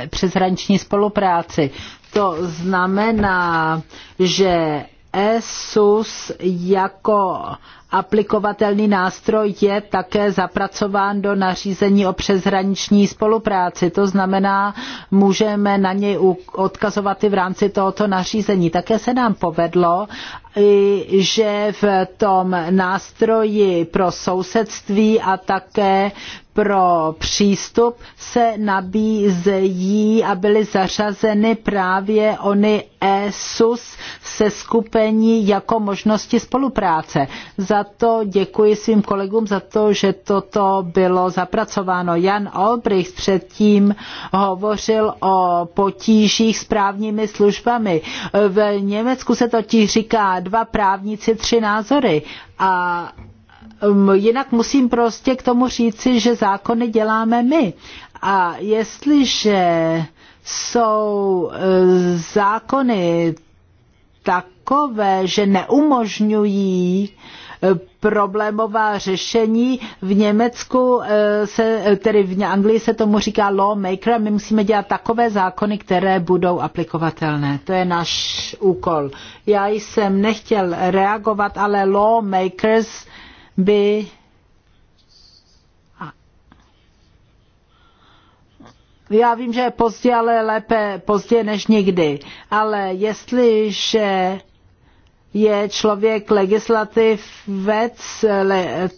přeshraniční spolupráci. To znamená, že ESUS jako aplikovatelný nástroj je také zapracován do nařízení o přeshraniční spolupráci. To znamená, můžeme na něj odkazovat i v rámci tohoto nařízení. Také se nám povedlo, že v tom nástroji pro sousedství a také pro přístup se nabízejí a byly zařazeny právě ony ESUS se skupení jako možnosti spolupráce. Za to děkuji svým kolegům za to, že toto bylo zapracováno. Jan Olbrich předtím hovořil o potížích s právními službami. V Německu se totiž říká dva právníci, tři názory. A Ehm, jinak musím prostě k tomu říci, že zákony děláme my. A jestliže jsou eh, zákony takové, že neumožňují eh, problémová řešení. V Německu, eh, se, tedy v Anglii se tomu říká lawmaker my musíme dělat takové zákony, které budou aplikovatelné. To je náš úkol. Já jsem nechtěl reagovat, ale lawmakers by já vím, že je pozdě, ale lépe pozdě než nikdy. Ale jestliže je člověk legislativec,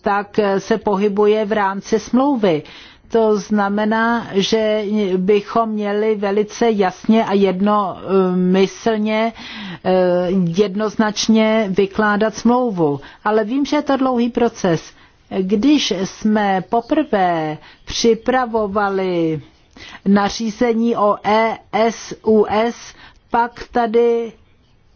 tak se pohybuje v rámci smlouvy. To znamená, že bychom měli velice jasně a jednomyslně, eh, jednoznačně vykládat smlouvu. Ale vím, že je to dlouhý proces. Když jsme poprvé připravovali nařízení o ESUS, pak tady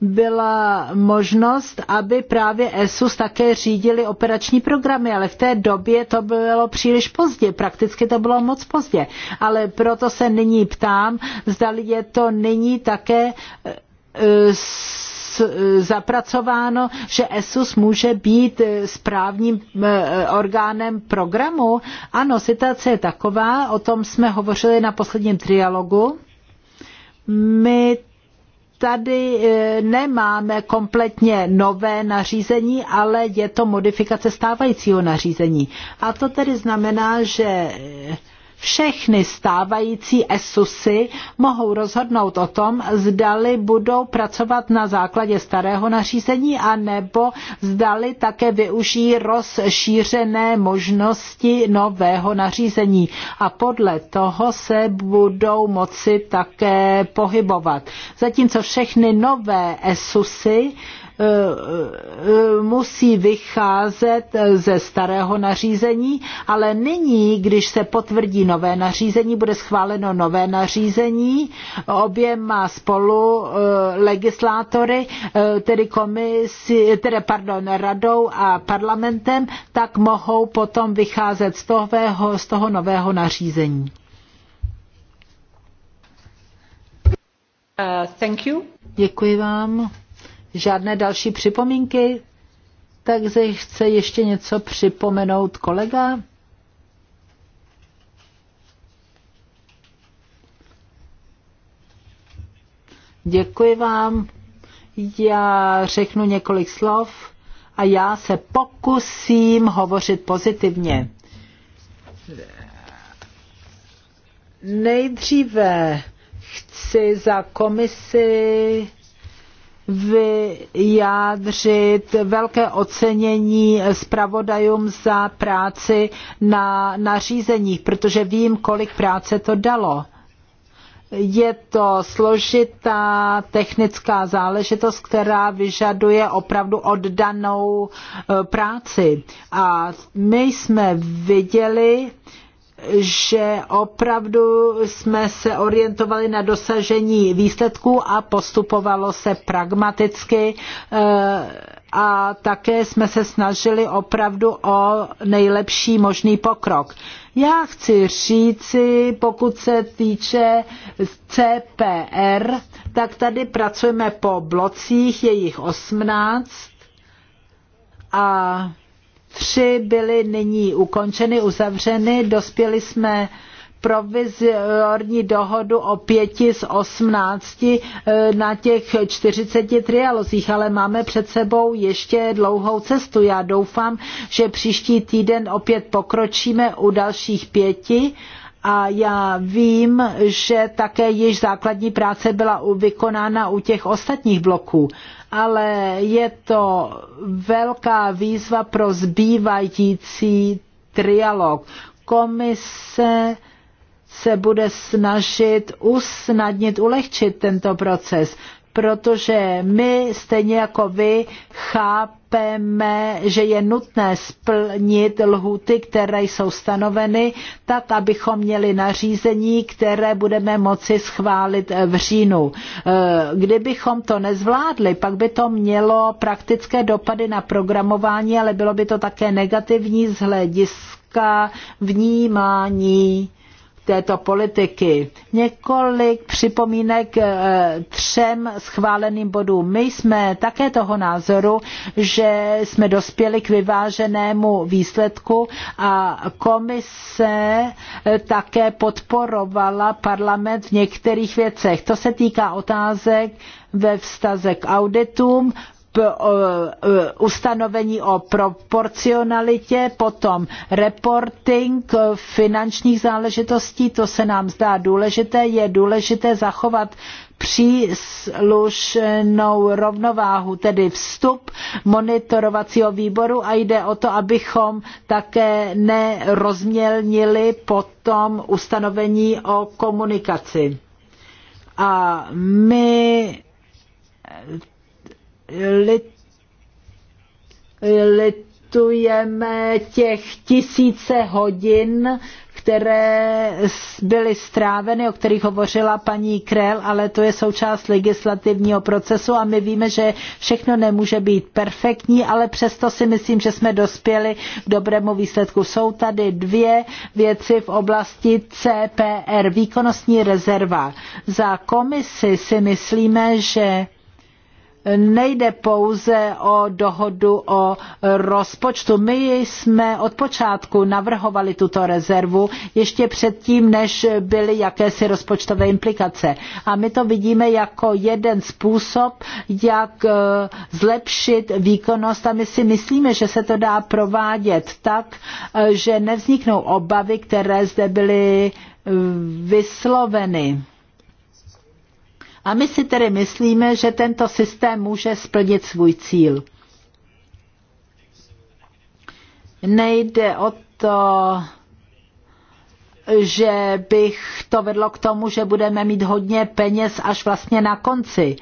byla možnost, aby právě ESUS také řídili operační programy, ale v té době to bylo příliš pozdě, prakticky to bylo moc pozdě. Ale proto se nyní ptám, zda je to nyní také e, e, zapracováno, že ESUS může být e, správním orgánem programu. Ano, situace je taková, o tom jsme hovořili na posledním trialogu. My tady e, nemáme kompletně nové nařízení, ale je to modifikace stávajícího nařízení. A to tedy znamená, že všechny stávající ESUSy mohou rozhodnout o tom, zdali budou pracovat na základě starého nařízení a nebo zdali také využijí rozšířené možnosti nového nařízení a podle toho se budou moci také pohybovat. Zatímco všechny nové ESUSy Eh, eh, musí vycházet ze starého nařízení, ale nyní, když se potvrdí nové nařízení, bude schváleno nové nařízení oběma spolu eh, legislátory, tedy, komisi, tedy pardon, radou a parlamentem, tak mohou potom vycházet z toho, z toho nového nařízení. Uh, thank you. Děkuji vám. Žádné další připomínky? Takže chce ještě něco připomenout kolega? Děkuji vám. Já řeknu několik slov a já se pokusím hovořit pozitivně. Nejdříve chci za komisi vyjádřit velké ocenění zpravodajům za práci na nařízeních, protože vím, kolik práce to dalo. Je to složitá technická záležitost, která vyžaduje opravdu oddanou eh, práci. A my jsme viděli, že opravdu jsme se orientovali na dosažení výsledků a postupovalo se pragmaticky eh, a také jsme se snažili opravdu o nejlepší možný pokrok. Já chci říci, pokud se týče CPR, tak tady pracujeme po blocích, je jich 18 a Tři byly nyní ukončeny, uzavřeny. Dospěli jsme provizorní dohodu o pěti z osmnácti eh, na těch 40 trialozích, ale máme před sebou ještě dlouhou cestu. Já doufám, že příští týden opět pokročíme u dalších pěti a já vím, že také již základní práce byla vykonána u těch ostatních bloků, ale je to velká výzva pro zbývající trialog. Komise se bude snažit usnadnit, ulehčit tento proces protože my stejně jako vy chápeme, že je nutné splnit lhuty, které jsou stanoveny, tak abychom měli nařízení, které budeme moci schválit eh, v říjnu. Eh, kdybychom to nezvládli, pak by to mělo praktické dopady na programování, ale bylo by to také negativní z hlediska vnímání této politiky. Několik připomínek eh, třem schváleným bodům. My jsme také toho názoru, že jsme dospěli k vyváženému výsledku a komise eh, také podporovala parlament v některých věcech. To se týká otázek ve vztaze k auditům, E, ustanovení o proporcionalitě, potom reporting finančních záležitostí, to se nám zdá důležité, je důležité zachovat příslušnou rovnováhu, tedy vstup monitorovacího výboru a jde o to, abychom také nerozmělnili potom ustanovení o komunikaci. A my litujeme těch tisíce hodin, které byly stráveny, o kterých hovořila paní Krel, ale to je součást legislativního procesu a my víme, že všechno nemůže být perfektní, ale přesto si myslím, že jsme dospěli k dobrému výsledku. Jsou tady dvě věci v oblasti CPR, výkonnostní rezerva. Za komisi si myslíme, že nejde pouze o dohodu o rozpočtu. My jsme od počátku navrhovali tuto rezervu ještě předtím, než byly jakési rozpočtové implikace. A my to vidíme jako jeden způsob, jak eh, zlepšit výkonnost a my si myslíme, že se to dá provádět tak, eh, že nevzniknou obavy, které zde byly eh, vysloveny a my si tedy myslíme, že tento systém může splnit svůj cíl. Nejde o to, že bych to vedlo k tomu, že budeme mít hodně peněz až vlastně na konci.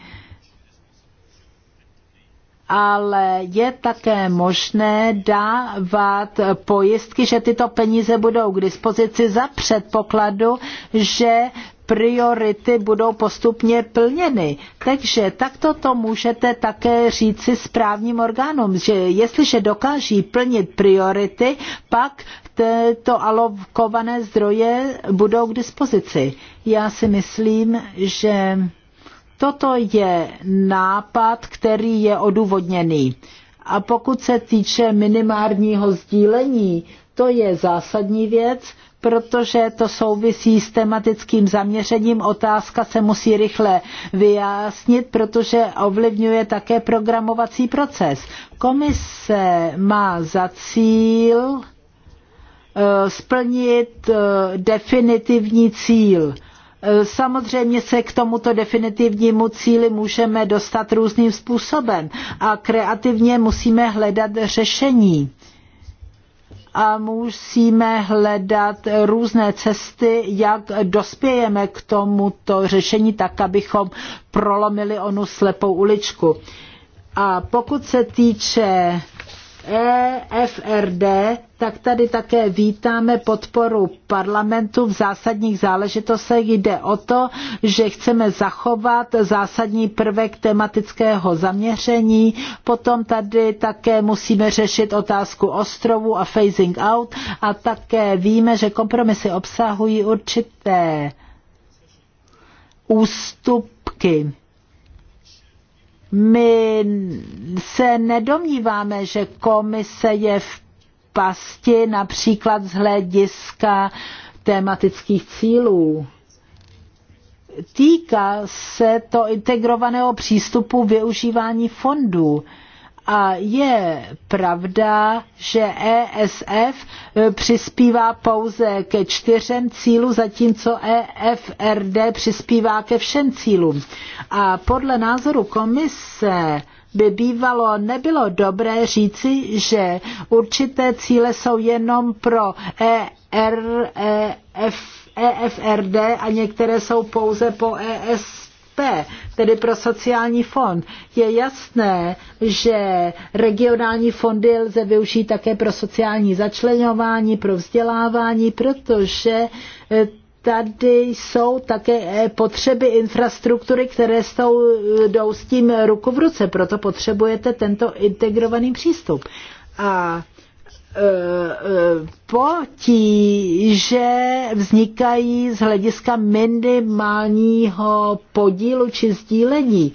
Ale je také možné dávat pojistky, že tyto peníze budou k dispozici za předpokladu, že priority budou postupně plněny. Takže takto to můžete také říci správním orgánům, že jestliže dokáží plnit priority, pak to alokované zdroje budou k dispozici. Já si myslím, že toto je nápad, který je odůvodněný. A pokud se týče minimárního sdílení, to je zásadní věc, protože to souvisí s tematickým zaměřením. Otázka se musí rychle vyjasnit, protože ovlivňuje také programovací proces. Komise má za cíl eh, splnit eh, definitivní cíl. Eh, samozřejmě se k tomuto definitivnímu cíli můžeme dostat různým způsobem a kreativně musíme hledat řešení a musíme hledat různé cesty, jak dospějeme k tomuto řešení, tak abychom prolomili onu slepou uličku. A pokud se týče EFRD, tak tady také vítáme podporu parlamentu v zásadních záležitostech. Jde o to, že chceme zachovat zásadní prvek tematického zaměření. Potom tady také musíme řešit otázku ostrovu a phasing out a také víme, že kompromisy obsahují určité ústupky. My se nedomníváme, že komise je v pasti například z hlediska tematických cílů. Týká se to integrovaného přístupu využívání fondů. A je pravda, že ESF e, přispívá pouze ke čtyřem cílu, zatímco EFRD přispívá ke všem cílům. A podle názoru komise by bývalo nebylo dobré říci, že určité cíle jsou jenom pro ERF, e EFRD a některé jsou pouze po ES tedy pro sociální fond. Je jasné, že regionální fondy lze využít také pro sociální začlenování, pro vzdělávání, protože eh, tady jsou také eh, potřeby infrastruktury, které jsou, eh, jdou s tím ruku v ruce, proto potřebujete tento integrovaný přístup. A potíže vznikají z hlediska minimálního podílu či sdílení.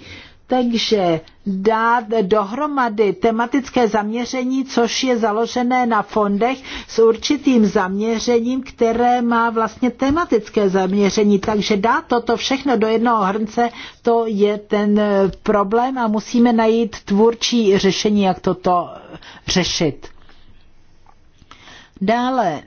Takže dát dohromady tematické zaměření, což je založené na fondech s určitým zaměřením, které má vlastně tematické zaměření. Takže dát toto všechno do jednoho hrnce, to je ten problém a musíme najít tvůrčí řešení, jak toto řešit. Dále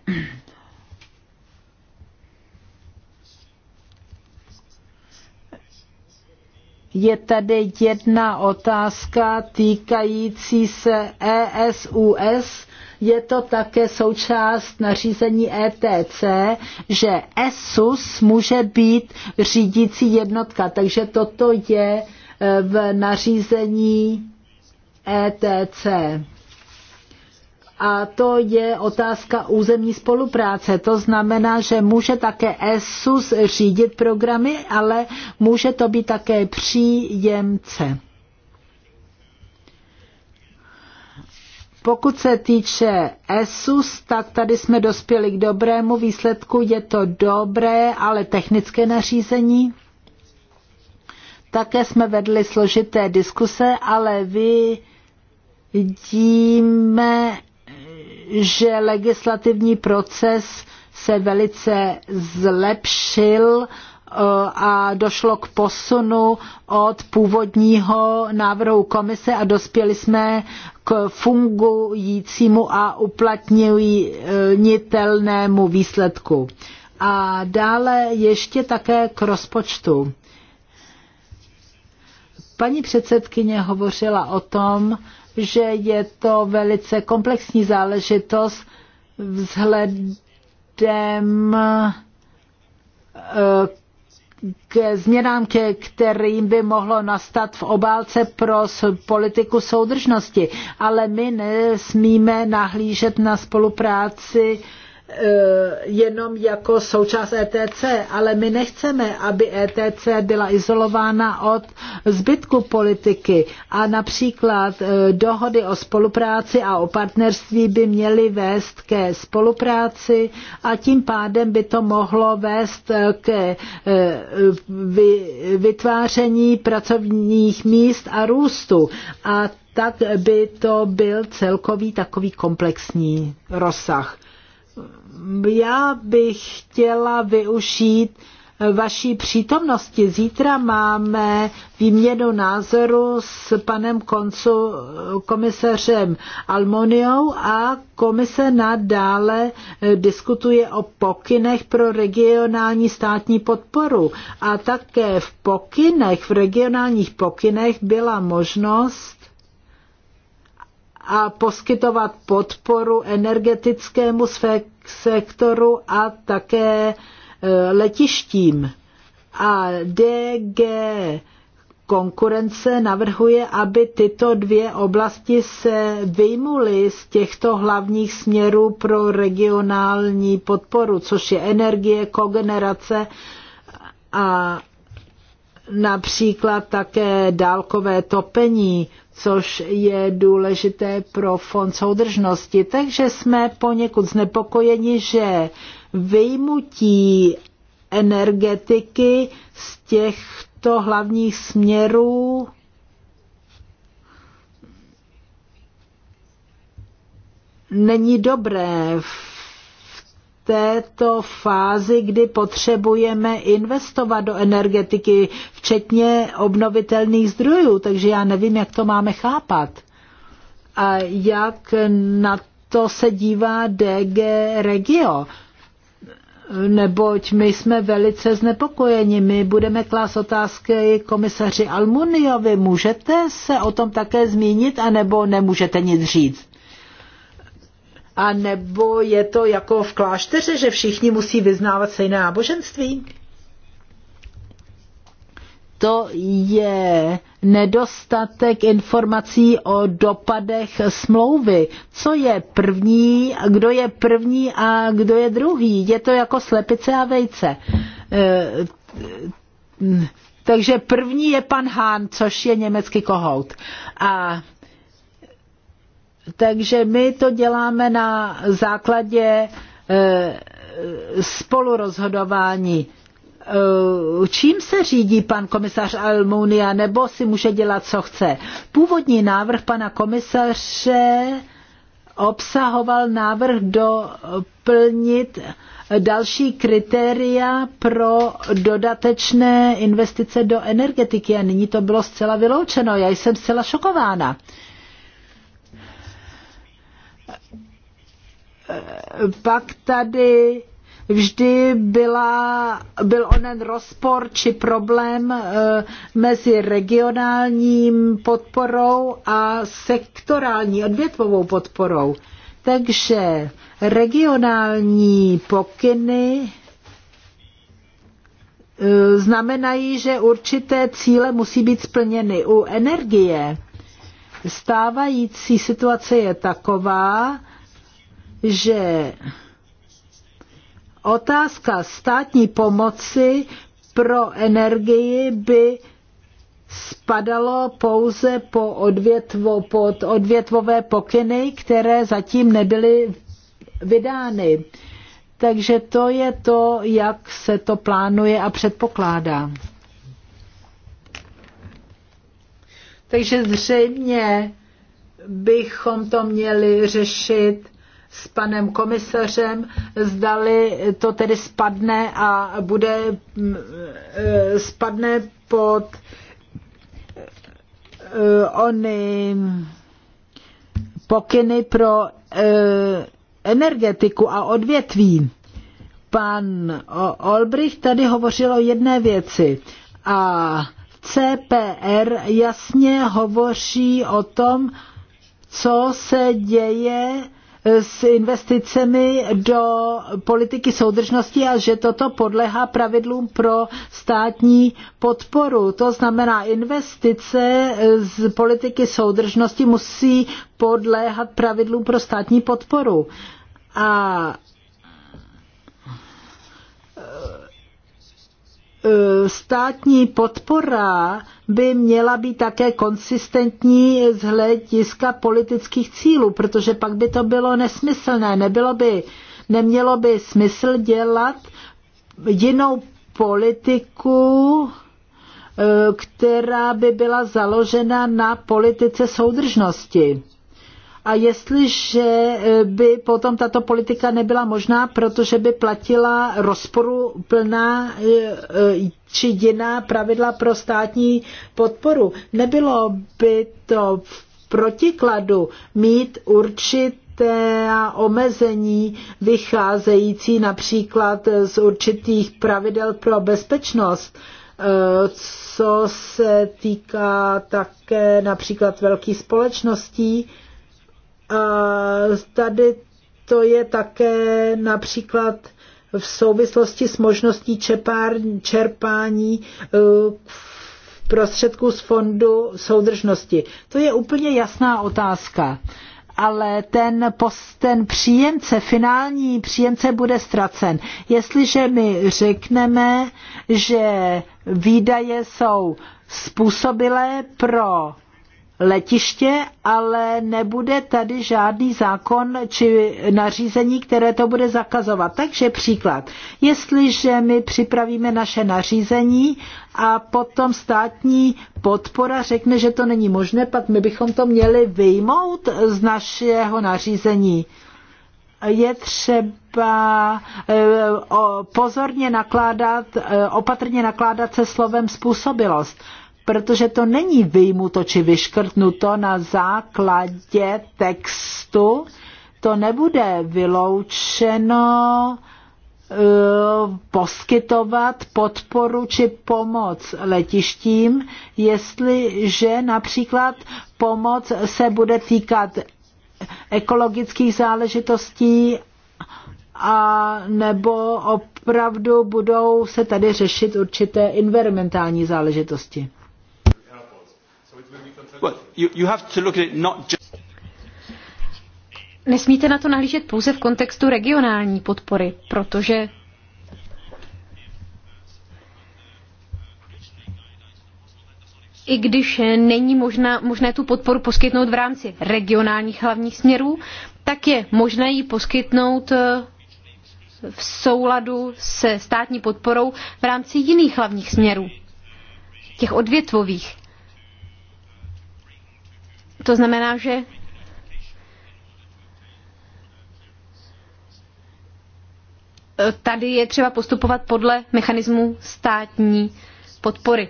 je tady jedna otázka týkající se ESUS. Je to také součást nařízení ETC, že ESUS může být řídící jednotka, takže toto je eh, v nařízení ETC a to je otázka územní spolupráce. To znamená, že může také ESUS řídit programy, ale může to být také příjemce. Pokud se týče ESUS, tak tady jsme dospěli k dobrému výsledku. Je to dobré, ale technické nařízení. Také jsme vedli složité diskuse, ale vidíme že legislativní proces se velice zlepšil eh, a došlo k posunu od původního návrhu komise a dospěli jsme k fungujícímu a uplatnitelnému výsledku. A dále ještě také k rozpočtu. Paní předsedkyně hovořila o tom, že je to velice komplexní záležitost vzhledem eh, k změnám, ke kterým by mohlo nastat v obálce pro politiku soudržnosti. Ale my nesmíme nahlížet na spolupráci Eh, jenom jako součást ETC, ale my nechceme, aby ETC byla izolována od zbytku politiky a například eh, dohody o spolupráci a o partnerství by měly vést ke spolupráci a tím pádem by to mohlo vést eh, ke vytváření pracovních míst a růstu. A tak by to byl celkový takový komplexní rozsah já bych chtěla využít vaší přítomnosti. Zítra máme výměnu názoru s panem koncu, komisařem Almoniou a komise nadále eh, diskutuje o pokynech pro regionální státní podporu. A také v pokynech, v regionálních pokynech byla možnost a poskytovat podporu energetickému sektoru a také e, letištím. A DG konkurence navrhuje, aby tyto dvě oblasti se vyjmuly z těchto hlavních směrů pro regionální podporu, což je energie, kogenerace a například také dálkové topení, což je důležité pro fond soudržnosti. Takže jsme poněkud znepokojeni, že vyjmutí energetiky z těchto hlavních směrů není dobré v této fázi, kdy potřebujeme investovat do energetiky, včetně obnovitelných zdrojů, takže já nevím, jak to máme chápat. A jak na to se dívá DG Regio neboť my jsme velice znepokojeni. My budeme klás otázky komisaři Almuniovi. Můžete se o tom také zmínit, anebo nemůžete nic říct? A nebo je to jako v klášteře, že všichni musí vyznávat stejné náboženství? to je nedostatek informací o dopadech smlouvy. Co je první, kdo je první a kdo je druhý. Je to jako slepice a vejce. E, takže první je pan Hán, což je německý kohout. A takže my to děláme na základě e, spolurozhodování. E, čím se řídí pan komisař Almunia, nebo si může dělat, co chce? Původní návrh pana komisaře obsahoval návrh doplnit další kritéria pro dodatečné investice do energetiky a nyní to bylo zcela vyloučeno. Já jsem zcela šokována pak tady vždy byla, byl onen rozpor či problém eh, mezi regionálním podporou a sektorální odvětvovou podporou. Takže regionální pokyny eh, znamenají, že určité cíle musí být splněny. U energie Stávající situace je taková, že otázka státní pomoci pro energii by spadalo pouze po odvětvo, pod odvětvové pokyny, které zatím nebyly vydány. Takže to je to, jak se to plánuje a předpokládá. Takže zřejmě bychom to měli řešit s panem komisařem, zdali to tedy spadne a bude mm, eh, spadne pod eh, ony pokyny pro eh, energetiku a odvětví. Pan Olbrich tady hovořil o jedné věci a CPR jasně hovoří o tom, co se děje s investicemi do politiky soudržnosti a že toto podlehá pravidlům pro státní podporu. To znamená, investice z politiky soudržnosti musí podléhat pravidlům pro státní podporu. A E, státní podpora by měla být také konsistentní z hlediska politických cílů, protože pak by to bylo nesmyslné. Nebylo by, nemělo by smysl dělat jinou politiku, e, která by byla založena na politice soudržnosti a jestliže e, by potom tato politika nebyla možná, protože by platila plná e, e, či jiná pravidla pro státní podporu. Nebylo by to v protikladu mít určit a omezení vycházející například z určitých pravidel pro bezpečnost, co se týká také například velkých společností, tady to je také například v souvislosti s možností čepár, čerpání eh, prostředků z fondu soudržnosti. To je úplně jasná otázka ale ten, post, ten příjemce, finální příjemce bude ztracen. Jestliže my řekneme, že výdaje jsou způsobilé pro letiště, ale nebude tady žádný zákon či nařízení, které to bude zakazovat. Takže příklad, jestliže my připravíme naše nařízení a potom státní podpora řekne, že to není možné, pak my bychom to měli vyjmout z našeho nařízení je třeba eh, pozorně nakládat, eh, opatrně nakládat se slovem způsobilost protože to není vyjmuto či vyškrtnuto na základě textu, to nebude vyloučeno eh, poskytovat podporu či pomoc letištím, jestliže například pomoc se bude týkat ekologických záležitostí a nebo opravdu budou se tady řešit určité environmentální záležitosti. Nesmíte na to nahlížet pouze v kontextu regionální podpory, protože i když není možná, možné tu podporu poskytnout v rámci regionálních hlavních směrů, tak je možné ji poskytnout eh, v souladu se státní podporou v rámci jiných hlavních směrů, těch odvětvových. To znamená, že tady je třeba postupovat podle mechanismu státní podpory.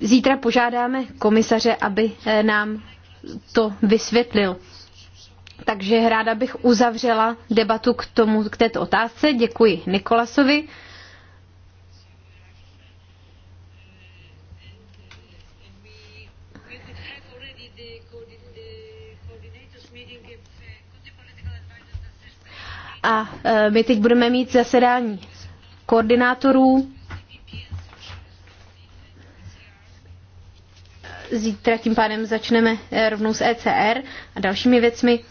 Zítra požádáme komisaře, aby eh, nám to vysvětlil. Takže ráda bych uzavřela debatu k, tomu, k této otázce. Děkuji Nikolasovi. A e, my teď budeme mít zasedání koordinátorů. Zítra tím pádem začneme e, rovnou s ECR a dalšími věcmi.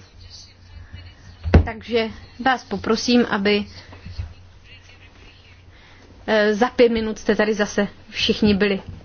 Takže vás poprosím, aby e, za pět minut jste tady zase všichni byli.